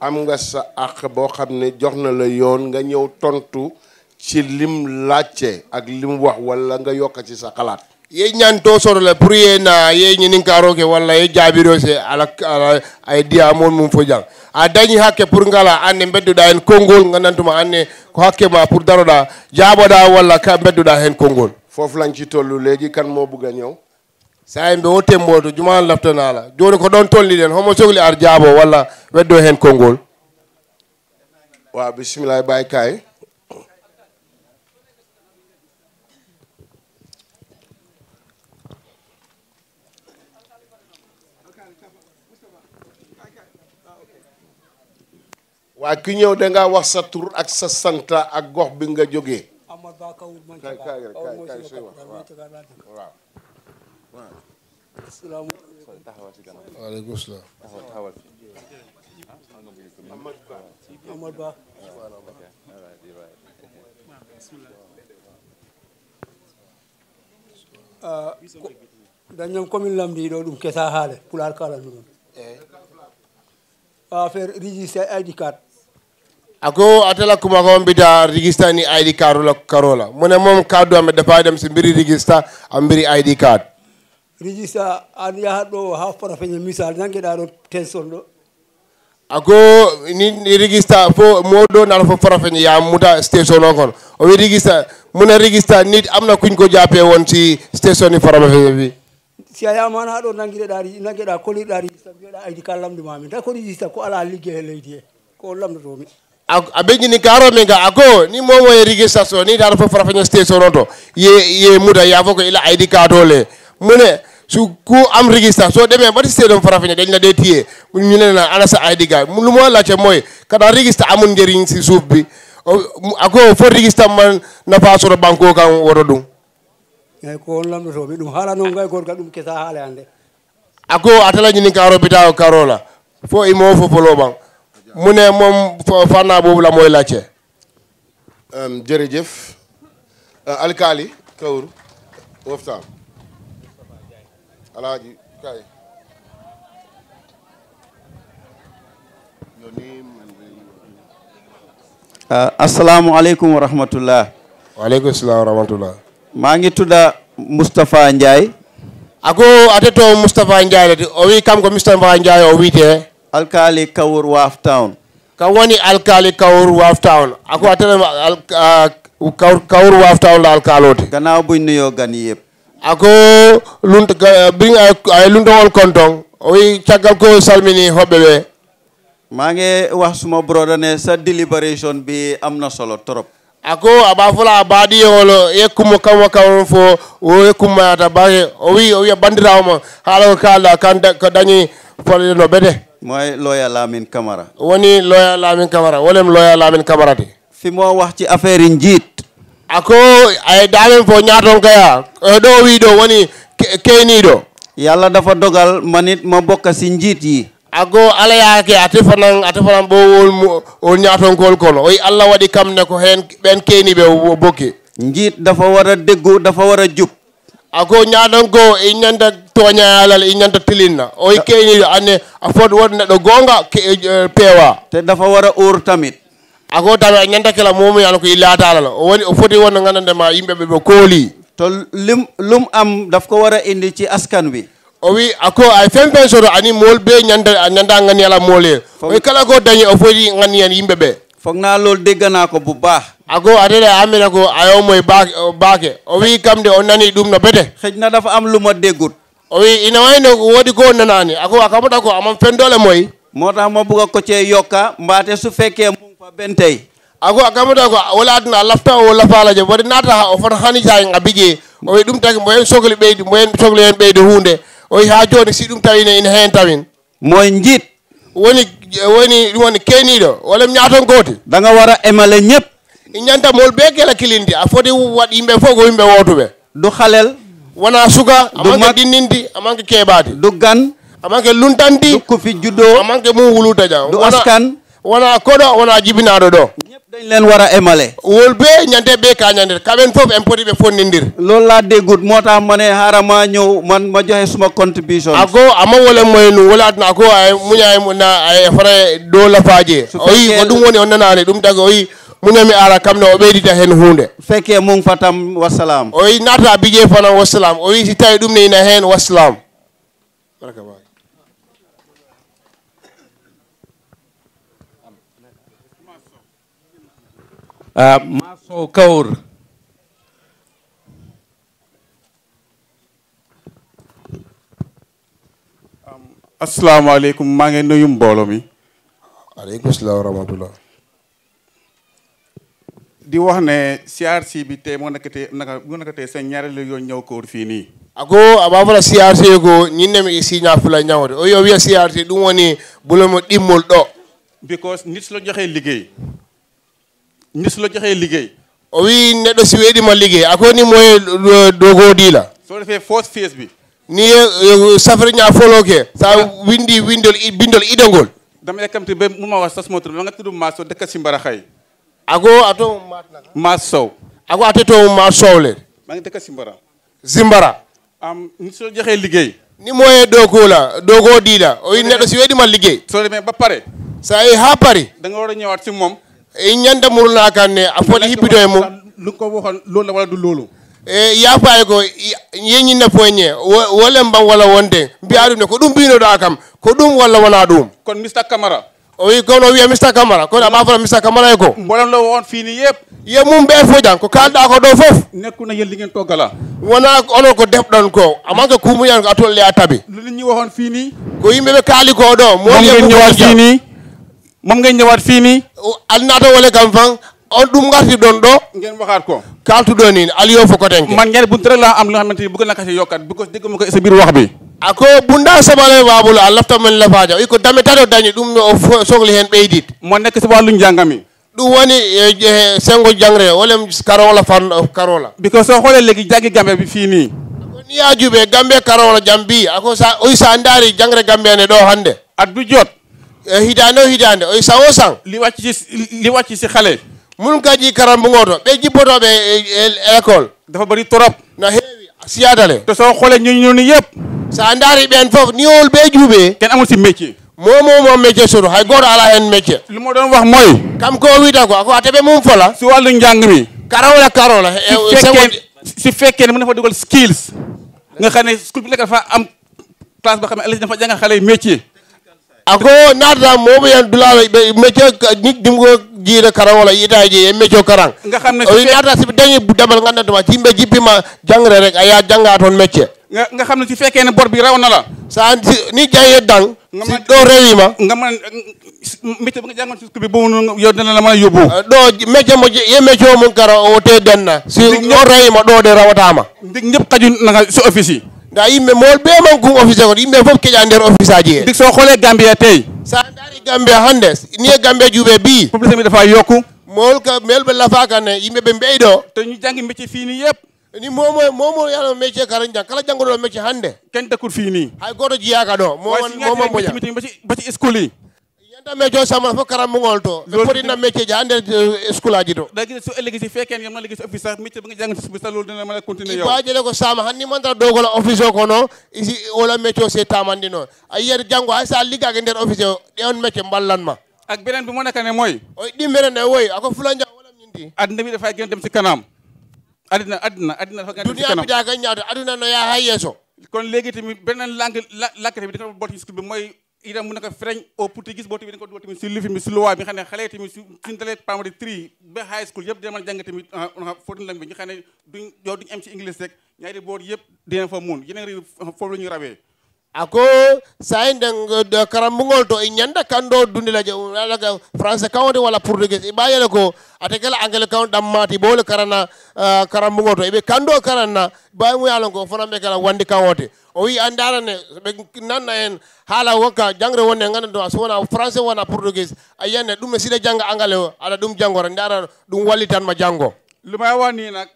am nga sa aq boo xam ne jox na la yoon nga ñëw tontu ci lim laajte ak lim wax wala nga yokka ci sa xalaat ye ñanto sorola pour ye na ye ñininkaro ke walla ye jaabiro se ala ala ay diyamon mum fo jang a dañi hakke pour ngala anne mbedduɗa hen konngol gandantuma anne ko hakke ma pour daroɗa jaaboɗa walla ka bedduɗa hen konngol foof lanci tollu leegi kan mo buga ñaw sayen ɓe wo temmoto juman laftanala joni ko ɗon ɗen homo sohli ar jaabo walla weddo hen konngol wa bisimilla e ɓay kaye wa ki ñew da nga wax sa tur ak sa santa ak gox bi nga jógee. kay kay kay kay sooy wax Ba. Ah, um pular kala. Eh. affaire registre ako atala kuma ko bida register ni ID card la karola Muna mom card kaddu am dafa dem register am biri ID card register an ya half ha fara feñe misal da do tension do ako ni register fo modo na fo fara ya muta station o kon o wi register muna register nit amna kuñ ko jappé won ci station ni fara feñe bi si a man ha da koli li da register da ID card lam mamin da ko register ko ala ligguey e ko lam do mi aɓe jini garoɓe ga ako ni momo e régistration ni data fof farafeña station on to ye ye muda ko ila aydi katole mune su ku am régistration ɗemen ɓati station farafeña ɗeñna ɗe tiye ñunena anasa aydi ga lumo lacce moye kada régiste amun jeri si suufbi ako fo régiste man nafa soto banque kan woto ɗum eyyi ko on lamdotomi ɗum haala noon gay goto ka ɗum kesa haale hande ako atala jini karoɓe taw karola fo imo fo foloɓan mu ne moom fànnaa boobu la mooy laajte. Euh, jërëjëf euh, alkaali kawru woftaam alaaji kay euh, asalaamualeykum wa rahmatullah waaleykum salaam wa maa ngi tudda Moustapha Ndiaye ako ate to Moustapha Ndiaye le ti kam ko Moustapha Ndiaye o alkali kawur waf town ka woni alkali kawur waf town ako atana uh, kawur kawur waf town la alkalote ganaw buñ nuyo gan yeb ako lunt bring ay uh, wol kontong oy tiagal ko salmini hobbe be maa wax suma broda né sa deliberation bi amna solo trop ako aba fula baadi yekum ko ko ko fo o yekumma ta ba o wi o wi kala kan ko dañi fo no bede mooy lawyer Lamin Camara woni lawyer Lamin Camara wolem lawyer Lamin Camara ti fimo wax ci affaire njiit ako ay damen fo ñaaton kaya eh, ɗo wiiɗo woni keyniiɗo yàlla dafa dogal manit ma bokka si njiit yi ako ala yaake ate fanan bo wol wol ñaatonkol kono oyi allah waɗi kam ne ko ɓen keyni ɓe bokki njiit dafa war a déggu dafa war a jub ago ñaatonko e ñanta toñayalal i ñanta tilinna oy keñiɗo anne a fot won neɗɗo gonga eh, eh, peewa te dafa wara uur tamit ako tami a ñanta kela momi ano ko i latalal woni o foti wonno gandandema yimɓeɓe ɓe kooli to lum am daf ko wara indi ci askan wi o wi ako ay fenfen soto ani mool be ñanda ñanda ngani ala moole oy kala ko dañi o foti ngani hen yimɓe ɓe foog naa loolu ko bu baax ako atede amina ko ayo moye baake baake o wi kam o nani ɗum no bete xëj na dafa am lu ma déggut oui ina way ne wodi go nanani ako akamata ko amam fen dole moy motax mo buga ko ci yokka mbate su fekke mu fa bentay ako akamata ko wala adna lafta o lafala je wodi nata o fon hani jay ngabije o wi dum tagi moyen sogli beydi moyen sogli en beydi hunde o wi ha joni si dum tawine ina hen tawin moy njit woni woni woni keniɗo walla mi ñaton gooti danga wara emale ñep ñanta mol be kela kilindi a foti wat yimɓe fof ko yimɓe wotuɓe du halel wona suka amanke ɗinnindi amanke keɓade duggan amanke luntanti dukkufi juddo amanke mum wuluta jam du askan wona koɗo wona jibinaɗo ɗo dañ leen war a émale wol bee ñande bee kaa loolu laa déggut moo tax ma ne xaaral ñëw man ma joxe suma contribution ago ama wala moy nu wala atna ko ay muñay na ay fara do la oyi ko woni on nanaani ɗum oyi munami ara kam ne o ɓeydita heen huunde fekke mum fatam wassalam o wi naata bije fanan wassalam o wi si tawi ɗum ne ina heen wassalam di wax ne CRC bi te moo nekkatee naka moo nekkatee seen ñaareelu yoon ñëw ko fii nii ako aɓafota crc ko ñinnemi e signa fula ñawde o wiya wiya crc ɗum woni bulomo ɗimmol ɗo because nit lo joxe liggéey nit lo joxe liggéey o wi neɗɗo si weeɗima liggéey ako ni moye dogodila so defee fausse face bi ni safre ña folo ke sa windi windol bindol iɗongol dama yakkamti be muma wa sasmotr ma nga tuddum si mbara ago ato ma sow ago ateto ma maa ngi dëkk simbara simbara am ni soo joxee liggéey ni moye dogo la dogo diida o neɗɗo si weɗima liggéey soo demee ba pare so yi ha pari da nga war si moom i e, ñanta murla kan ne a foti hippito e mum lu ko waxoon loolu la wala du loolu e yaafaye ko wala wonde mbiya ɗum ne ko ɗum mbinoɗa kam ko ɗum walla wona ɗum oyi gomno wiya mista camara kono aɓa fota mista camara e ko mbolonɗo on fiini yeb ye mum ɓe fo jan ko kalɗa ko ɗo foof nekkuna yellingen to gala wona onon ko ko amanque kumuyan ko atolle a taabi loni ko yimɓeɓe kaali ko ɗo moyen ñewat fiini mom gen ñewat fiini alnata wole kam fan on ɗum garti ɗon ɗo gen wakat ko kaltuɗo ni aliyo fo kotenke man ñade buntere la am lo xamante ni bëgg nakasi yokkat because dégguma ko sa biir wax bi ako bunda sabale babulu a lafta men lafaja iko dame tato dañi ɗum o sohli hen ɓeydit mo nekk so wallum janggami ɗum woni e, e, sengo jangre wolem karola fan karola because so hole legi jaggi gambe ɓe fini ni gambe karola jam bi ako sa oy sa ndaari jangre gambene ɗo hannde addu jot e, hitande o hitande oy san o san li wacci li wacci si xale mun kaji karambugo to ɓe jippotoɓe dafa bari torop siyaatale to soo xoolee ñu ñu ni yëpp sa ndaari ɓeen fof niwol ɓe juuɓe ken amul si métier momo mo métier soto hay goto ala hen métier lu ma doon wax mooy kam ko wiita ko ako a teɓe mum fola si wàllu njàng mi karola karola eh, eh, si fekkee ne mën na fa dugal skills nga xam ne school bi nekk dafa am classe ba xam ne ala dafa jàngal xale yi métier ako naatata mooɓe yan dulaaɗo ɓe météo nik dimgo jiida karan walla yiitaji e météo karan nga xam ne naatata siɓe dañi demal ngandantuma yimɓe jippima jangre rek a yaa jannga toon nga xam ne si fekkee ne bor bi raw na la sa ni jangee dang si ɗo rewima nga man métier bi nga jàngoon si bi boobu a yóbbu ɗo te denna si ɗo rewima ɗo de rawatama ndi ñëpp nanga si office yi nda yimɓe molɓeman gun office koto yimɓe fof keƴa nder office aji he dik so hole gambia tey sa dari gambia hannde ni e gambia juuɓe bi publicité mi dafa yokku molka melɓe lafa kane yimɓe ɓe mbeyɗo to ñu jangi métier fini yeb ni momo momo moo métier kara jang kala jangoɗo métier hannde ken dakkut fini hay goto jeyaka ɗo momo momo moƴa bati school yi dame jo sama fo karamugol to ɓe poɗinna métier ja nder euh, school aji to dagui so elligi si feken yamna ligui office métier ɓe jangata sobi sa lolde nama continuer yow office o kono isi ola métier o se tamandi a yiyata janggo hay sa liggaki nder office o ɗeon métier ballanma ak benen bi mo nekane moy oy ɗi benen woy ako fulanja wolam ñindi adna wiɗa fay gen dem si kanam adina adina adina duniya bi daga ñaawde aduna no yaa hay yeeso kon léegi tamit beneen itam mun na ko freñ au portugais boo tamit dañ ko dugal tamit mi si luwaa bi nga suñ dalee primary three ba high school yëpp dina mën a jàng tamit ah, ah, foreign language bi yow duñu am ci english yëpp dina fa mun yeneen réew foofu la ñuy rawee ako sayin da karambugol to in ñanda kando dundilaje alaga français France wala portugais iɓa yala ko ate kala anglais kawn ɗammati bowle karana karambugol to Ibe kando karana bawi mu yalon ko fana ɓe kala wandi kawote o wi ne. ɓe nanna en hala woka jangre wonde ngana do so France français wona portugais a yiyane ɗum ne siɗa jangga anglais o dum ɗum janggora ndara ɗum wallitanma jango. lumay wani nak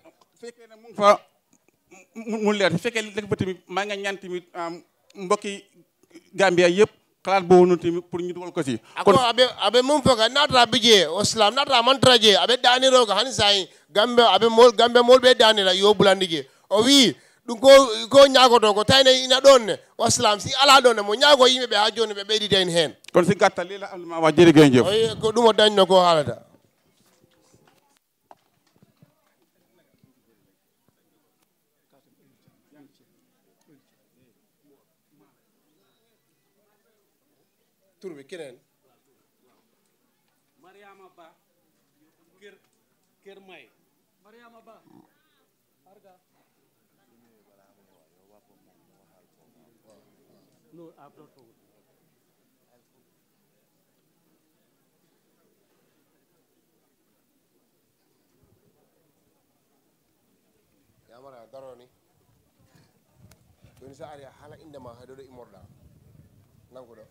fekkene mung fa mullete fekke lekbatimi maga ñantimi mbokki Gambia yep xalaat boobu noonu tamit pour ñu dugal ko si ako aɓe aɓe mum foga naatata bijee o slam mantra mantata jee aɓe daaniroga hani sayi gambe aɓe mol gambe mol ɓe daanira yo bulandi jee o wi ɗum ko ko ñaagoto ko tawne ina donne ne si ala donne mo ñaago yimbe ɓe ha jooni be ɓeydita en hen kono si gattal lila ma wa jeri gueñjeef ko ɗum o dañno ko haalata tur bi keneen. Mariama Ba Kër May. Mariama Ba. Arga. No, I'm ah, not forward. yamara daroni doni sa ari hala indema hadodo imorɗa nangu ɗo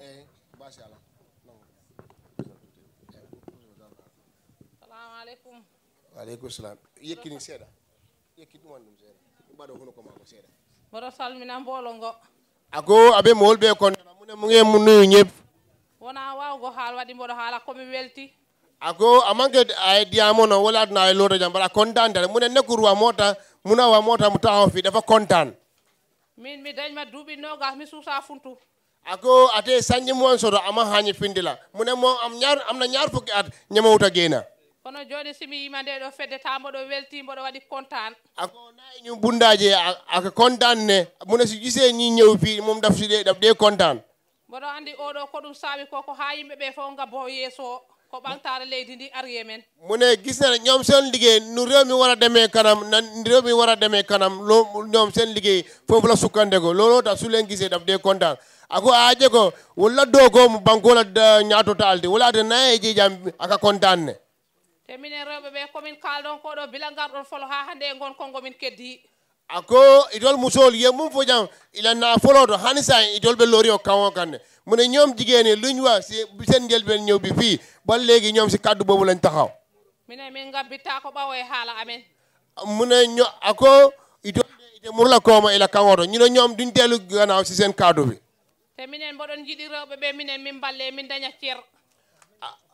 Eh, waaleykum salam yekkini seeɗa yekki ɗuman ɗum seeɗa mbaɗo hono ko mako seeɗa mboɗo salmina mboolo ngo ago aɓe mool ɓe kon mune muge mu nuyu ñeb wona wawgo haal waɗi mboɗo haala komi welti ago a manque a diyamono wala aduna e loto jam mbaɗa contan dere mune nekkourwa moota munawa moota mo taxo fi dafa contan min mi dañma duuɓi nogas mi suusa funtu ako ate sanji muwan soto ama hañi findi la mu ne moom am ñaar am na ñaar fukki at ñemawuta génna kono joni simi yimande ɗo feddeta mboɗo welti mboɗo waɗi contan ako nayi ñu bundaji aka contan ne mu ne si gisee ñi ñëw fii moom daf si ɗe ɗaf ɗe contan mboɗo andi oɗo ko ɗum saabi ko ko ha yimɓeɓe fof ngabo yeeso ko ɓantare leydi ndi arie men mu ne gis na ñoom seen liggéey nu réew mi war a demee kanam nan réew mi war a kanam loo ñoom seen liggéey foofu la sukkandego looloo tax su leen gisee daf dee aku aja ko wala dogo mu bangola da nyato talde wala de nay je jam aka kontane te be ko min komin don ko do bilangar don folo ha hande gon kongo min keddi ako idol musol ye mum fo jam ila na folo do hanisa idol be lori o kawo kanne mun ñom jigéene luñ wa si sen gel ben ñew bi fi ba legi ñom si kaddu bobu lañ taxaw minen min gabbita ko ɓawo hala haala amen mun ño ako idol ite murla ma ila kawoto ñu ñom duñ delu gënaaw si sen kaddu bi te minen mboɗon jiɗi rewɓe ɓe minen min mballe min daña ceer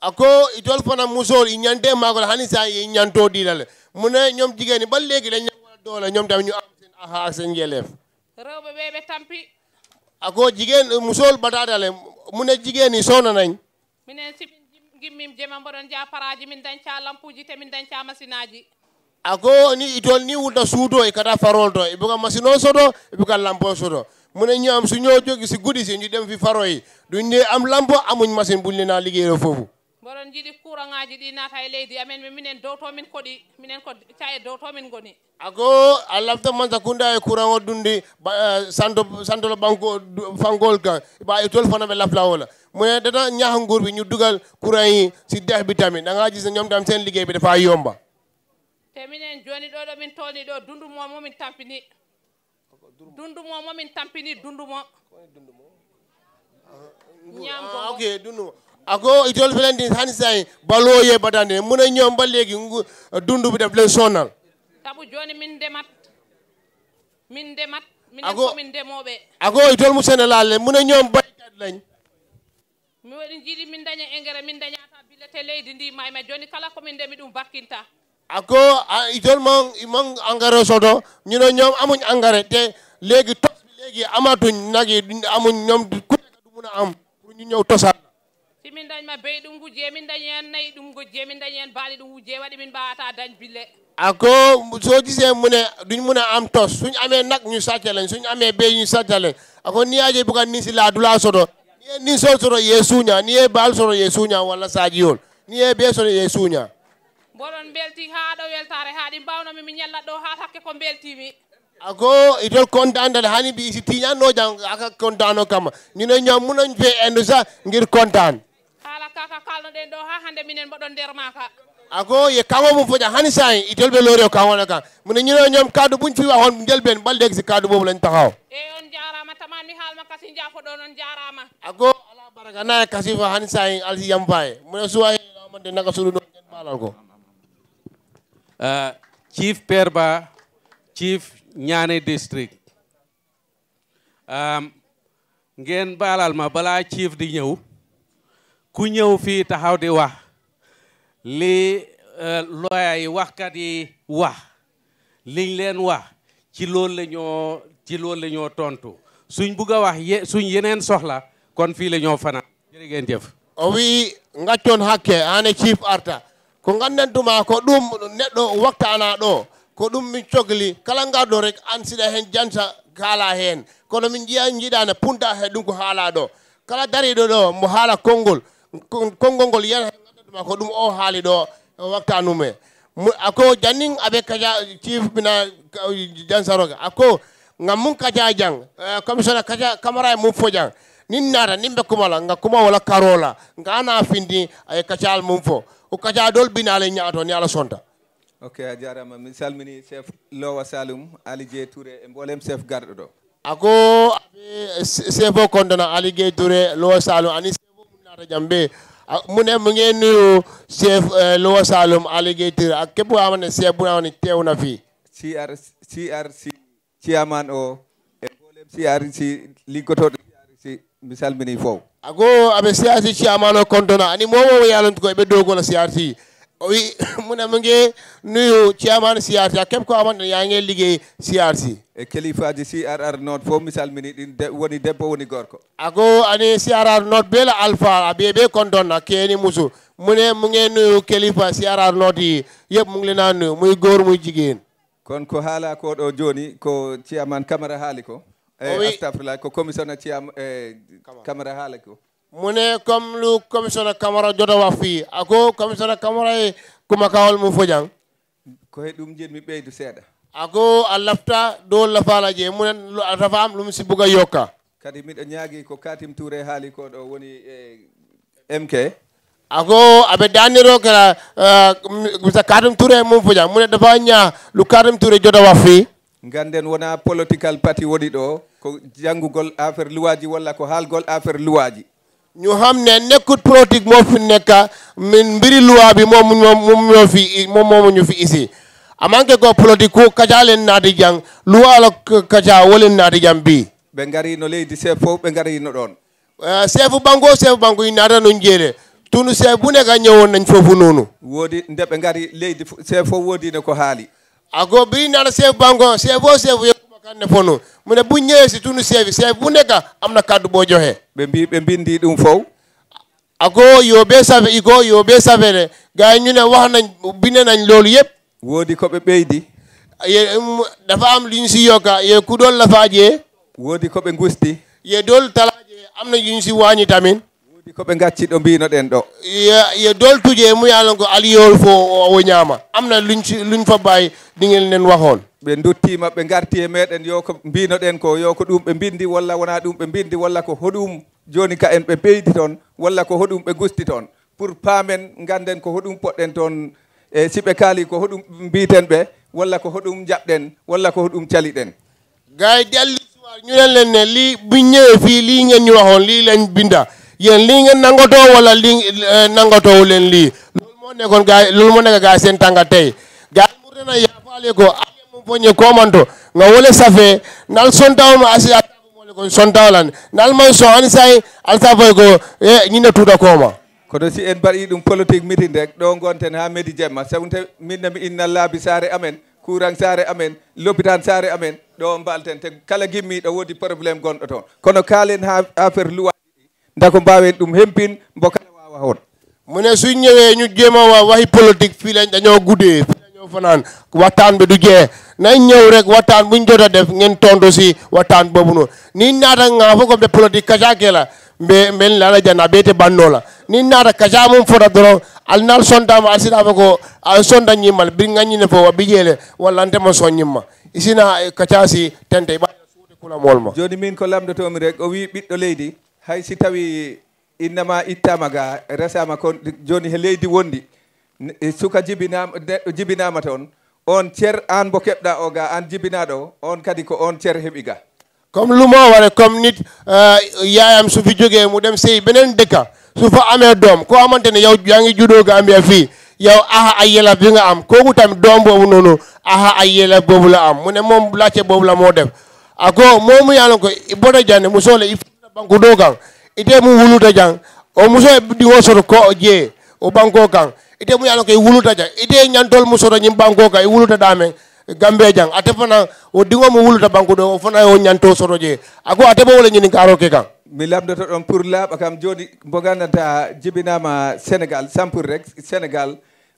ako itol fana musol i ñante maagol hani sa i ñanto dilale mune ñoom jigéen ba léegi dañ wala doole ñoom tamit ñu am seen aha ak seen yeleef rewɓe ɓe ɓe tampi jigéen musol batatale mune jigéen i soona nañ minen si gimmim jema mboɗon jaa paraji min dañca lampuji te min dañca machine ako ni itol ni wulta suuto e kata to e buga soto e buga soto mune ñu am su ñoo jógi si guddi si ñu dem fi faro yi duñ dee am lampo amuñ machine buñ leen naa liggéeyoo foofu mboɗon jiɗi kuuraŋaji di na tay leydi amen mi minen ko di minen ko caye min goni allah ta man ta kunda e kuuraŋo dundi eh, santo la banko fangol ga ba e tol fana ɓe laflawola mune data ñaha bi ñu duggal kuuraŋ yi ci dex bi da nga gis ñom tam sen liggéey bi dafa yomba te minen joni do do min tolni do dundu momo min tampini dundumo momin tampini dundumo ah, ñamgo ah, ok dundumo ago e jol felandi hani say baloye badande muna ñoom ba léegi dundu def leen sonal sabu joni min ndemat min ndemat minen komin ndemoɓe ago musene laale muna ñoom baykat lañ mi waɗi jiiɗi min daña engrais min leydi ndi mayma joni kala komin ndemi ɗum bakkinta ago e jol mon mon ñino ñoom amuñ engrais te léegi tos bi léegi amatuñ nag yi amuñ ñoom ku nekk du mun a am pour ñu ñëw tosal simin dañ ma bey ngu gujje min dañi nay nayyi ɗum gujje min dañi hen baali ɗum wujje waɗi min mbawata dañ bille ako soo gisee mu ne duñ mun a am tos suñ amee nag ñu lañ suñ amee bey ñu sàccalen ako niyaje bukan ni si laa du laa soto ni ye nin sol soto ye suuña ni ye baal soto ye wala walla yool ni ye bee soto ye suña mboɗon belti haa ɗo weltare haa ɗi mbawnomi mi ñallat ɗo haa hakke ko beltimi ago idol kontan dal hani bi isi tiñan no jang aka kontano kam ñu ne ñom mu nañ fe endu sa ngir kontan hala kaka kalno den do ha hande minen don der maka ago ye kango mum foja hani sai idol be o kango na ka mu ne ñu ne ñom kadu buñ fi waxon ngel ben bal deg si kadu bobu lañ taxaw e on jarama tamam mi halma sin jafo do non jarama ago ala baraka na ya si fa hani sai alsi yam fay mu ne suwaye man de naka sulu non ngel balal ko eh, chief perba chief ñaane district um, ngeen balal ma balaa chief di ñëw ku ñëw fii taxaw di wax li uh, lawyer yi waxkat yi wax liñ leen wax ci loolu la ñoo ci loolu la ñoo tontu suñ bugg a wax suñ yeneen soxla kon fii la ñoo fanaan jërë ngeen jëf o wi ngaccon hakke ane chief arta ko gandentuma ko ɗum neɗɗo waktana ɗo ko dum min cogli kala ngado rek an hen jansa gala hen kono min jiya na punta he dum ko hala do kala do do mo hala kongol kongongol yan ma ko dum o do ɗo waktanume ako janning abe kaja chief jansa roga ako ngamun kaja jang eh, komisona kaja kamara e mum nin nara nin be kumala nga kuma wala karola nga na findi ay eh, kachal mumfo o kaja dol binale ñaato ni ala sonta ok a jarama min salmini chef lowa salum ali diey touré e mbolem chef garɗo ɗo ako chef o kontono ali guey touré lowa salum ani chef o mum nata jaam ɓe mune mu ngeen nuyu chef e, lowa salum ali guey touré a képp koo ne chef bu tewna fi na fii cr cr si ciyaman o e mbolem cr si liggotoɗo cr si mi salmini fof ako aɓe cr si ciyaman o kontono ani momomo yalontu ko eɓe dogono cr si oui mu ne mu ngi nuyu chairman CRC képp koo xamante ne yaa ngi liggéey CRC e kilifaaji CRR note fof misal mini wani woni debbo woni gorko ago ani CRR note la alpha a ɓe ɓe kondonna keeni musu mu ne mu ngi nuyu kilifa CRR note yi yëpp mu ngi leen a nuyu muy góor muy jigéen ko haala ko ɗo jooni ko chairman camara haali ko e eh, astafrillah ko commissionnaire eh, camara ko mu ne comme lu commissionnaire Camara jot a wax fii ako commissionnaire Camara ye kuma kawol mu fojan koye ɗum jeɗmi ɓeydu seeɗa ako a lafta dow lafaala je mune ne dafa am lu mu buga yoka a yokka kadi miɗo ko katim touré haali ko do woni e, mk ako aɓe danniro kala misa e, katim touré mum fojan mu dafa ña lu katim touré jot a wax ganden wona political party wodi do ko janngugol affaire luwaji walla ko haalgol affaire luwaji ñu xam ne nekkut politique moo fi nekka min mbiri luwa bi moom moom ñoo fi moom moomu ñu fi isi amanke ko politique ku kaca len naati jang luwa la kaca wolen naati jang bi ɓe garino leydi chef fof ɓe garino ɗon chef eh, banque o chef banque yi naata nuñ jeede tunu chef bu nekka ñëwoon nañ foofu noonu woodi nde ɓe gari leydi chef fof ne ko haali ako bi naata chef banque o chef o chef kanne fonu mu ne bu ñëwee si tunu seefi seefi bu nekk am na kàddu boo joxe ɓe mbi ɓe mbindi ɗum fof ako yo be safe iko yo ɓe safene gaa ñu ne wax nañ binde nañ loolu yëpp woodi ko ɓe ɓeydi mm, dafa am lu ñu si yokka ye ku doon lafaajee woodi ko ɓe ngusti ye dool talaajee am na yu ñu si waañi woodi ko ɓe ngacci ɗo mbino ɗen ɗo ye dool tujee mu yaalon ko aliyol fo o ñaama am na luñ si luñ fa bàyyi di ngeen leen waxoon ɓe duttima ɓe garti e meɗen yo ko mbinoɗen ko yo ko ɗum ɓe mbindi walla wona ɗum ɓe mbindi walla ko hoɗum joni ka en ɓe ɓeydi toon walla ko hoɗum ɓe gusti toon pour paamen ganden ko hoɗum poɗɗen toon e siɓe kaali ko hoɗum mbiten ɓe walla ko hoɗum jaɓɗen walla ko hoɗum caliɗen gay ɗi ñu leen leen ne lii buñ ñëwee fii lii ngeen ñu li lii lañ binda yéen lii ngeen nangatoo wala lii eh, nangatoowu leen lii loolu moo nekkoon gars yi loolu moo nekk gars ko fonye komando nga wole safe nal taw ma asi atabu ko sontaw lan nal ma so ani sai alta boy ko e nyina tuda koma do si en mbaɗi dum politique meeting rek do gonten ha medi jemma sewnte minna mi la bi sare amen kurang sare amen l'hôpital sare amen do mbalten te kala gimmiɗo woodi probléme ton kono kalen ha affaire luwa dako dum hempin mbo kala wawa on mune suñ ñewé ñu jema wa wahi politique fi lañ dañoo goudé du jé nañ ñëw rek waxtaan buñ jot a def ngeen tontu si waxtaan boobu noonu ni naata nga fo comme de politique kaca ke la mbe mbel lala jana bete banno la ni naata kaca mum fota doron al nal sondama al sina fo ko al sonda ñimmal bi nga ñine fo wa bijeele walla ntema son ñimma isina eh, kaca si tente ɓa suude kulamol ma joni min ko mi rek o wi ɓiɗɗo leydi hay si tawi innama ittama ga resama kon joni he leydi wondi eh, suka jibinama neɗɗo jibinama toon on cer an bo kebda o ga an jibinado on kadi ko on cer hebiga ga comme lumo wala comme nit eh, yaayam su fi joge mu dem sey benen deka su fa amé dom ko amantene yow yaangi judo ga ambe fi yow aha ay yela bi nga am ko tam dom bo noonu aha ay yela la am mune mom moom laajte boobu la mo def ako momu yaalon ko boda jande musole ifuta banku do gang ite mu wuluta jang o muso di wosoro ko o o banko kan ide mu yalla kay wuluta ja ñantol nyantol soro ñim banko kay wuluta dame gambe jang ate fana o dingo mu wuluta banko do fana o ñanto soro je ako ate bo wala ñini karo ke kan mi do ɗon pour laaɓa kam joni boganata jibinama sénégal sampur rek senegal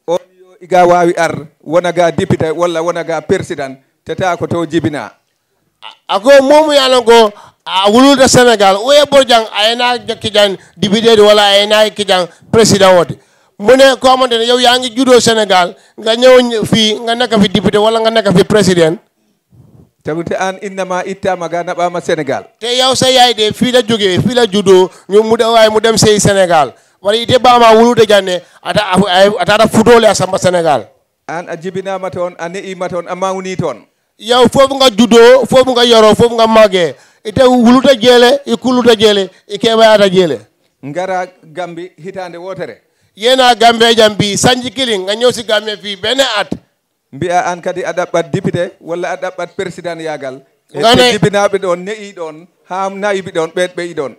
o iga wawi ar wona ga député wala wona ga président tata ko to jibina ako momu yalla ko a wuluta Senegal, o e borjang ayena kijan wala ayna ayena jang président wote mune ko koo yow yaangi judo senegal nga ñew fi nga nek fi député wala nga nek fi président. te an innama itama ga ma Senegal. te yow sa yaay de fi la joge judo la muda, ñu mu de way mu dem sey senegal wala ite bama de janne ata da futole le samba senegal an ajibina maton ane imaton ama toon Yau ga yow fofu nga judo fofu nga yoro fofu nga magge ite de jele ikulu de jele i keɓayata jele ngara gambi hitande wotere yena gambe jambi sanji kiling nga ñew ci gambe fi ben at a an kadi a ɗaɓɓat député wala a ɗaɓɓat président yagal ngane don ɗon ne'i ɗon ha ibidon ɗon ɓen ɓeyi ɗon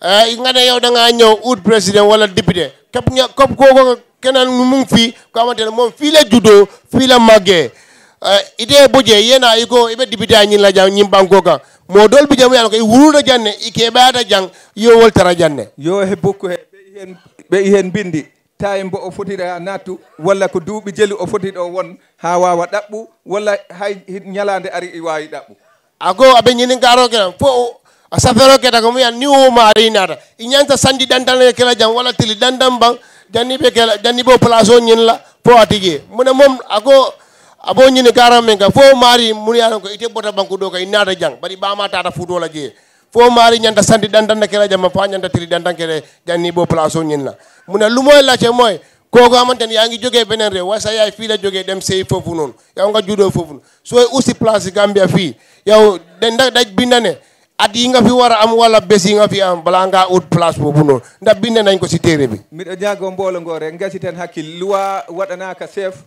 eyi eh, ngane da danga ñew ut président wala député kep kop koko kenan mum fi eh, ko amatene mom fiila judo la magge ide boje yena iko ibe député ñi la jaw ñi banko kan mo dol bi jamu yalla ko wuru da janne i keɓata jang yo tara janne yo he bokku he be i bindi tawi mbo o fotiri ha nattu walla ko duubi jeli o foti ɗo won ha wawa dabbu wala hay nyalande ari i wawi dabbu ago nyini garo ke fo a safero ke ko muya ni o i sandi ɗantan jam wala tili ɗantan janni be kala janni bo plazo nyin la fo atige mune mom ago abo nyini garo men ga fo mari mun ko ite bota banku do ka jang bari ɓama tata la je fo mari nyanda sandi dandan kela jama fa nyanda tiri dandan kele janni bo place nyinna muna moy la ci moy kogo amanten yaangi joge benen rew sa yaay fi la joge dem sey fofu non yaw nga judo fofu so usi place gambia fi yaw den da daj bindane at yi nga fi wara am wala bes yi nga fi am balaa nga ut place bobu non ndax bind nañ ko ci téere bi miɗo ñaago mboolo ngoo rek ngasiten hakkille loi ka chef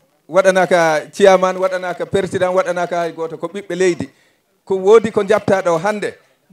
ka chairman ka president wadana ka goto ko bibbe leydi ko wodi ko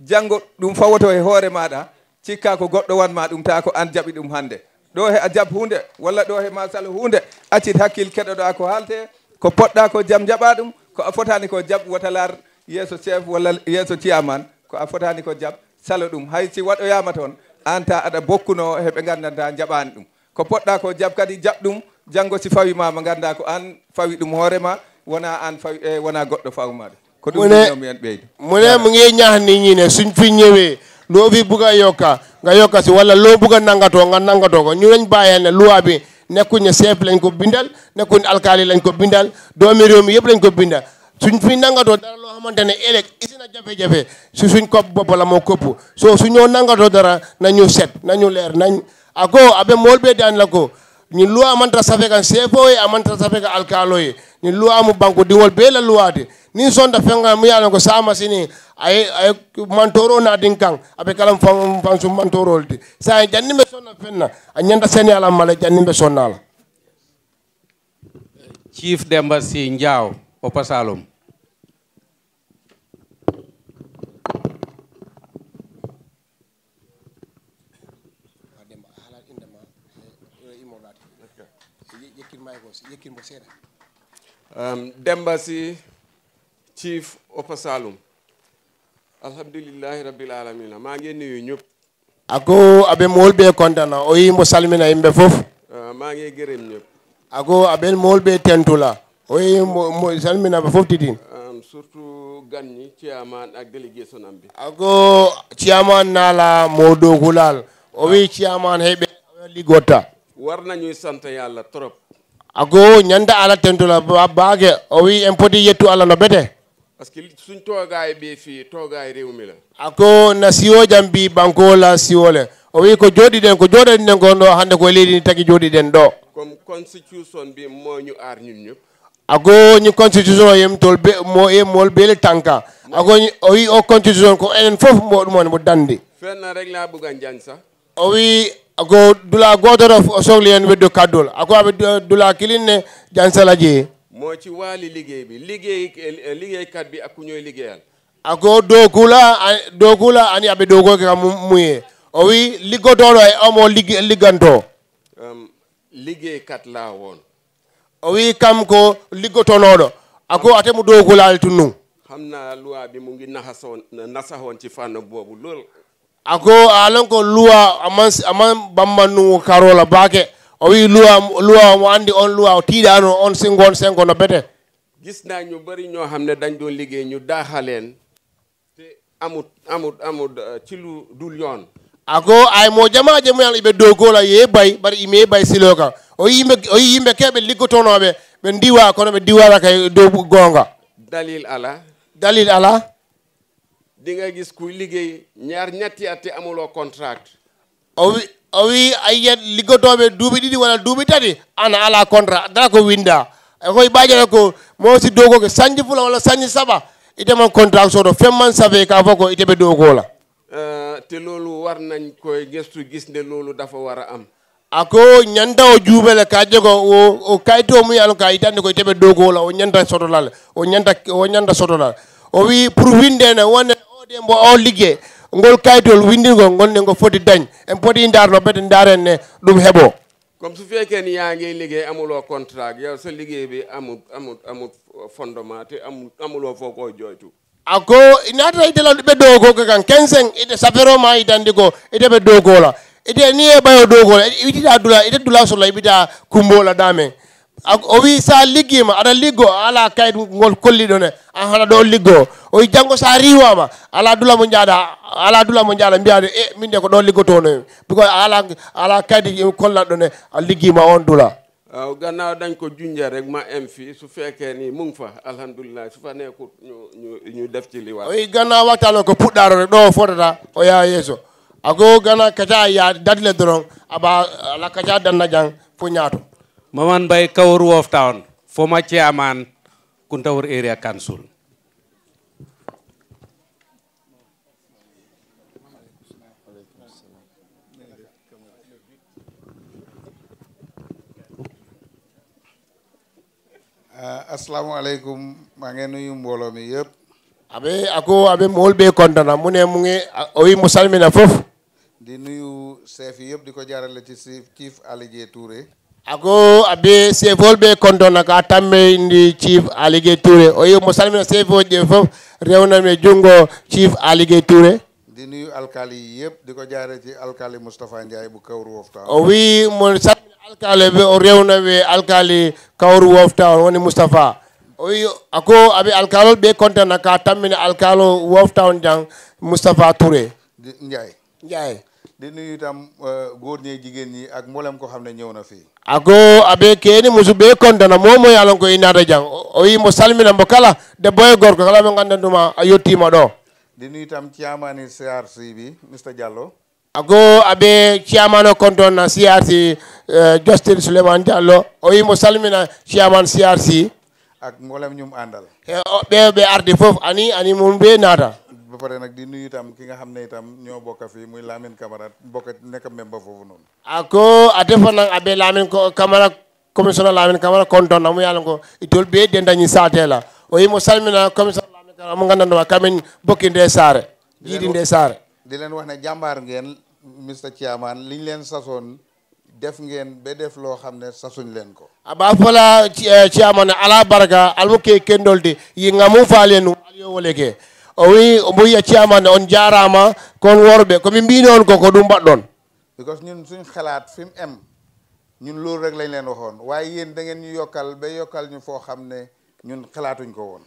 janngo ɗum fawoto e hoore maɗa cikka ko goɗɗo wanma ɗum ta ko an jaɓi ɗum hannde ɗo he a jab hunde walla ɗo he masal hunde accit hakkille keɗoɗa ko haalte ko poɗɗa ko jam jaɓa ɗum ko a fotani ko jab watalar yeeso chef walla yeeso ciyaman ko a fotani ko jab salo ɗum hay si waɗoyama toon an ta aɗa bokkuno heɓe gandanta jaɓani ɗum ko poɗɗa ko jab kadi jaɓ ɗum janggo si fawi ma mo ganda ko an fawi ɗum hoorema wona an fawi e eh, wona goɗɗo fawmaɗum ko mu ne mu ne mu ngi ñaax ni ñi ne suñ fi ñëwee loo fi bugg a yokka nga yokka si wala loo bugg a nangatoo nga nangatoo ko ñu lañ bàyyee ne loi bi nekkuñ ne chef lañ ko bindal nekkuñ ne alkaali lañ ko bindal doomi réew mi yëpp lañ ko bindal suñ fi nangatoo dara loo xamante ne éleg isi na jafe-jafe su suñ kop bopp la moo këpp soo su ñoo nangatoo dara nañu set nañu leer nañ ako abe mool bee daan la ko ni lua mantata safe kan seefo ye a mantata safe ka alkaalo ye ñin luwa mu banko di bee bela luwa de nin sonta fenga mu ye ko saama sini aye mantoro na din kan abe kalam fam fam sum mantorol de sa janni be sonna fenna a ñanta ala mala janni be chief demba si ndiaw o pasalum Um, Demba Sy chief Upper Saloum alhamdulillahi rabbil alamina maa ngi nuyu ñëpp ako aɓe molɓe kontana o yimbo salmina uh, ngi gërëm ñëpp ako aɓen molɓe tentula o salmina ɓe fof titin um, surtout gan chairman ak délégation am ako chairman naala mo dow hulal o chairman heɓe ligotta war nañuy sant yàlla trop ago ñande ala tentula baage o en poti yettu allah no bete suñ toogaay ɓe fi toogaay rew mi la ako na siwo jam mbi banko la siwole o wi ko jooɗiɗen ko jooɗaniɗen kon ɗo hannde koye leydi ni tagi jooɗiɗen ɗo ako constitution o be mo tanka ako o o constitution ko enen fof mo ɗumone mo dandi fenna régla bugan jan sa o ako dula godoro sohli en weddo ako aɓe dula kilinne jansalaji mo ci waali liggéey bi liggéey liggéeykat bi ak ku ñooy liggéeyal ako dookula dookula ani aɓe doogoke kam muye o wi liggotoɗo e omo ligganto um, liggéeykat laa woon o kam ko liggotonoɗo ako atemu dookulaali tunnu xam naa loi bi mu ngi nasahoon ci fànn boobu lool ako alon ko luwa aman aman bambanu karola bake o wi luwa luwa mo andi on luwa o tidano on singon sengo no bete gisna ñu bari ño xamne dañ do liggey ñu daxalen te amut amut amut uh, ci lu dul yon ako ay mo jama jama yalla ibe do gola ye bay bari ime bay siloka o yimbe o yimbe kebe liggotonobe be ndiwa kono be diwa rakay do gonga dalil ala dalil ala di nga gis kuy liggéey ñaar ñetti at te amuloo contrat. awi awi ayen liggotooɓe duuɓi ɗiɗi walla duuɓi tati an ala contrat dara ko winda koye mbaajata ko moo si mawsi dowgoke sañji fula walla sañji saba iteman contrat soto femman save ka fof ko iteɓe la euh, te loolu war nañ koye gestu gis ne loolu dafa wara am ako ñanta o juumele ka jego o kayito mum yano ka yitande koye teɓe dowgola o ñanta o ñanta o ñanta sotolal o wi pour windene wonde fuɗɗi e mbo o ligguey ngol kayitol winndingol gonne ngo foti dañ en poti darno bete darenne ɗum heɓo comme su fekkee ni yaa ngi liggéey amuloo contrat yow sa liggéey bi amul amul amul fondement te amul amuloo foo koo jooytu ako naata ite la ɓe doogo ko kan kensen ite safero ma itandi ko ite be doogo la ite ni e ɓayo doogo la itita dula ite dula sola ibita kumbo la damen o wi sa liggima aɗa liggo ala kayit ngol kolliɗo ne an hana ɗo liggo o wi janngo sa riwama ala dula mo jaaɗa ala dula mo jaaɗa mbiyade e min de ko ɗo liggotono because ala ala kayit e kollanɗo ne a on dula waaw gannaaw dañ ko def ci li waa oyi ko puɗɗaaro rek ɗo fotata o yaha yeeso ago gana kaca ya dadile doron aba ala kaca danna jang fo ñaato Maman by Kaur of Town, former chairman, Kuntaur Area Council. Uh, asalaamaaleykum maa ngi nuyu mbooloo mi yëpp aɓe ako aɓe mo holɓe kontana mu ne mu salmina fof di nuyu chef yi yëpp di ko jaarale ci chief Aly Dieye ago abe sefolɓe kontona ka tamme ndi chief aligue mo salmina sefoji ɗe fof rewnanmi junngo chief aligue touré di yëpp di ko jaare ci alkali moustapha ndiaye bu mo salmina alkali ɓe o rewnami alkali kawru wofta woni moustapha o ako aɓe alkalol ɓe kontana ka tammini alkalo wofta on jan moustapha touré di nuyu itam euh, góor ñee jigéen ñi ak mboolem ko xam ne ñëw na fii ago aɓe keeni musuɓe kontana momoye alan ko inade jang o wimo salmina mbo kala debbo gorko kala mo gannden ɗuma a yettima ɗo di nuyu itam ciyamani crc bi mr diallo ago aɓe ciyaman o konton na crc euh, justin souleymane diallo o wimo salmina ciyaman crc ak mboolem ñum àndal ɓe ɓe ardi fof ani ani mum ɓe naata ba pare nag di nuyu ki nga xam ne itam ñoo bokka fii muy Lamine Camara bokka nekk même ba foofu noonu ako ate fanan abe Lamine Camara commissioner Lamine Camara konton amu yalan ko itol be dendañi saatela o yimo salmina commissioner Lamine Camara amu gandandoma kamin bokki saare jiidi saare di leen wax ne jàmbaar ngeen Mr Chairman liñ leen sasoon def ngeen ba def loo xam ne sasuñ leen ko aba fola eh, Chairman ala baraka almu ke kendol yi ngamu faalenu aliyo wole o wi omo wiya ne on jarama kon ko min mbino on ko ko dum baddon because ñun suñ xalaat fim em ñun lool rek lañ leen waxoon waye yeen da ngeen ñu yokal be yokal ñu fo xamne ñun xalaatuñ ko won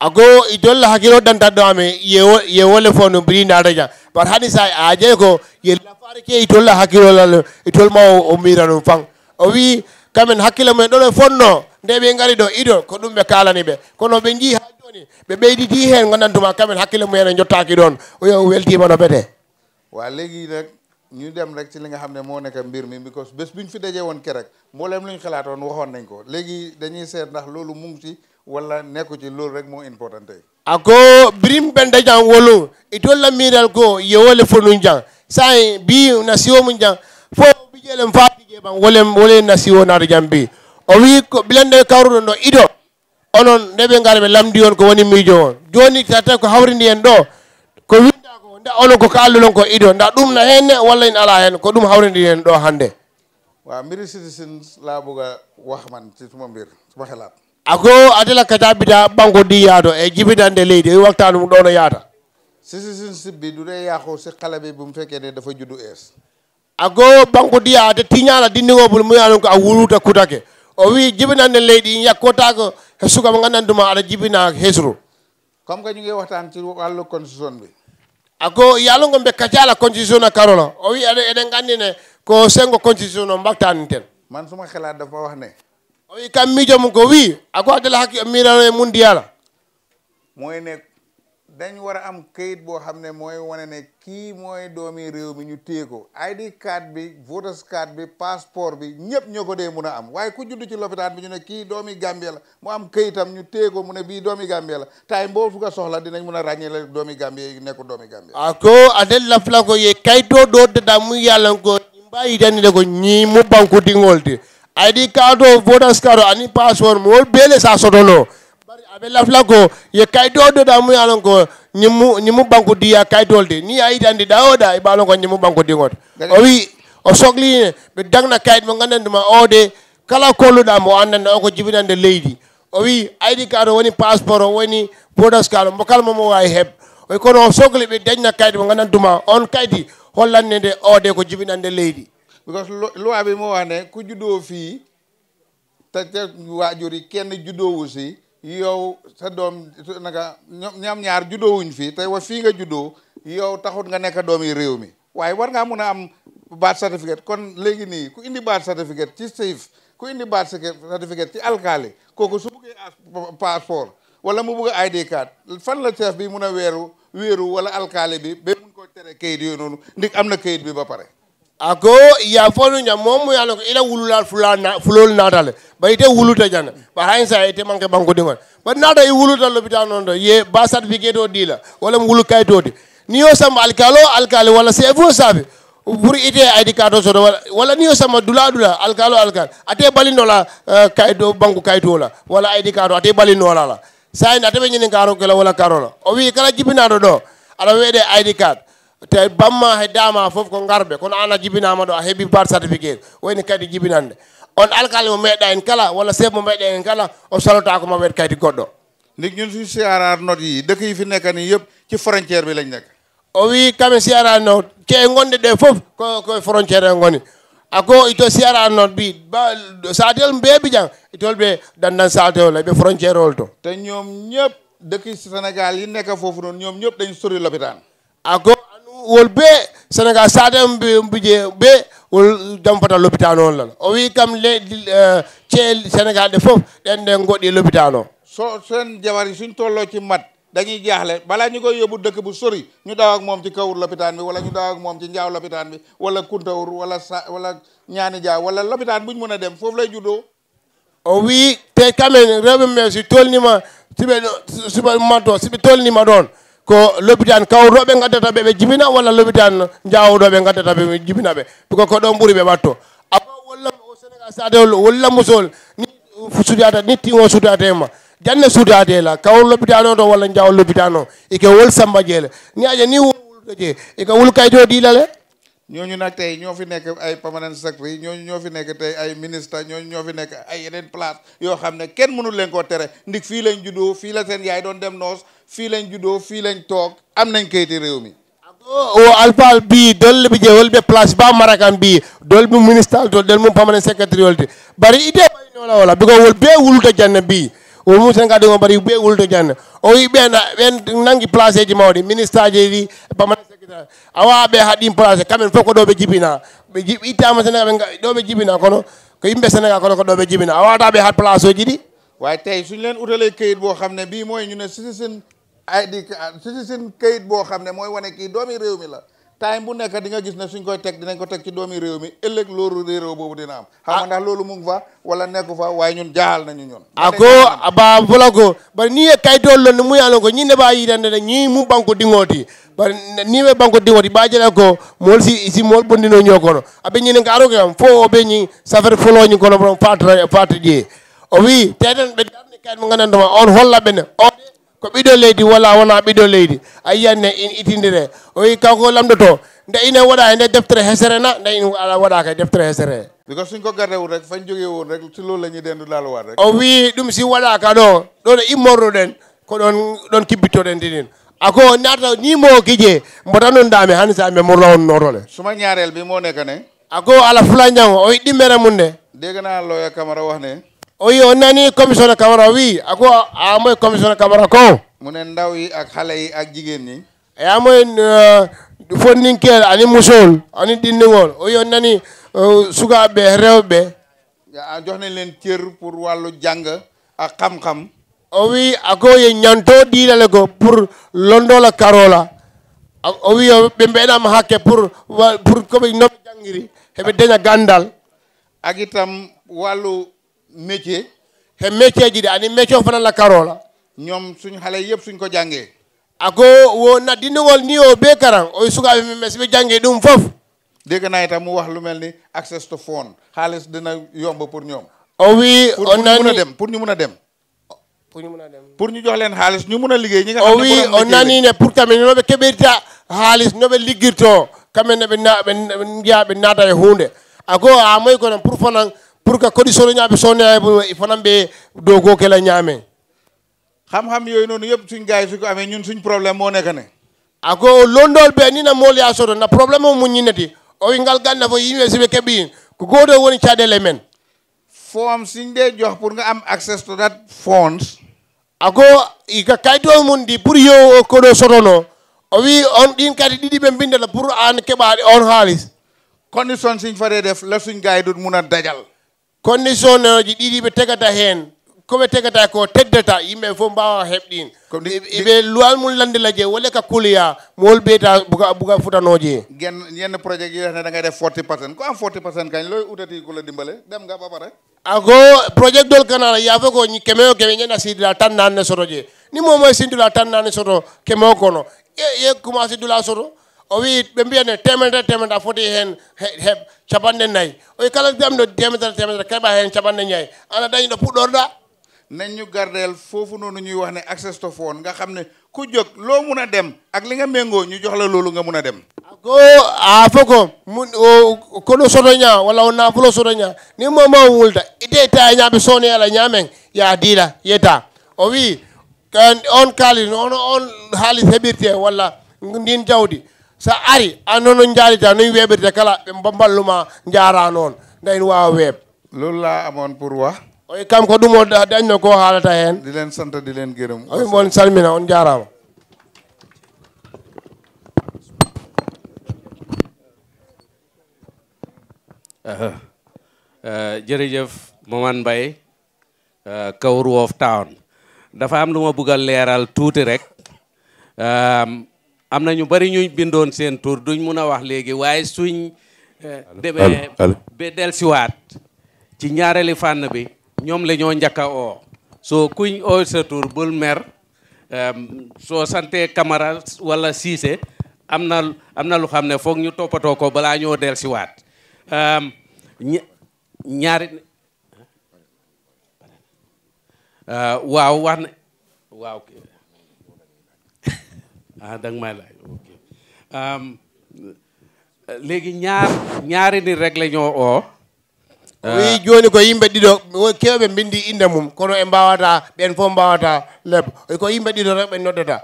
ago i dolla hakkilo ɗantanɗo amen ye wole fo no mbirinaɗaña par hani aje ko ye lafare ke la hakiro la idol ma o mira ɗum fan o wi kamen hakila me do le fonno nde be ngari do idol ko ɗum kala kalani ɓe kono ɓe ni di di hen gondantuma kamɓen hakkille mumen e jottaki don o yo ya, weltima no bete wa legi nak ñu dem rek ci li nga xamne mo nek mbir mi because bes buñ fi kerak, won kerek mbolem luñ won waxon nañ ko léegi dañuy sét ndax lolu mu ngi ci wala ci lolu rek mo important ako brim bende jang wolu itol la miral ko yewole fonun jang sai bi siwo mu jang fo bijele fa bije ban wolem na siwo na jambi o wi ko bilende kawru no ido onon nde ɓe ngara ɓe lamdi on ko woni miijo on jooni so tawi ko hawrindi en ɗo ko winda ko nda onon koko alluɗon ko ido nda ɗumna henne walla en ala hen ko ɗum hawrindi en ɗo hannde a wax man ci ako adela kata bita banko di yaato e jibitande leydi o e waxtaan mum ɗo no yaata citizenship bi du dee yaaxoo si xale bi bu mu fekkee ne dafa juddu ees ago banko diya te tiñala dindigobol muyanon ko a wuluta kutake o wi jibinande leydi yakkotaako he suka mo ganndanduma aɗa jibina hesru comme que ñu ngi waxtaan ci wàllu constitution bi ako yaalo ngo mbe constitution a karola o wi aɗa ko sengo constitution o mbaktaaninten man suma xelaat dafa wax ne kam miijo mum ko ako adala hakki mirano e mum ne dañ war a am kayit boo xam ne mooy wane ne kii mooy doomi réew mi ñu téye ko ID card bi voters card bi passeport bi ñëpp ñoo ko dee mun a am waaye ku judd ci lopitaan bi ñu ne kii doomi Gambie la mu am kayitam ñu téye ko mu ne bii doomi Gambie la taay mboo fu ko soxla dinañ mun a ràññee la doomi Gambie yi nekku doomi Gambie ako ah, aden la ko ye kayitoo doo dada mu yàllan ko mba yidanile ko ñii mu banku dingol di ID card o voters card o ani passeport mu wol beele sa sotonoo abella flago ye kaido do da mu yalon ko nyimu nyimu banku di ya kaido de ni ay dande da oda e balon ko nyimu banku di ngot o wi o sogli be dangna kaido mo ngannen dum o de kala ko lu da mo annen o ko jibinan de leydi o wi id card woni passport woni voter card mo kal mo way heb o ko no sogli be dangna kaido mo ngannen dum on kaidi hollande de o de ko jibinan de leydi because loi bi mo wane ku juddo fi ta ta wajuri kenn juddo wusi yow sa doom naka ñoom ñaar juddoowuñ fii tey wa fii nga juddoo yow taxut nga nekk doom yi réew mi waaye war ngaa mun a am baat certificate kon léegi nii ku indi baat certificate ci safe ku indi baat certificate ci alkaali kooku su buggee passeport wala mu bugg ID card fan la ceef bi mun a weeru wéeru wala alkaali bi ba mun koo tere kayit yooyu noonu ndik am na kayit bi ba pare ako ya fonu nya momu ya lako ila wulula fulana fulol natal ba ite wuluta jana ba sa ite manke banko de ba nada i wuluta lo bita non do ye ba certificate o dila wala wulu kay todi ni yo sam alkalo alkalo wala se vous savez pour ite id card so wala wala ni yo sam dula dula alkalo alkal ate balino la eh, kay do banko kay la wala id card ate balino la la sai na tebe nyin karo kala wala karola o wi kala jibina do do ala wede id card tawi bamma heddama fof ko garɓe kono an a jibinama a heeɓi part certificat wayni kadi jibinande on alkalimo meeɗa en kala walla chef mo meeɗa kala o salotako ma wet kaydi goɗɗo ndik ñun suñ siarar yi dëkk yi fi nekk ni yëpp ci frontière bi lañ nekk o wi kame siarar note ke e gonɗe ɗe fof ko koye frontiére e goni ako ito siarar bi ba satel mbeɓi jang itol ɓe dandan satewol ɓe frontiére ol to te ñoom ñëpp dëkk sénégal yi nekk foofu noonu dañ sori l'hôpital wol be sénégal sadem mbije ɓe wol dampata l'hôpital noon lan o wi kam leyɗi eh, ceel sénégal ɗe fof ɗen ɗen goɗɗi l'hôpital so sen jawari suñ tolloo ci mat dañuy jaaxle bala ñu koy yóbbu dëkk bu sori ñu daw ak moom ci kawur lopitaan bi wala ñu daw moom ci njaaw lopitaan bi wala kuntawur wala sa wala ñaani jaaw wala lopitaan bu ñu mën a dem foofu lay juddoo o wii te quand même rewɓe ɓe si tolnima siɓe siɓe matto siɓe tolnima ɗon ko lobitan kawruɗoɓe gaddata ɓe ɓe jibina walla lobitan jawuɗoɓe gaddata ɓe ɓe jibina ɓe puisque ko ɗon ɓuuri ɓe watto aba la sénégal sadewol wolla musol ni sudata ni tiwo sudatema janne sudade la kaw lobitan o to walla jawo lobitan o ike wol samba jeele ni aja ni wulɗo je ike wul kayto ɗilale ñooñu nag tey ñoo fi nekk ay permanent secretary ñooñu ñoo fi nekk tey ay ministre ñooñu ñoo fi nekk ay yeneen place yoo xam ne kenn mënul leen koo tere ndik fii lañ juddoo fii la seen yaay doon dem noos fii lañ juddoo fii am nañ kayiti réew mi o alfal bi dolli ɓe je be place ba marakan bi dolɓe Minister. to del mum permanent secretary olde bari ide ɓaynola wala biko wol be wulto janna bi o musen kadi o bari ɓe wulto janna o wi ɓen ɓen nangi place ji mawɗi ministre ji permanent secretary awa ɓe haɗin place kamen fof ko ɗo Be jibina ɓe ittama sénégal ɓe ɗo be jibina kono ko yimɓe sénégal kono ko do ɓe jibina a wawata be haat place oji ɗi way tawi suñ len utalay kayit bo xam ne bi moye ñune citizen ID ci seen kayit bo xam ne mooy wane kii doomi réew la time bu nek di nga gis ne suñ koy tek dinañ ko tek ci doomi réew mi ëllëg loolu réew bobu dina am xam ndax loolu mu ngi fa wala nekku fa way ñun jaal nañu ñun ako ba fola ko bari ni kay dool lu mu yaalon ko ñi ne ba yi dañ na ñi mu banko ngoti ba ni be banko ngoti ba jële ko ci ci mol bu dina ñoko kono abe ñi ne nga aro gam fo obe ñi safari folo ñi kono borom patri patri je o wi teden be ne kay mu ngandantuma on la ben on ko ɓiɗo leydi wala wona bido lady. a yiyatne ina itidire o wi kanko lamdoto nde ina wada ina deftere hesere na nde ina ala ka deftere hesere because suñ ko garde won rek fañ jogue won rek si loolu lañuy dendu laalowaat rek o wi ɗum si waɗaka ɗo ɗo ɗo immorɗoɗen ko ɗon ɗon kibbitoɗen ndinin ako nata ñimo kije mbotanundami han sa mi murla on notole suma ñaarel bi mo nekka ne ako ala fula ñango o wi ɗimmere mum nde dégg naa wax ne oyi on nani commissionnaire Camara wi ako amoy ah, commissionnaire Camara ko mu ne ndaw ak xale yi ak jigéen ñi e ani musol ani dindigol oyi on nani euh, sukaaɓe rewɓe ah, jox leen cër pour wàllu jàng ak xam-xam o oh ako ye ñanto diilale ko pour londola karola o oh wi ɓe mbeɗama hakke pour pour koɓe noɓe jangiri heɓe deña gandal ak itam métier he métier ji de ani métier o fana la karola ñoom suñ xale yëpp suñ ko jàngee ako wo na dindigol ni o bee karan oy sukaaɓe men ɓe si ɓe jàngee ɗum fof dégg naa mu wax lu mel ni access to phone xaalis dina yomb pour ñoom o wii o nani pour ñu mun a dem pour ñu mun a dem pour ñu mun a dem ñu jox leen xaalis ñu mun a liggéey ñi nga xam ne o wii o nani ne pour kamen xaalis no ɓe liggirtoo kamen ne ɓe na ɓe jiya ɓe a moy pour que condition ñaaɓe sowneyaɓe fanan ɓe dow go ñaame xam-xam yooyu noonu yëpp suñ gars yi ko amee ñun suñ problème moo nekk ne ako londool ɓe ni na mool ya soto na probléme o muñ ñinati owi ngal ganna fo yimɓe siɓe keɓi ko gooto woni caɗele men siñ dee jox pour nga am access to that funds ako ika kayitoo mum ndi pour yo koɗo sotono o wi on ɗin kadi ɗiɗi ɓe mbindata pour an keɓaɗe on haalis condition siñ faree def condition uh, ji ɗiɗi ɓe tegata hen ko ɓe tegata ko teddata yimɓe ɓe fof mbawa heɓɗin ɓe e- luwal mum landila je wole ka kuliya mo wol ɓeyta buga buga futanoje gen yenn projet yiyatane da ngay def forty percent ko an forty percent kañ loy utati kula dimbale dem nga ɓaɓa rek ago projet dol kanala yafo ko keme o keme ñana sidila tan nanne soto je ni momoye sintula tan nanne soto keme o kono no, ye commencé dula soto o wi ne temen da temedere da foti heen heɓ capanɗe nayi o wi kala mbiyamɗo diam temedere keɓa heen capanɗe ñayi ana dañi ɗo puɗɗorɗa nañ ñu gardel fofu noonu ñuy wax ne access to phone nga xam ne ku jóg lo mun dem ak li nga lulu ñu jox la loolu nga mun a dem ko a fo ko mun kono sotoña walla o naafulo ni moma wulda ite ta nya bisoni ala nyameng ya dila yeta o wi kan, on kali, on on hali heɓirte walla ngin jawdi sa ari anonon jaarite anoy weɓirte kala ɓe bamballuma jaara noon ndayn wawa weeb lolla amon pour wa oy kam ko ɗum o dañno ko halata hen di len sante di len geureum oy mon salmina on jaarama eh, jërëjëf Momane Mbaye eh, kawru of Town dafa am luma bugal leral touti leeral euh am na ñu bari ñu bindoon seen tur duñ mun a wax léegi waaye suñ eh, demee ba delsiwaat ci ñaareeli fànn bi ñoom la ñoo njëkk oo soo kuñ oo sa tur bul mer soo santee Camara wala Cissé am na am lu xam ne foog ñu toppatoo ko balaa ñoo delsiwaat ñaari eh, waaw wax na danga may laaj ok um, léegi ñaar ñaari nit rek la ñoo oo wi joni ko yimɓe ɗiɗo kewɓe bindi inde mum kono e mbawata ɓen fof mbawata leb e ko yimɓe ɗiɗo rek ɓe noddata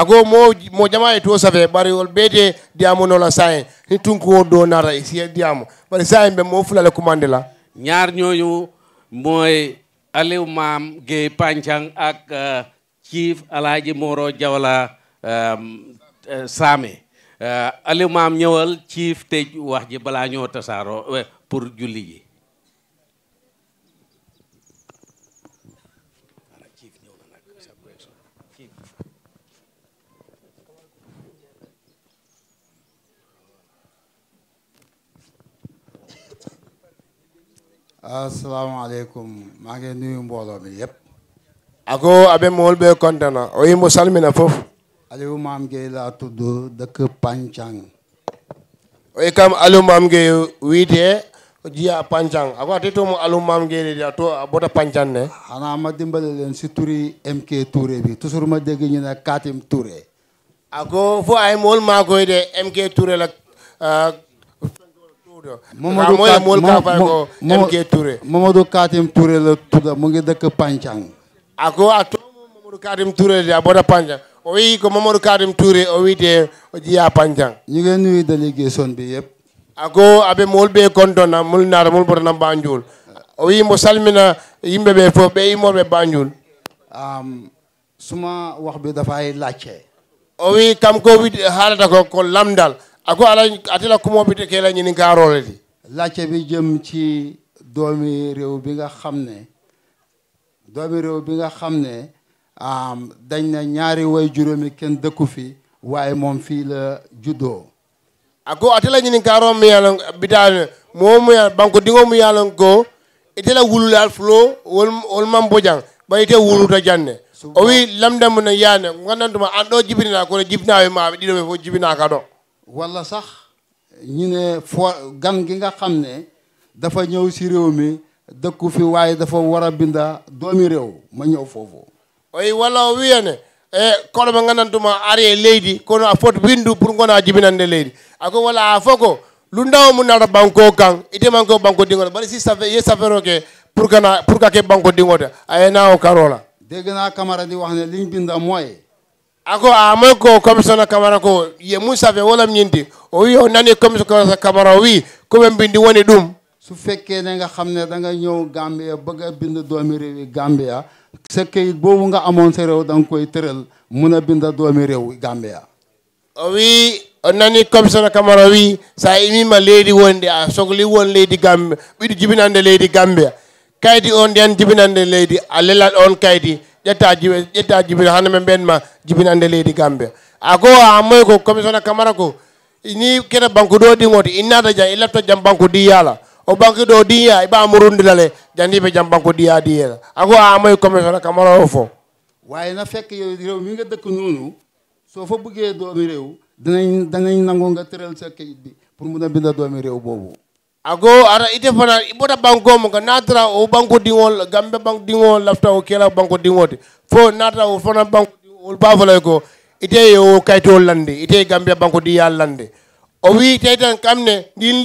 ago mo mo jama e to safe ɓariol beete diyamunola sahen ni tunku o dow nata e si diyamu bari sahen ɓe mo fulale commande la ñaar ñooñu mooy aliou mam gueye pancang ak uh, chief alhaji moro diawla euh ehm, eh, eh, ali mam ñewal chief tej wax ji bala ñoo tassaro eh, pour julli ji alaykum ma ngi nuyu mbolo mi yépp ako abe mool be kontana o yimbo salmina fofu Aliou Maam Gueye laa tudd dëkk Pancang oyi kam Aliou Maam Gueye wiite jiya Pancang a ate to mo Maam Gueye a to a bota ne xanaa ma dimbale leen si turi MK Touré bi toujours ma dégg ñu ne Katim Touré fo ay mool maa de MK Touré la Mamadou mooy mool ka fay la tudda mu ngi dëkk Pancang a ko a to Mamadou Katim Touré de a bota Pancang o wi ko mamadou kadim touré o wiyete o jeeya panjang yigen nuyi délégation ɓe ako aɓe mo wolɓe kontona mulnara mulbotona banjul o wi mbo salmina yimɓe ɓe fof ɓe immorɓe banjul suma wax bi dafay laajte o wi kam ko wi haalata ko ko lamdal ako ala atela kumoɓe kela ñini garole di laajte bi jëm ci doomi réew bi nga xam ne doomi réew bi nga xam ne dañ na ñaari way juróomi kenn dëkku fi waaye moom fii la juddoo ako atela ñini karo mu yalon bitane mo mu yal banko dingo mu yalon ko wulu laal flo wol wol mam bojang ba ite ta janne o wi lamda mun yaane ngandantuma an doo do naa ko ne maa we maabe dido fo jibina ka do walla sax ñu ne fo gan gi nga xam ne dafa ñëw si réew mi dëkku fi waaye dafa war a binda doomi réew ma ñëw foofu oyi walla o wiyane e kono mo gandantuma ari e leydi kono a foti windu pour gona jibinande leydi ako walla a fof ko lundawo mum nata banko kan itemanko banko dingoto bari si ye safero pour kana pour kake banko dingoto ayena o karola dégg naa camara di wax ne liñ binda mooy ako a moy ko commissionnaire camara ko ye mum safe wolam ñinti o wi o nani commissionnaire camara o wi koɓe woni ɗum su fekkee ne nga xam ne da nga ñëw Gambia bëgg a bind sa kayit nga amoon rew réew da nga koy tëral mun a binda doomi réew Gambia wi ah nani comme sono camara wi sa imima leydi wonde a sohli won leydi gambia ɓiɗi jibinande leydi gambia kaydi on nden jibinande leydi a ah, lelat on kaydi ƴetta ƴetta jibina hande ben ma jibinande leydi gambia a ah, goo a hammoy ko commissionna camara ko ni kene banque ɗo ɗin woto innata jam i lapta jam banque di yaala o banque ɗo diya e ɓamo rundilale jandiɓe jam banque diya diyela ako amoye commission camara o fo waaye na fekk yow réew mi nga dëkk noonu soo fa bëggee doomi réew danañ danañ nangu nga tëral sa kayit bi pour mun a binda doomi réew boobu ago ara ite fana i ɓota banque mo ga natara o banque diŋol gambe banque diŋo lafta o kela banque diŋote fo natara o ko ite yo kayitol lande ite gambe banque diya lande o tey tan kam ne ndin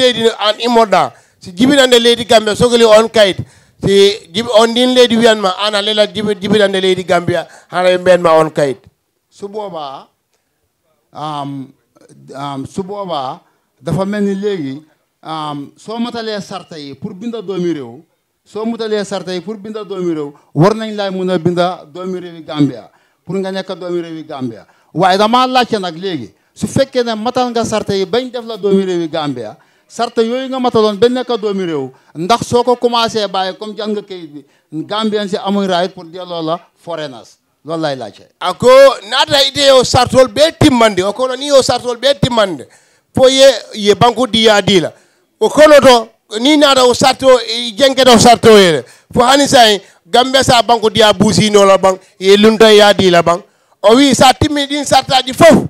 si jibinande leydi gambia sogoli on kayit si jibi on ndin leydi wiyanma an a lelat jibinande leydi gambia hana ɓe mbiyanma on kayit su boobaa su boobaa dafa mel ni léegi soo matalee sarta yi pour binda doomi réew soo matalee sarta yi pour binda doomi réew war nañ laay mun a binda doomi réewi gambia pour nga nekk doomi réewi gambia waaye damaa laajte nag léegi su fekkee ne matal nga sarta yi bañ def la doomi réewi gambia sarta yoy nga don ben ka doomi rew ndax soko commencé bàyyi comme jang kay bi gambien si amuy ray pour delloo lola foreigners loolu lay laajte ako naata ide o sartol be timmande o no ni o sartol be timmande fo ye ye banku di diila o kono to ni naata o sarto jenketo sarto ye fo hani say gambia sa banku no buusinola bank ye lunta ya diila bank o wi sa timmi sarta di fof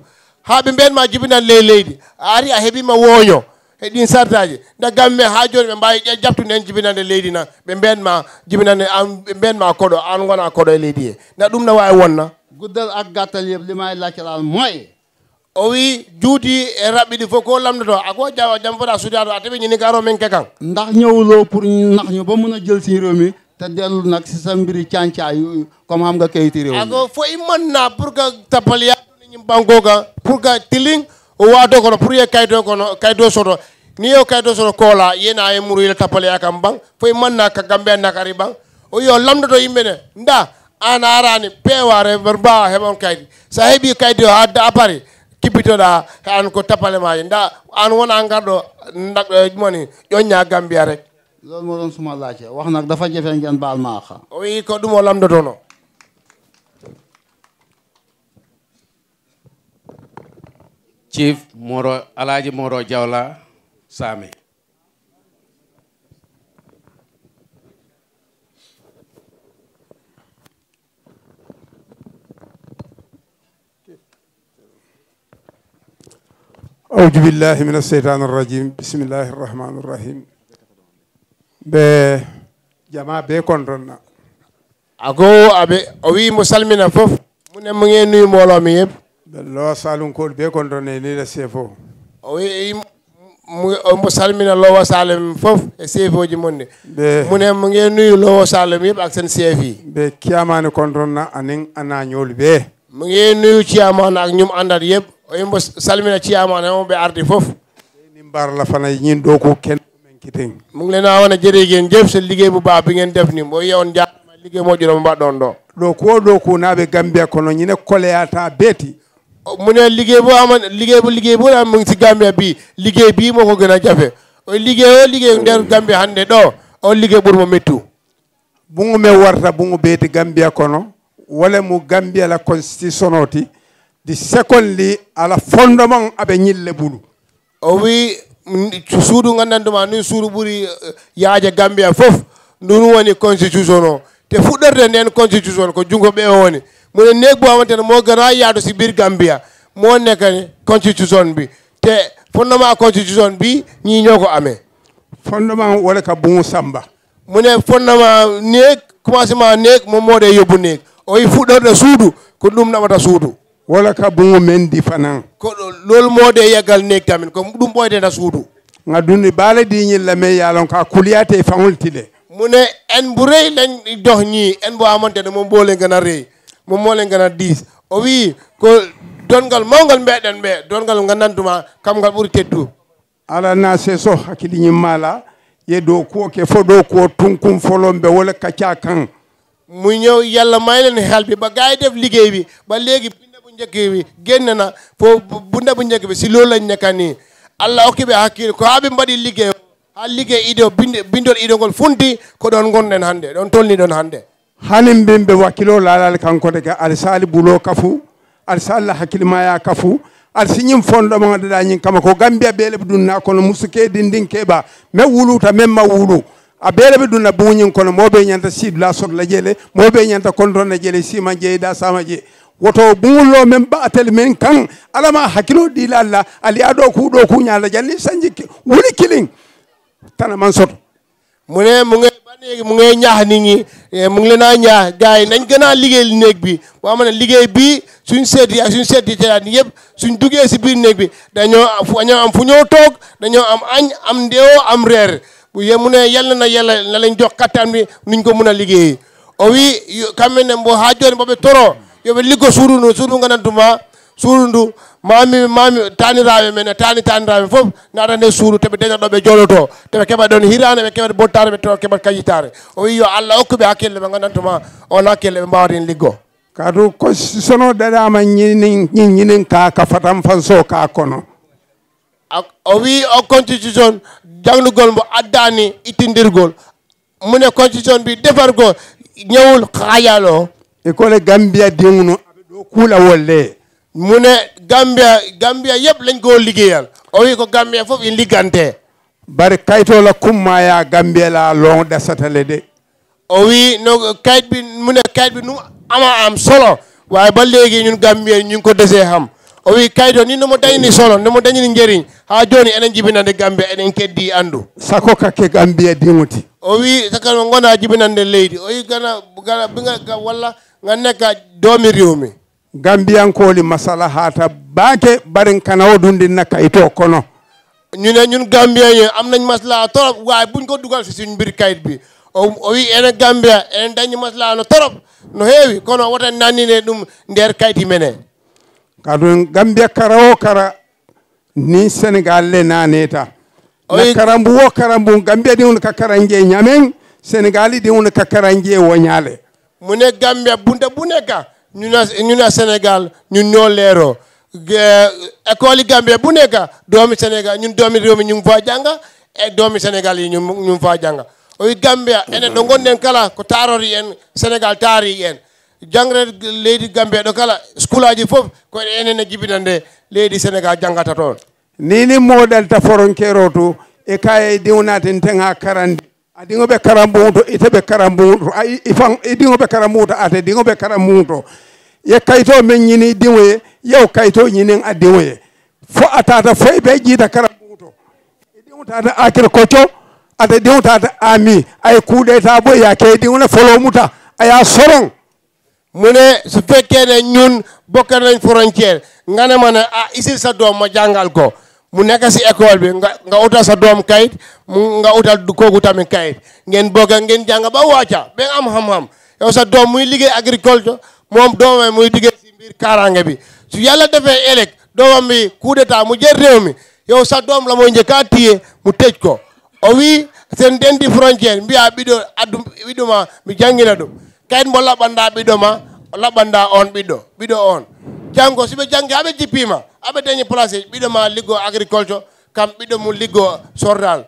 ben ma jibinan le leydi a ari a ma wooño e ɗin sartaji daggam ɓe ha joni ɓe mbawi jabtude en jibinande leydi na ɓe mbenma jibinande an ɓe mbenma koɗo an gona koɗo e leydi he na ɗum ne wawi wonna guddal ak gattal yeɓ lima e lakkiral moye o wi juuti e raɓɓiɗi fof ko lamdoto ako jawa jam fota sudado a tawi ñini garo men ke kan ndax ñawlo pour ndax ñu ba mun a jël mi te dellu nag si sa mbiri canca yu comme xam nga kayiti réew mi na pour ka tiling o wato kono pour ye kaydo kono kaydo soto ni yo kaydo soto koola yena ye muru ila tapale akam ban foye manna ka gambe nakari ban o yo lamdoto yimbe ne nda an arani peware mbawa heɓon kaydi sa heeɓi kaydi o adda apari kibbitoɗa an ko tapale maji nda an wona an ndak eh, moni ƴoñña gambiya rek loolu mo don suma laaje wax nak dafa jefe ngeen baal ma o wi ko ɗum o lamdotono Chief Moro Alaaji Moro Jawla Saame audu billahi min alsheytan arrajim bismillahi arrahmani irrahim ɓe jama be kontonna ago aɓe o salmina fof mune mo ngen nuyi moolomi yeb lo salunkoɗo ɓe kon ɗon e nira chef o o mo salmina lowo salem fof e chef uji mon ɗe munen nuyu lowo salem yeɓe ak sen chef yi ɓe kiyamani kon ɗon anen anañol ɓe mo ge nuyu ciyamano ak ñum andat yeɓ o yimbo salmina ciyamano hen ɓe ardi fof ni mbarla fana ñin ɗo ko ken kiten mo ngi lena wona jereguien jef so liggéey bu baax bi ngeen def ni mo yewon jaama liggéey moƴƴuno mo mbaɗɗon ɗo ɗo ko ɗo kunaɓe gambia kono ñine koleyata beeti mu ne liggéey boo ama liggéey bu liggéey bu ne am mu ngi si Gambia bii liggéey bii moo ko gën a jafe o liggéey o liggéey nder mm. Gambia hannde ɗo on liggéey ɓurmo mettu bungu me warta bungu beeti Gambia kono wala mu Gambia la constitution oti di secondly ala fondement aɓe ñille bulu o wi mm, suudu gandanɗuma ni suudu ɓuri eh, yaaje Gambia fof ndun woni constitution o te fuɗɗorde ndeen constitution ko jungo ɓe woni mu neeg néeg boo xamante ne moo gën a yaatu si biir Gambia moo nekk constitution bi te fondement constitution bi ñii ñoo ko amee. fondement wala ka bu mu samba. mu ne fondement néeg commencement néeg moom moo dee yóbbu néeg oyi fuɗɗorde suudu ko ɗum naɓata suudu. wala ka bu mu mendi fanan. ko loolu moo dee yeggal néeg tamit comme ɗum ɓoytata suudu. nga dundi baale di ñi la mais yàlla ka kuliyaate faŋul tile. mu ne en bu rëy lañ jox ñii en boo xamante ne moom boo leen gën a rëy. mo molen 10 o wi ko dongal mawgal mbeɗen ɓe dongal gandantuma gal ɓuuri teddu ala na seso hakkiliñim mala ye do kuo ke fo dow tunkum folomɓe wala kacca kan mu ñëw yalla maylen halbi ba gaay def liggéey bi ba legi bunda bu njëkk bi génn na fo bunda bu njëkk bi si loolu lañ ni allah okki ɓe hakkille ko haa ɓe mbaɗi liggéey ha liggéey ido bindol idogol funti ko ɗon gonɗen hannde ɗon tolni ɗon hande hanin mbin ɓe wakkilo laalaali kanko de ga aɗa saali bulo kafu aɗa saalla hakkillemaya kafu aɗa siñim fondoma ndeɗa ñin kama ko gambiya ɓeele ɓe dunna kono musuke dindin keɓa ma wuluta men ma wulu a ɓeele ɓe dunna buñin kono moɓe ñanta sidla sot la jeele moɓe ñanta kontonne jeele sima jeeyiɗa sama jee woto buŋullo men ɓatel men kan alama hakkilo ɗilalla aliya ɗo ku ɗo ku ñalla janni sañji wuli kiliŋ tana man soto mu ne mu ngay ba léegi mu ngay ñaax nit ñi eh, mu ngi leen a ñaax gars nañ gën a liggéey néeg bi boo xam ne liggéey bii suñ seet yi suñ seet yi yëpp suñ duggee si biir néeg bi dañoo dañoo am fu ñoo toog dañoo am añ am ndeewoo am reer bu ye ne yàlla na yàlla na lañ jox kattan bi nuñ ko mun a liggéey o wi kamɓe ne mbo ha joni mboɓe toro yooɓe liggo suudu no suudu gananduma suudu ndu mami tani taniraɓe men tani tani taniraɓe fof naatan e suudu teɓe dañat ɗo ɓe joloto teɓe keɓat ɗon hirane be keɓat bottare ɓe keɓat kayitare o wi yo allah hokkuɓe hakkille ɓe gandantuma on hakkille ɓe mbawata en liggo kadu ko sono ɗaɗama ñinin ñinin ka ka fatan fanso ka kono o wi o constitution jangnugol mbo addani ittindirgol mune constitution mbi defargol ñawul hayal o e kole gambia diŋnu aɓe ɗo kuula wolle mu ne gambia gambia yëpp lañ koo liggéeyal ko gambia fof en liggante bare kayitola kummaya gambia la long dasatale de o wi no kayit bi mu ne kayit bi nu ama am solo waaye ba léegi ñun gambia ñu ngi ko dese xam o wi kayito ni nomo dañini solo nomo dañini njëriñ ha joni enen jibinande gambia enen keddi andu sako kake gambia diŋuti o wi sakano gona jibinande leydi o gana bi nga walla nga nekka doomi réew mi gam mbiyankoli masala hata baake mbaren kanawo ɗumde nakka e to kono ñu ne ñun gambia ye am nañ masla torop waay buñ ko dugal so suñ mbir kayit bi o wi ene gambia enen dañi masla no torop no heewi kono woten nannine ɗum nder kayti mene kadum gambia kara o kara ni sénégal le naneta karambu o karambu gambia ɗi wonka karanje ñamen sénégal i ɗi wonka karanje woñale mune gambia bunta bune ka ñu ne ñu ne Sénégal ñun ñoo leeroo eh, école yi Gambie bu nekk doomi senegal ñun doomi réew mi ñu ngi faa jànga e eh, doomi Sénégal yi ñu ñu ngi faa jànga oyi Gambia enen ɗo gonɗen kala ko taarori en sénégal taari en jangre leydi gambia ɗo kala school fof ko enen e jibina nde leydi sénégal janggata toon nini moɗelta foronkero to e kaye diwnaten ten ha karandi adiŋo be karambuŋo ite be karambuŋo ifaŋ idiŋo be karambuŋo to ate diŋo be karambuŋo to ye kayitoo meŋ ñini diŋo ye yewo kayitoo ñiniŋ a diŋo ye fo a taata fo i e be jiita karambuŋo e to i taata akiri kocco ate diŋo taata ami a ye kuudeetaa bo ye a ke diŋo ne foloo muta a ye a soroŋ mu ne su fekkee ne ñun bokkanañ frontiere frontière a isil sa doom ma jàngal ko mu nek ci école bi nga nga utal sa dom kayit mu nga du kooku tamit kayit ngeen boga ngeen jang ba wacha be am ham ham yow sa dom muy liggéey agriculture moom domé muy diggé si mbir karangé bi su yalla défé éleg domam bi coup d'état mu jël réew mi yow sa dom la moy ñëka tié mu tëj ko o oh wi sen dendi frontiére mbiya ɓiɗo addu wiɗuma mi jangina do kayit mo ma banda on ɓiɗo ɓiɗo on jango sibe jangi abe jipima abe dañi place bido ma ligo agriculture kam bido mu ligo sordal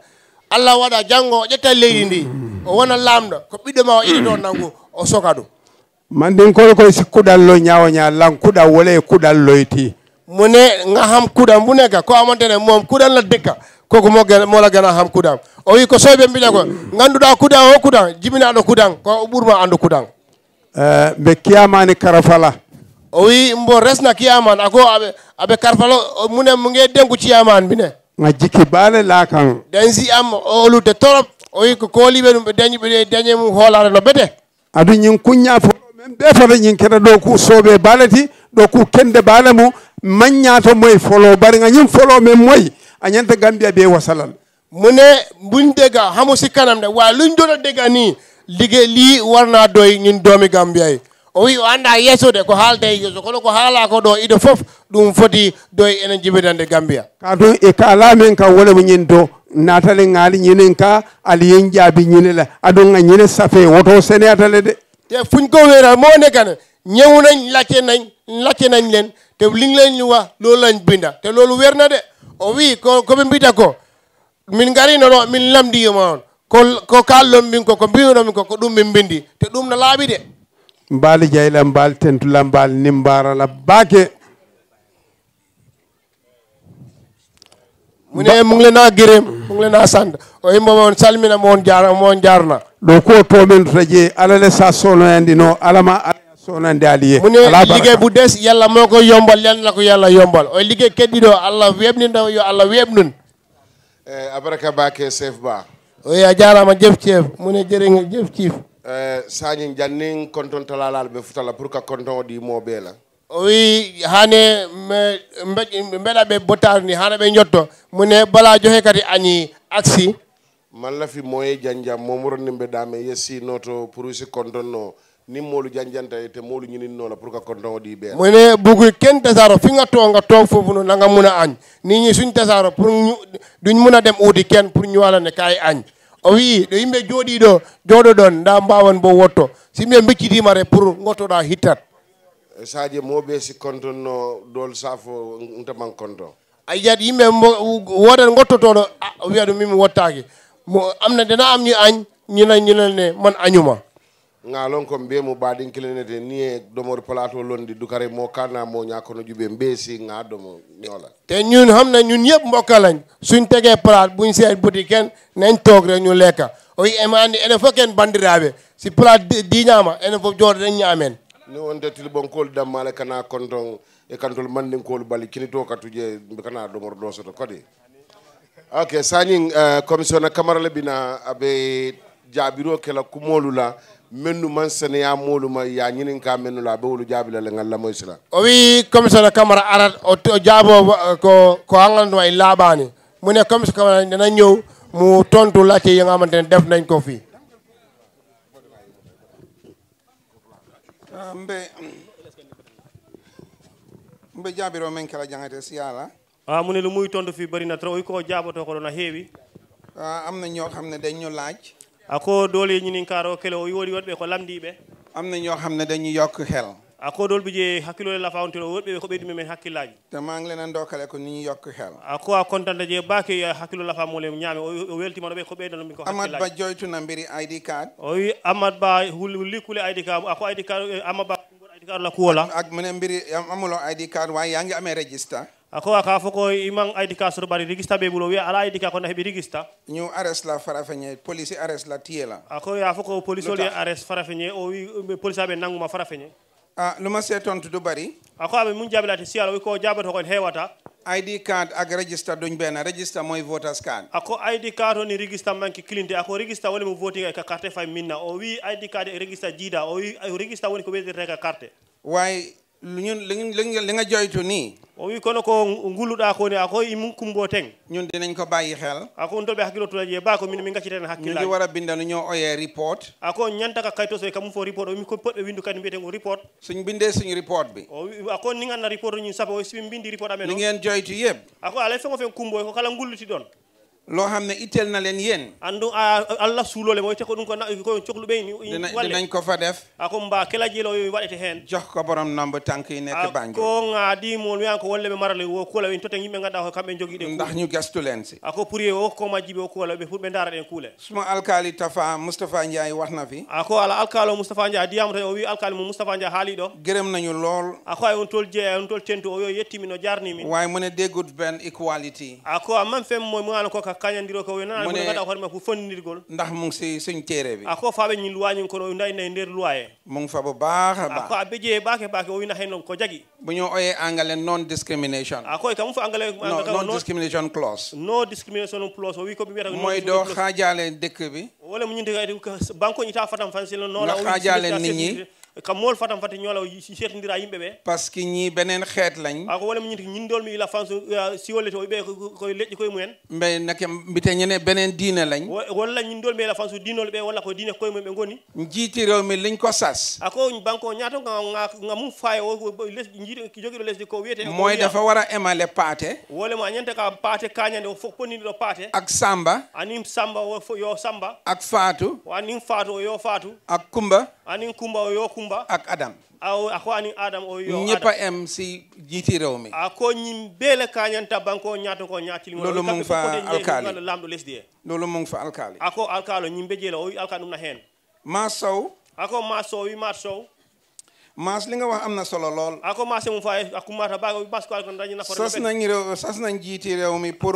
allah wada jango jetta leydi ndi o oh, wona lamdo ko bido ma o idi don nangu o oh, soka man den ko ko sikkudal lo nyaawo nyaa lan kuda wole kudal loyti mune nga ham kuda oh, mune ga ko amantene mom kudal la dekka koko mo gel mo la gana ham kudan o wi ko soobe mbi ko nganduda kudan o kuda jibinaɗo kudan ko burma andu kudan uh, eh, ɓe kiyamani karafala o wi mbo resna kiyaman ago aɓe aɓe karfalo munen mu ge denku ciyaman mbine a jikki baale la kan den si am olude torop o wi ko kooliɓe ɗum ɓe dañi ɓee dañe mum hoolare no ɓete adu ñin kuña fo men ɓe fota ñin keɗa ɗo ku sooɓe baaleti ɗo ku kende baale mu maññato moye folo bari a ñin folo men moye a ñanta gambiya ɓe wasalal mune mbun dega hamo sikkanam de wa lun joɗo dega ni ligue li warna doy ñin domi gambiyaye o o anda yesude ko haalde e yeeso kono ko haala ko ɗo ido fof ɗum foti doy enen jibinande gambia ka tun e kalamen kan wole mo ñin do natale ŋaali ñinen ka aliyen yen jaabi ñine la aɗon a ñine safe woto seneyatale de te fuñ ko weeral mo ne kane ñewu nañ lacce nañ lacce nañ leen te liñ leen wa loolu lañ binda te loolu weer de o wi ko koɓe mbita ko min no min lamdiyima on ko ko kallon min ko ko mbiwno min ko ko ɗum min bindi te ɗum no laaɓi de mbaali jayla mbaal mbaal nimbaarala baake mu ne mu ngi leen a gërëm mu ngi leen a sant o yimɓe moon salmina moon jaar moon jaarna ɗo ko tomin taje alale sa sonayandi no alama alaya sonande aliye mu ne liggéey bu des yàlla moo yombal yal na ko yombal o liggéey keɗɗiɗo allah weɓninɗo allah weɓnun e eh, abaraka baake chef ba oyi a jaarama jëf chef mu ne jërëjëf jëf chief Eh, sañin jannin konton talalal ɓe futala pour que konton o ɗimoɓe la o wi hane mbeɗa ɓe bottari ni hana ɓe jotto mune bala johe kadi ani aksi malla fi moye janjam momoronni mbeɗame yessino to pour si konton no nin moolu janjanta e te moolu noo la pour que konton o ɗi ɓeena mune buguy ken tasaro finga to nga toog fofuno nanga muna añ nit ñi suñ tasaro pour ñu muna dem uuti kenn pour ñu walane kay añ o wi jodi do jodo don da mbawan bo wotto si mbiyen mare pour mo eh, be si moɓe no dol safo ntaman konto ay yiyat yimɓe wodan to do ɗum min mi mo amna dena am ñi añ ñinal ñinal ne man añuma ngalon ko mbe mo badin kilenete ni e domor plato londi kare mo kana mo no jube mbesi ngado mo nyola te ñun xamna ñun yëpp mbokk lañ suñ tege plat buñ seen buti ken nañ tok rek ñu lekka o yi ema ene fo ken bandiraaɓe si di ñama ene fo jor ɗen ñamen ni kol tilbonkol dammale kana konton e kantol kol bali kinito katuje kana domor to kodi ok sañin uh, eh, kamara le bina aɓe jaabiro kela kumolula mennu man sene ya moluma ya ñinin ka menu la be wolu jaabi la ngal ngal moy sala o wi commissaire camara arat o jabo eh, ko ko angalnuma e laaɓaani mu ne commissaire camara dana ñëw mu tontu laajte yi nga xamantene def nañ ko fii ah, mbe mbe jaabiro men kala jangate si yàlla ah mu ne lu muy tontu fii bari na trop ko to ko na heewi xeewi ah, am na ñoo xam ne dañ ñu laaj ako doole ñininkaaro kele o yoori wonɓe ko lamdiɓe am na ñoo xam ne dañuy yokk xel ako dol bije la faunti o woɗɓe ko ɓeydumi men hakkillaji te mangi lenan dokale ko ni yokk xel ako a contante je baake hakkilo lafamole ñaame o weltima ɗo be ko ɓeydano min ko amad ba joytuna mbiri id card o wi amad ba likkule id card ako id card eh, amad ba id card la kuwola ak mene mbiri amulo id card wawi yangi ame register ako aka foko imang ID ka sur bari register be bulo wi ala ID ka ko na hebi register ñu arrest la fara police arrest la tiela ako ya foko police oli arrest fara o wi police be nanguma fara ah luma se tontu bari ako abe mun jabilati si ala wi ko jabato ko hewata ID card ak register duñ ben register moy voters card ako ID card oni register manki clinte ako register wolimo mo voting ka carte fay minna o wi ID card register jiida o wi register woni ko wiyete ka carte waaye ñun li nga joytu ni o wi kono ko ngulluɗa ko ni ako imum kumbo teng ñun dinañ ko bàyyi xel ako on toɓe hakkilotula je ba ko min min gacciten hakkillaji ñu wara a binda nu ñoo report ako ñanta ka kayto so e kamum fo report o mi ko poɗɗo windu kadi mbiyeten o report suñ binde suñ report bi o ako ni ganna report ñun saba o si bindi report amen ni ngeen joytu yeb ako alay fengo fen kumbo ko kala ngulluti ɗon Lo xam ne itteel na leen yéen. andu allah suuloole mooy te ko ɗum ko ko cohlu ɓey ni dinañ ko fa def a ko mba kela jelo yo waɗete heen jox ko borom nomb tànk yi nekk banjo ko ngaadi moon wiyan ko wolle ɓe marale wo kuula ɓen totten yimɓe ngannduɗa ko kamɓe jogii ɗen ndax ñu gastu leen si ako pour o ko majji ɓe o kuula ɓe pour ɓe ndaara ɗen kuule suma alkaali tafa moustapha ndiaye warna fi ako ala alkaali Mustafa moustapha ndiaye diyama tan o wi alkaali mo moustapha ndiaye haali ɗo gërëm nañu lool ako ay on tol jeeya on tol tento o yo yettimi no jarnimin waaye mu ne dégout ben equality ako amman fen moy mu ano koka ka kañandiro ko wena ko ngata horma ko fondirgol ndax mu ngi si suñ téere bi ako faabe ñin luwa ñin kono nday nder luwa e mu ngi fa a baax baake baake o wina hen ko jagi bu ñu oyee angale non discrimination ako kam fa angale non discrimination clause no discrimination clause o wi ko bi wiyata xaajaale dëkk bi wala mu ñinte kay banko ñita fatam fansil non la o xaajaale nit ñi kam mool fatam fati ñola setindira yimɓe ɓe parce que ñi benen xeet lañ ako wala ñinti ñin dol mi la fansu euh, siwolete ɓe koye leƴƴi koye mumen mbe nake mbite ñene benen diine lañ walla ñin dol mi la fansu diinol ɓe walla ko diine koye mumen ɓe ngoni njiiti rew mi liñ ko sas ako banko ñaato nga mum faye o les jiiɗi jogiɗo lesdi ko wiyete moy dafa wara emale paate wala ma ñanta ka paate kañande o fof ponniɗo paate ak samba anim samba yo samba ak faatu anim faatu yo faatu ak kumba anin kumba o kumba ak adam ako anin adam o yo ñëpp a am si jiiti réew mi a ko ñim beele kañanta banko ñaato ko ñaatili loolu mu fa alkaali ako alkaalo ñim be jeela o alkaali ɗum na heen ma ako ma sow wi maas li nga wax am na solo lool. ako maase mu fay ak kumata baago bas ko alkaali sas nañ réew jiiti réew mi pour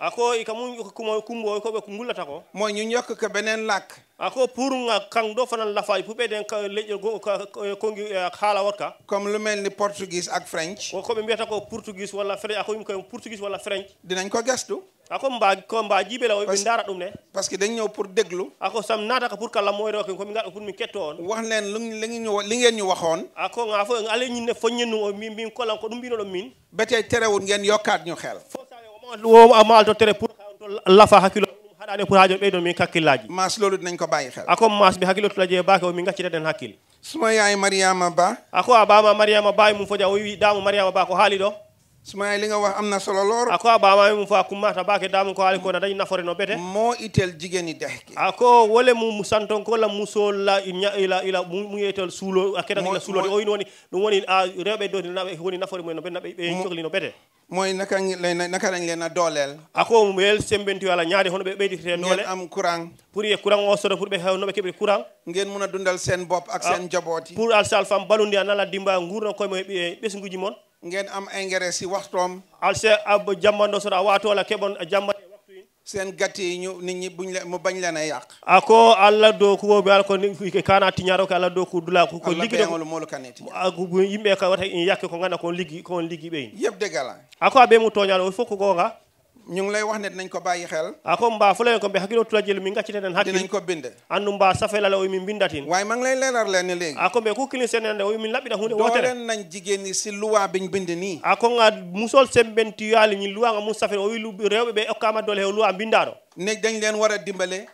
ako ika mun kuma kumbo ko be kungula ko mo ñu ñok ko benen lak ako pour nga ah, kang do fanan la fay pube den ka go ko eh, ngi xala eh, warka comme lu melni portuguese ak french ko be mbiyata ko portuguese wala french ako yum ko portugais wala french dinañ ko gastu ako mba ko mba jibe la woy ndara dum ne parce que dañ ñew pour deglu ako sam nata ka pour kala moy rek ko mi ngal pour mi ketto on wax len lu ngi ñu li ngeen ñu waxon ako nga fo ale ñi ne fo ñenu mi mi ko lan ko dum bino dum min betay terewul ngeen yokkat ñu xel wo ko e o min gaccita den hakkille suma yaay mariama ba ako a bama mariama ba e mum foja o wi damu mariama ba ko haali ɗo a yaay li nga wax am na solo lool ako a bama e mum fo a kummata baake damu ko haali ko na dañi nafoore no ɓete moo itel jigéeni dehki ako wole mum santon ko la ila ila a ila suulode o yin ɗum woni a rewɓe dodi naɓe woni ɓe naɓe no ɓete Moy naka lañ naka lañ leen a dooleel ako mel sembentu yàlla ñaari hono ɓe ɓeyditite doole am courant pour ye courant o soto pour ɓe no ɓe keɓri courant ngeen mun dundal sen bopp ak seen ah, jabooti pour alsal fam balundi a nala dimba nguurna koye moye ɓesnguji moon ngeen am engrais si waxtoom alsa ab jammando soto a waatoola kebon jamma sen gati ñu nit ñi buñ la mu bañ la na yaq ako alla do ko bi al ko ni ko kana ti ñaro ko alla do ko dula ko ko ligi do mo lu kaneti ak bu yimbe ka wata yaq ko ngana ko ligi ko ligi be yeb de gala ako abe mu toñal fo ko nga ñu ngi lay wax ne dinañ ko bàyyi xel a ko mbaa fu ko mbe hakkilo tula min gacciteten hakki dinañ ko binde andu mbaa safelale o min bindatin waaye ma ngi lay leeral leen ni léegi a ko mbe ku kilin o min laɓɓita hunde wotere doolen nañ jigéen ñi si luwa biñ bind nii a ko nga musol semben tuyali ñi luwa nga mum safen o rewɓe ɓe okkama dole he luwa bindaɗo ne dañ leen war a dimbale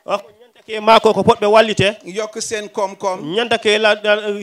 ke maako ko poɗɓe wallite yokk seen koom-koom ñanta ke la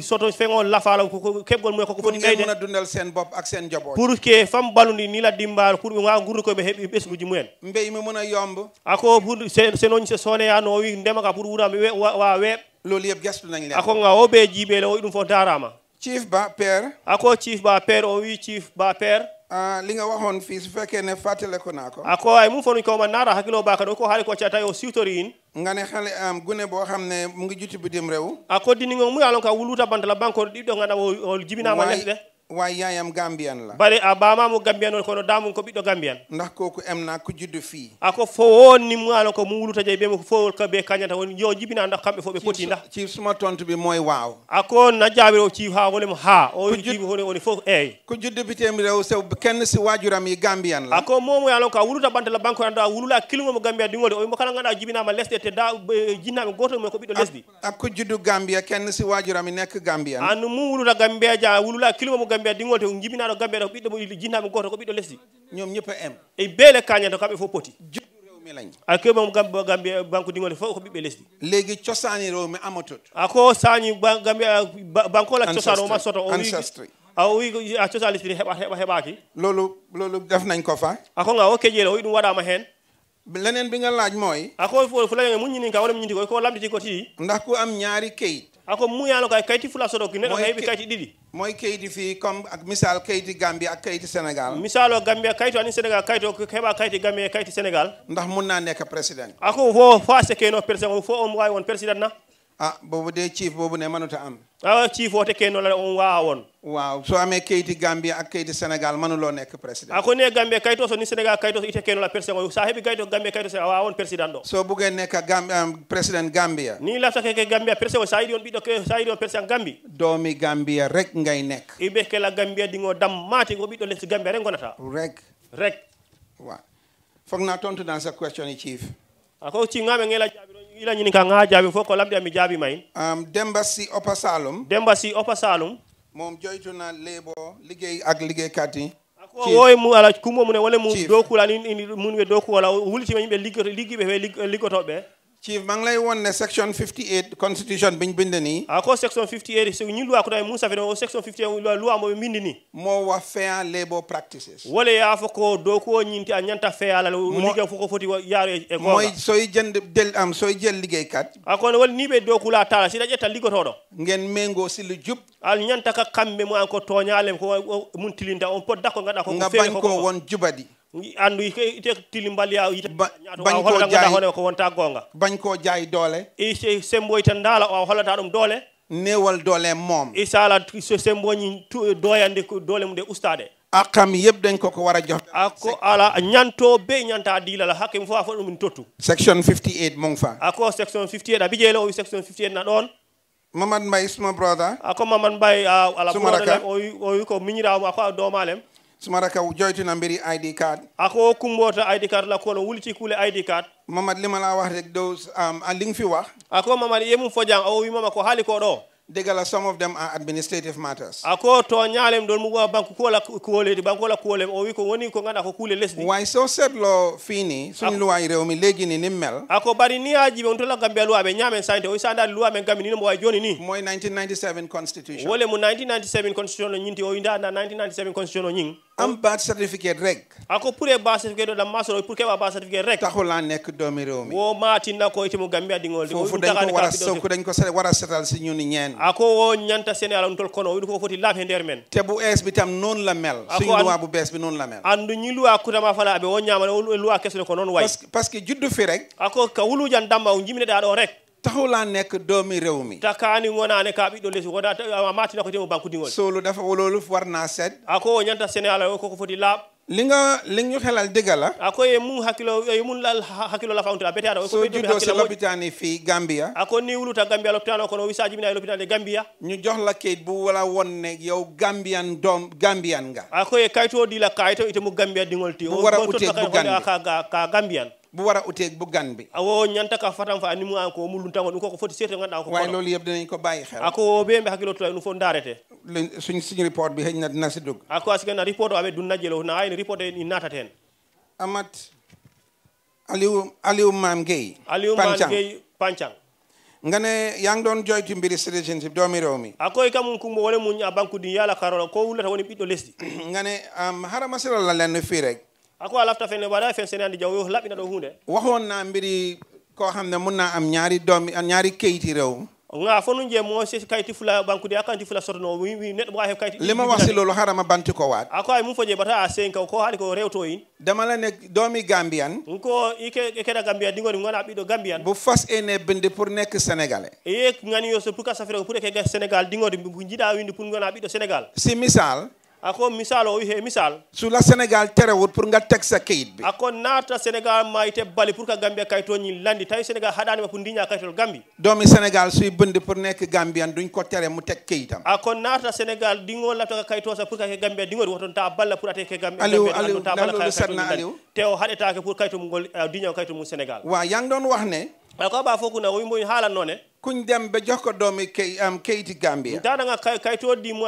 soto feŋo lafaala keɓgol mumen koko foti ɓeyde mën a dundal seen bopp ak seen njaboot pour que fam baluni ni la dimbaal pour ɓe wawa gurni koɓe heɓi ɓesguji mumen mbey mi mën yomb ako pour senoñ se soneyano wi ndema ka pour wuurami wawa weeɓ loolu yëpp gestu nañ leen ako nga o ɓe jiiɓele o ɗum fof darama chief ba père ako chief ba père o wi chief ba père Ah, li nga waxoon fii su fekkee ne fàttaliku naa ko. ako ay mu fonu ko ma naara hakkiloo baaka ɗo ko haali ko cata o siwtori in nga ne am gune bo xam ne mu ngi jutti bitim réew ako dini ngo mu yaalon ka wuluta bantala banko do ngana o jibinaama lesɗe wayayam gambian la bare a bamamo gambian on kono damum ko ɓiɗɗo gambian ndax ko ko emna ko juddo fii ako fo wonni muano ko muwluta jeyi ɓemo fo ko ɓe kañata woni yo jibina ndax kamɓe fo ɓe poti ndax ci suma tontu ɓe moye waw ako na jaabiro ci ha wolemo ha o jibi hone woni fo eyyi ko juddo bitem rew sew kenn si wajuram yi gambian la ako momo yalon ko a wuluta bantala banque anda a wulula kilgomo gambian dingole omo kala jibina ma lesɗe te da e, jinnaɓe goto mumen ko ɓiɗɗo lesdi ako juddu gambia kenn si wajuram yi nekk gambian an mum wuluta gambia ja wulula gambia gambe e a dingol te jibinaɗo gambe ɗo ɓiɗɗo jinnaɓe goto ko ɓiɗɗo lesdi ñoom ñëppa em e beele kañeto kamɓe fof poti rewmi lañ a keɓam gambe gambe banque dingol fof ko bibbe lesdi ciosani rew rewmi amatot a ko sañi gambe banko la cosaan oma soto o wi a wi a cosa lesdi heɓa heba heɓaki loolu loolu def nañ ko fa a ko nga o keƴele o wi ɗum waɗama hen lenen bi nga laaj mooy a ko mo ñini ka wala ñindi ko ko lamditi ko tii ndax ku am ñaari kayit ako muñaanokaye kayti fulasoɗo neɗo heeɓi kayti ɗiɗi moye keyti fi comme ak misal keyti gambie ak keyti sénégal misal o gambie kayto ani sénégal kayto heɓa kayti gambie e kayti sénégal ndax mun naa nekk président ako fo fa sekeno président fo on wawi won président na ah boobu de chief boobu ne mënut a am. ah chief woote kenn la on waa woon. waaw soo amee kayiti Gambie ak kayiti Sénégal mënuloo nekk président. ah ko nee Gambie kayitoo so ni Sénégal kayitoo so ite kenn la président saa hebi kayitoo Gambie kayitoo Sénégal waa woon président do. soo buggee nekk Gambie um, président Gambia. nii la sa keke Gambia président saa yidi on bi do ke saa yidi on président Gambie. doomi Gambia rek ngay nekk. i be ke la Gambia di ngoo dam maati ngoo bi do les Gambia rek ngonata. rek. rek. waaw foog naa tontu dans sa question yi chief. ah ko chief nga amee ngeen la jaabi. ila ñini ka nga jaabi fo ko lamdi ami jaabi mayin um demba si opa salum demba si opa salum joytu na lebo liggey ak liggey kati ko woy mu ala kumo mu ne wala mu dokula ni mun we wala wulti men be liggoto liggey be liggoto be Chief maa ngi lay woon ne section 58 constitution bi ñu bind nii. ah ko section 58 so ñu luwa ko dai Musa fene o section 58 luwa mo bind nii. moo wa fair ko doo ko a ñanta fair la liggéey fo ko taala si da ƴetta liggotooɗo. ngeen méngoo si lu jub. al ñanta ka kamɓe mo an ko mun tilinta on pot dakko ngaɗa ko. nga bañ koo andu ite tilimbal ya ite bañ ko jaay hono ko wonta gonga bañ ko jaay doole ise sembo ite ndala o holata ɗum doole newal doole moom isala semboñi doyande doole mum de ustade akam yëpp dañ ko ko war a jox ako ala ñantoo be ñanta diilala hakke mi a fof ɗum tottu section 58 mo ngi fa ako section 58 a bijeele o section 58 na ɗon mamad mbay suma brother ako mamad mbay ala suma o wi ko miñiraamu ako a doomalem sumaraka na mbiri id card ako kumbota id card la kono wulti kule id card mamad limala wax rek do um, ling fi wax ako mamad yemu fojang o wimama ko haali ko ɗo degala some of them are administrative matters ako to ñaalem la ko banque di bank banque ko le o wi ko woni ko ganduɗa ko kuule lesdi way so setlo fini sun ay rewmi legi ni nim mel ako bari niyaji ɓe on la gambe lo abe ñaamen sante o wi lo luwa gambe ni ninomo way joni ni moy 1997 constitution wole mo 1997 constitution o ñinti o yinda na 1997 constitution o ñing am baat certificate rek ako pour e certificate ɗo ɗam masoro pour keɓa ba certificate rek taxula nekk doomi réew mi ko itimo gambi adiŋol foofu wara ko a si ñun ñeen ako wo ñanta sénégal on tol kono ɗum ko foti laaf nder men te ees bi tam noonu la mel suñu loi bees bi noonu la mel andu ñi loi kutama fana aɓe wo ñamane loi kesone ko noon way parce que juddu ɗo rek taxawla nekk doomi réew mi takani wonane ka ɓiɗɗo leydi wona matina ko temo bankudiŋol solu dafa wololu warna sed ako o ñanta sénégal o koko foti laaɓ li nga li ñu xelal dëgg la ako ye mun hakkilo ye mun lal la fawntira bete aɗa so juddoo si lopitaan fii Gambia ako ni wuluta Gambia lopitaan o kono wisa jibina e lopitaan ñu jox la kayit bu wala won ne yow Gambian doom Gambian nga ako ye kayitoo di la ite mu Gambia diŋol ti bu war a utee bu war a bu gan bi awo ñanta ka fatam fa animu an ko mulunta ko ko foti sete ngada ko way loolu yeb dinañ ko bàyyi xel ako ɓe mbe hakilo tula nu fo ndarete suñ suñ report bi hejna na dina si dugg ako report o aɓe dun najjelo na ayni report ni nataten amat aliou aliou mam gay aliou mam gay panchang ngane yang don joy ti joytu mbiri citizenship doomi réew mi akoy kam mo wala mun a banku di yala karolo ko wulata woni ɓiɗɗo lesdi ngane am harama sirala lenn fii rek ako a lafta fene waɗa fen sene andi jaw laɓɓina ɗo hunde waxoon naa mbiri koo xam ne mun naa am ñaari doomi ñaari kayiti réew nga fo nu jee moo si kayti fula bankude akkanti fula sotono neɗɗo mo a kayti li ma wax ko waat ako ay mum fo jee bata a sen kaw ko haali ko rewto yin dama ne doomi gambiyan ko ike keɗa gambiyan ɗigori gona ɓiɗo gambiyan bu fas ene bindi pour nekk sénégalais ye ganiyo so pour ka safire pour eke sénégal ɗigori jiɗa windi pour gona ɓiɗo sénégal si misal ako misal o wihe misal su la sénégal terewut pour nga teg sa kayit bi ako naata sénégal mayite ite bali pour que gambia kayto ñi landi tawi sénégal haɗanima pour ndiña kaytol gambi doomi sénégal suy bënd pour nekk gambian duñ ko tere mu teg kayitam ako naata sénégal dingo lafta ka kayto sa pour que ke gambia dingo woton ta balla pour ate ke gambia aliou aliou ta te o haɗetake pour kayto ngol ngol euh, diñaw kayto mu sénégal waaw yang doon wax ne ako ɓa fof kuna wimboy haalan noon e kuñ dem ba jox ko doomi kay am kayiti gambia dana nga kay kayto di mo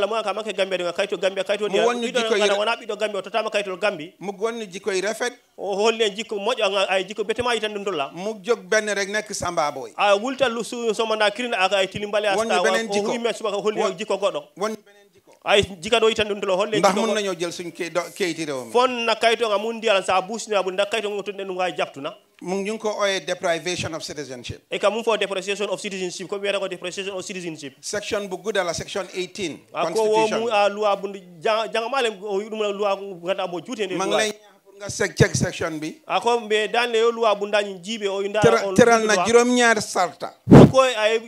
la mo ka make gambia nga kayto gambia kayto di won ñu yi wona bi do gambia to tama kayto gambi mu won ñu jikko yi rafet o holle jikko mojo nga ay jikko betema yi dum dolla mu jog ben rek nek samba boy a wulta lu su so manda kirin ak ay tilimbale asta won ñu benen jikko won ñu benen jikko goddo won ñu ay jika do itan ndulo holle ndax mun nañu jël suñ keyti rew mi fon na kayto nga mun dial sa bus ni abu ndak kayto ngi tudde ndu ngay japtu na mun ñu ko oyé deprivation of citizenship e kam mun fo deprivation of citizenship ko biya ko deprivation of citizenship section bu guda la section 18 constitution ko wo mu a loi bu jangamalem o yudum la loi ngata bo juté ndu ngay nga sec cek section bi ako mbe danle yo luwa bu ndañu jiibe o nda teral na juróom ñaari sarta ko ay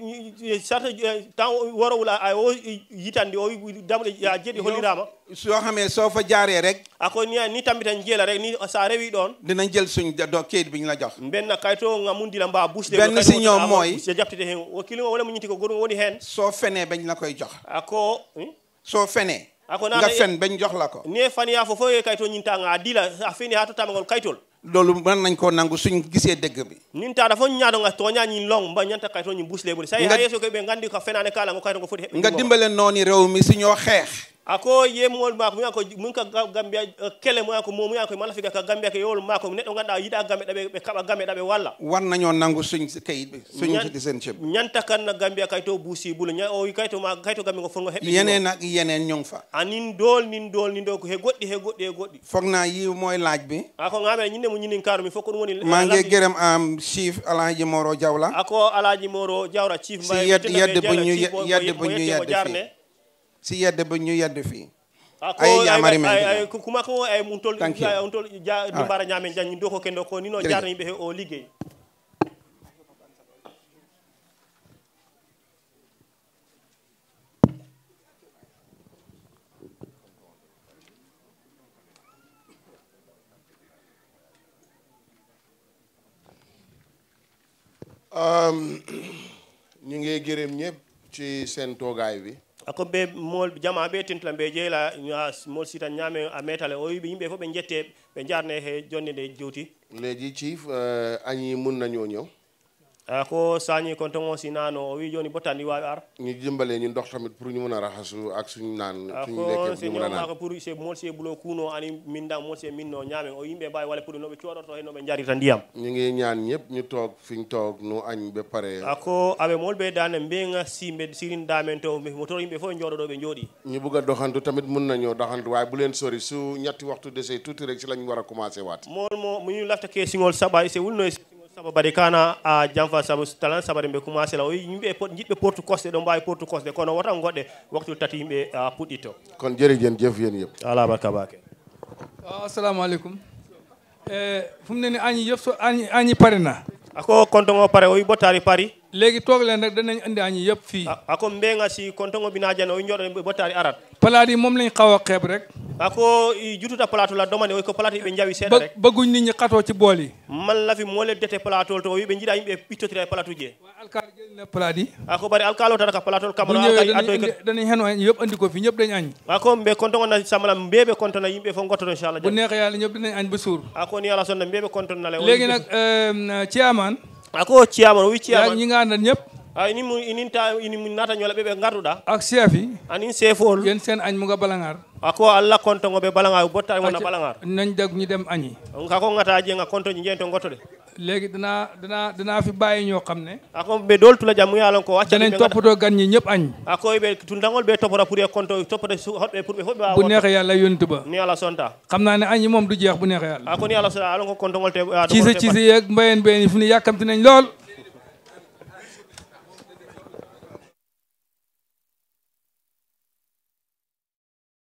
sarta tan warawula ay o yitandi o damle ya jedi holirama soo xamee soo fa jaaree rek ako ni ni tambitan jeela rek ni sa rewi doon dinañ jël suñ do kayit bi ñu la jox benn kayto nga mun dila mbaa bus de benn si ñoom mooy sa jàpptite hen wakkili wala mu ñinti ko góor woni hen soo fenee bañ la koy jox ako soo fenee nga fen bañ jox la ko ne fan yaa fo foye kaytol ñintanga dila a fini ha totamagol kaytol loolu mën nañ koo nangu suñ gisee dëgg bi ninta dafa ñaado nga toña ñi long mba ñanta kaytol ñi busle buri say ha yeso ko be ngandi ko fenane kala ngo kayto ngo foti nga dimbale noonu réew mi si ñoo xeex ako ye mol mako mi ko mun ka gambia eh, kele mo ko mo ko mala figa ka gambia ke yol mako ne do ganda yida gambe dabe be kaba gambe dabe walla wan nañu nangu suñ kayit bi suñ ci ñanta kan na gambia kay to busi bul nya o oh, kay to ma kay to gambe ko fongo hebbi yeneen nak yenen ñong fa anin dol nin dol nin do ko he goddi he goddi he goddi fogna yi moy laaj bi ako ngame ñinde mo ñinin kaaru mi fokko dum woni ma nge gërem am chief alhaji moro jawla ako alaaji moro jawra chief mbay yedd yedd bu ñu yedd bu ñu yedd fi si yedde ba ñu yedde fii aye ah, jamari men kuma ko ay mun tol on tol dimbara ñamen jañ do ko kendo ko nino jarni be o liggéey ñu ngi gërëm ñëpp ci seen toogaay bi ako be mol jama be tentula be jeyla mol sita ñaame a metale o yibi yimɓe fof ɓe jette ɓe jarne he jonde nde jewti leji chief eh, añi mun nañoo ñëw ko sañi kon to si naano o wi joni bottani wawi ar ni jimbalé ñu ndox tamit pour ñu mëna raxasu ak suñu naan suñu lekk ñu mëna naan ko pour c'est mol c'est bulo kuno ani minda dang mol c'est min ñame o yimbe bay wala pour no be ciodorto hen no be jarita ndiyam ñi ngi ñaan ñep ñu tok fiñ tok no añ be paré ako abe mol be nga si mbé sirin damen to motor yimbe fo ñoro e do be ñodi ñu bëgga doxantu tamit mën nañu doxantu way bu len sori su ñatti waxtu dese tout rek ci lañ wara commencer wat mol mo mu ñu lafta ke singol sabay c'est wulno saabu bari kana a janfa saabu talan sabari ɓe commencé la o yimɓe jiɗɓe porte cosɗe ɗo mbawi porte cosɗe kono wotan goɗɗe waktu tati yimɓe puɗɗitto kono jeri jen jeef yen yeeb ala barka bake assalamu ah, aleykum e eh, fum pare o wi bottari paari léegi toog rek danañ andi añi yëpp fii ah, ako mbenga si kontongo bi naa jano njoɗo bottaari arat palaat yi moom lañ xaw a xeeb rek ako jututa plateau la domane oy ko plateau yiɓe njawi seeɗa rek bëgguñ nit ñi xato ci bool yi man lafi mo le dete plateau to yiɓe njiɗa yimɓe ɓittotira e plateau je alkal jël na palaat ako bari alkalo o tanaka plateau kamara danañ xenu añ yëpp andi ko fii ñëpp dañ añ ako mbe kontongo na samala mbeɓe kontona yimɓe fof gottoto inchallah bu neex yalla ñëpp dinañ añ ba suur ako ni ala sonna mbeɓe kontonna le léegi nag euh, chairman ako chairman wi chairman ñi nga àndal ñëpp a ah, ini mu ininta ini mu nata nyola bebe ngaruda ak sefi anin sefol yen sen agn mu nga balangar ako alla konto ngobe balangar botta ngona balangar nañ dag ñi dem agni nga ngata je nga konto ñi jento ngotode xam ne ako be dol tula jam bu neexe yalla yontu ba ni yalla sonta xam naa ne agni moom du jeex bu neexe yalla ako ni yalla sonta ala ko konto ngol te ah, fu ni yàkkamti lool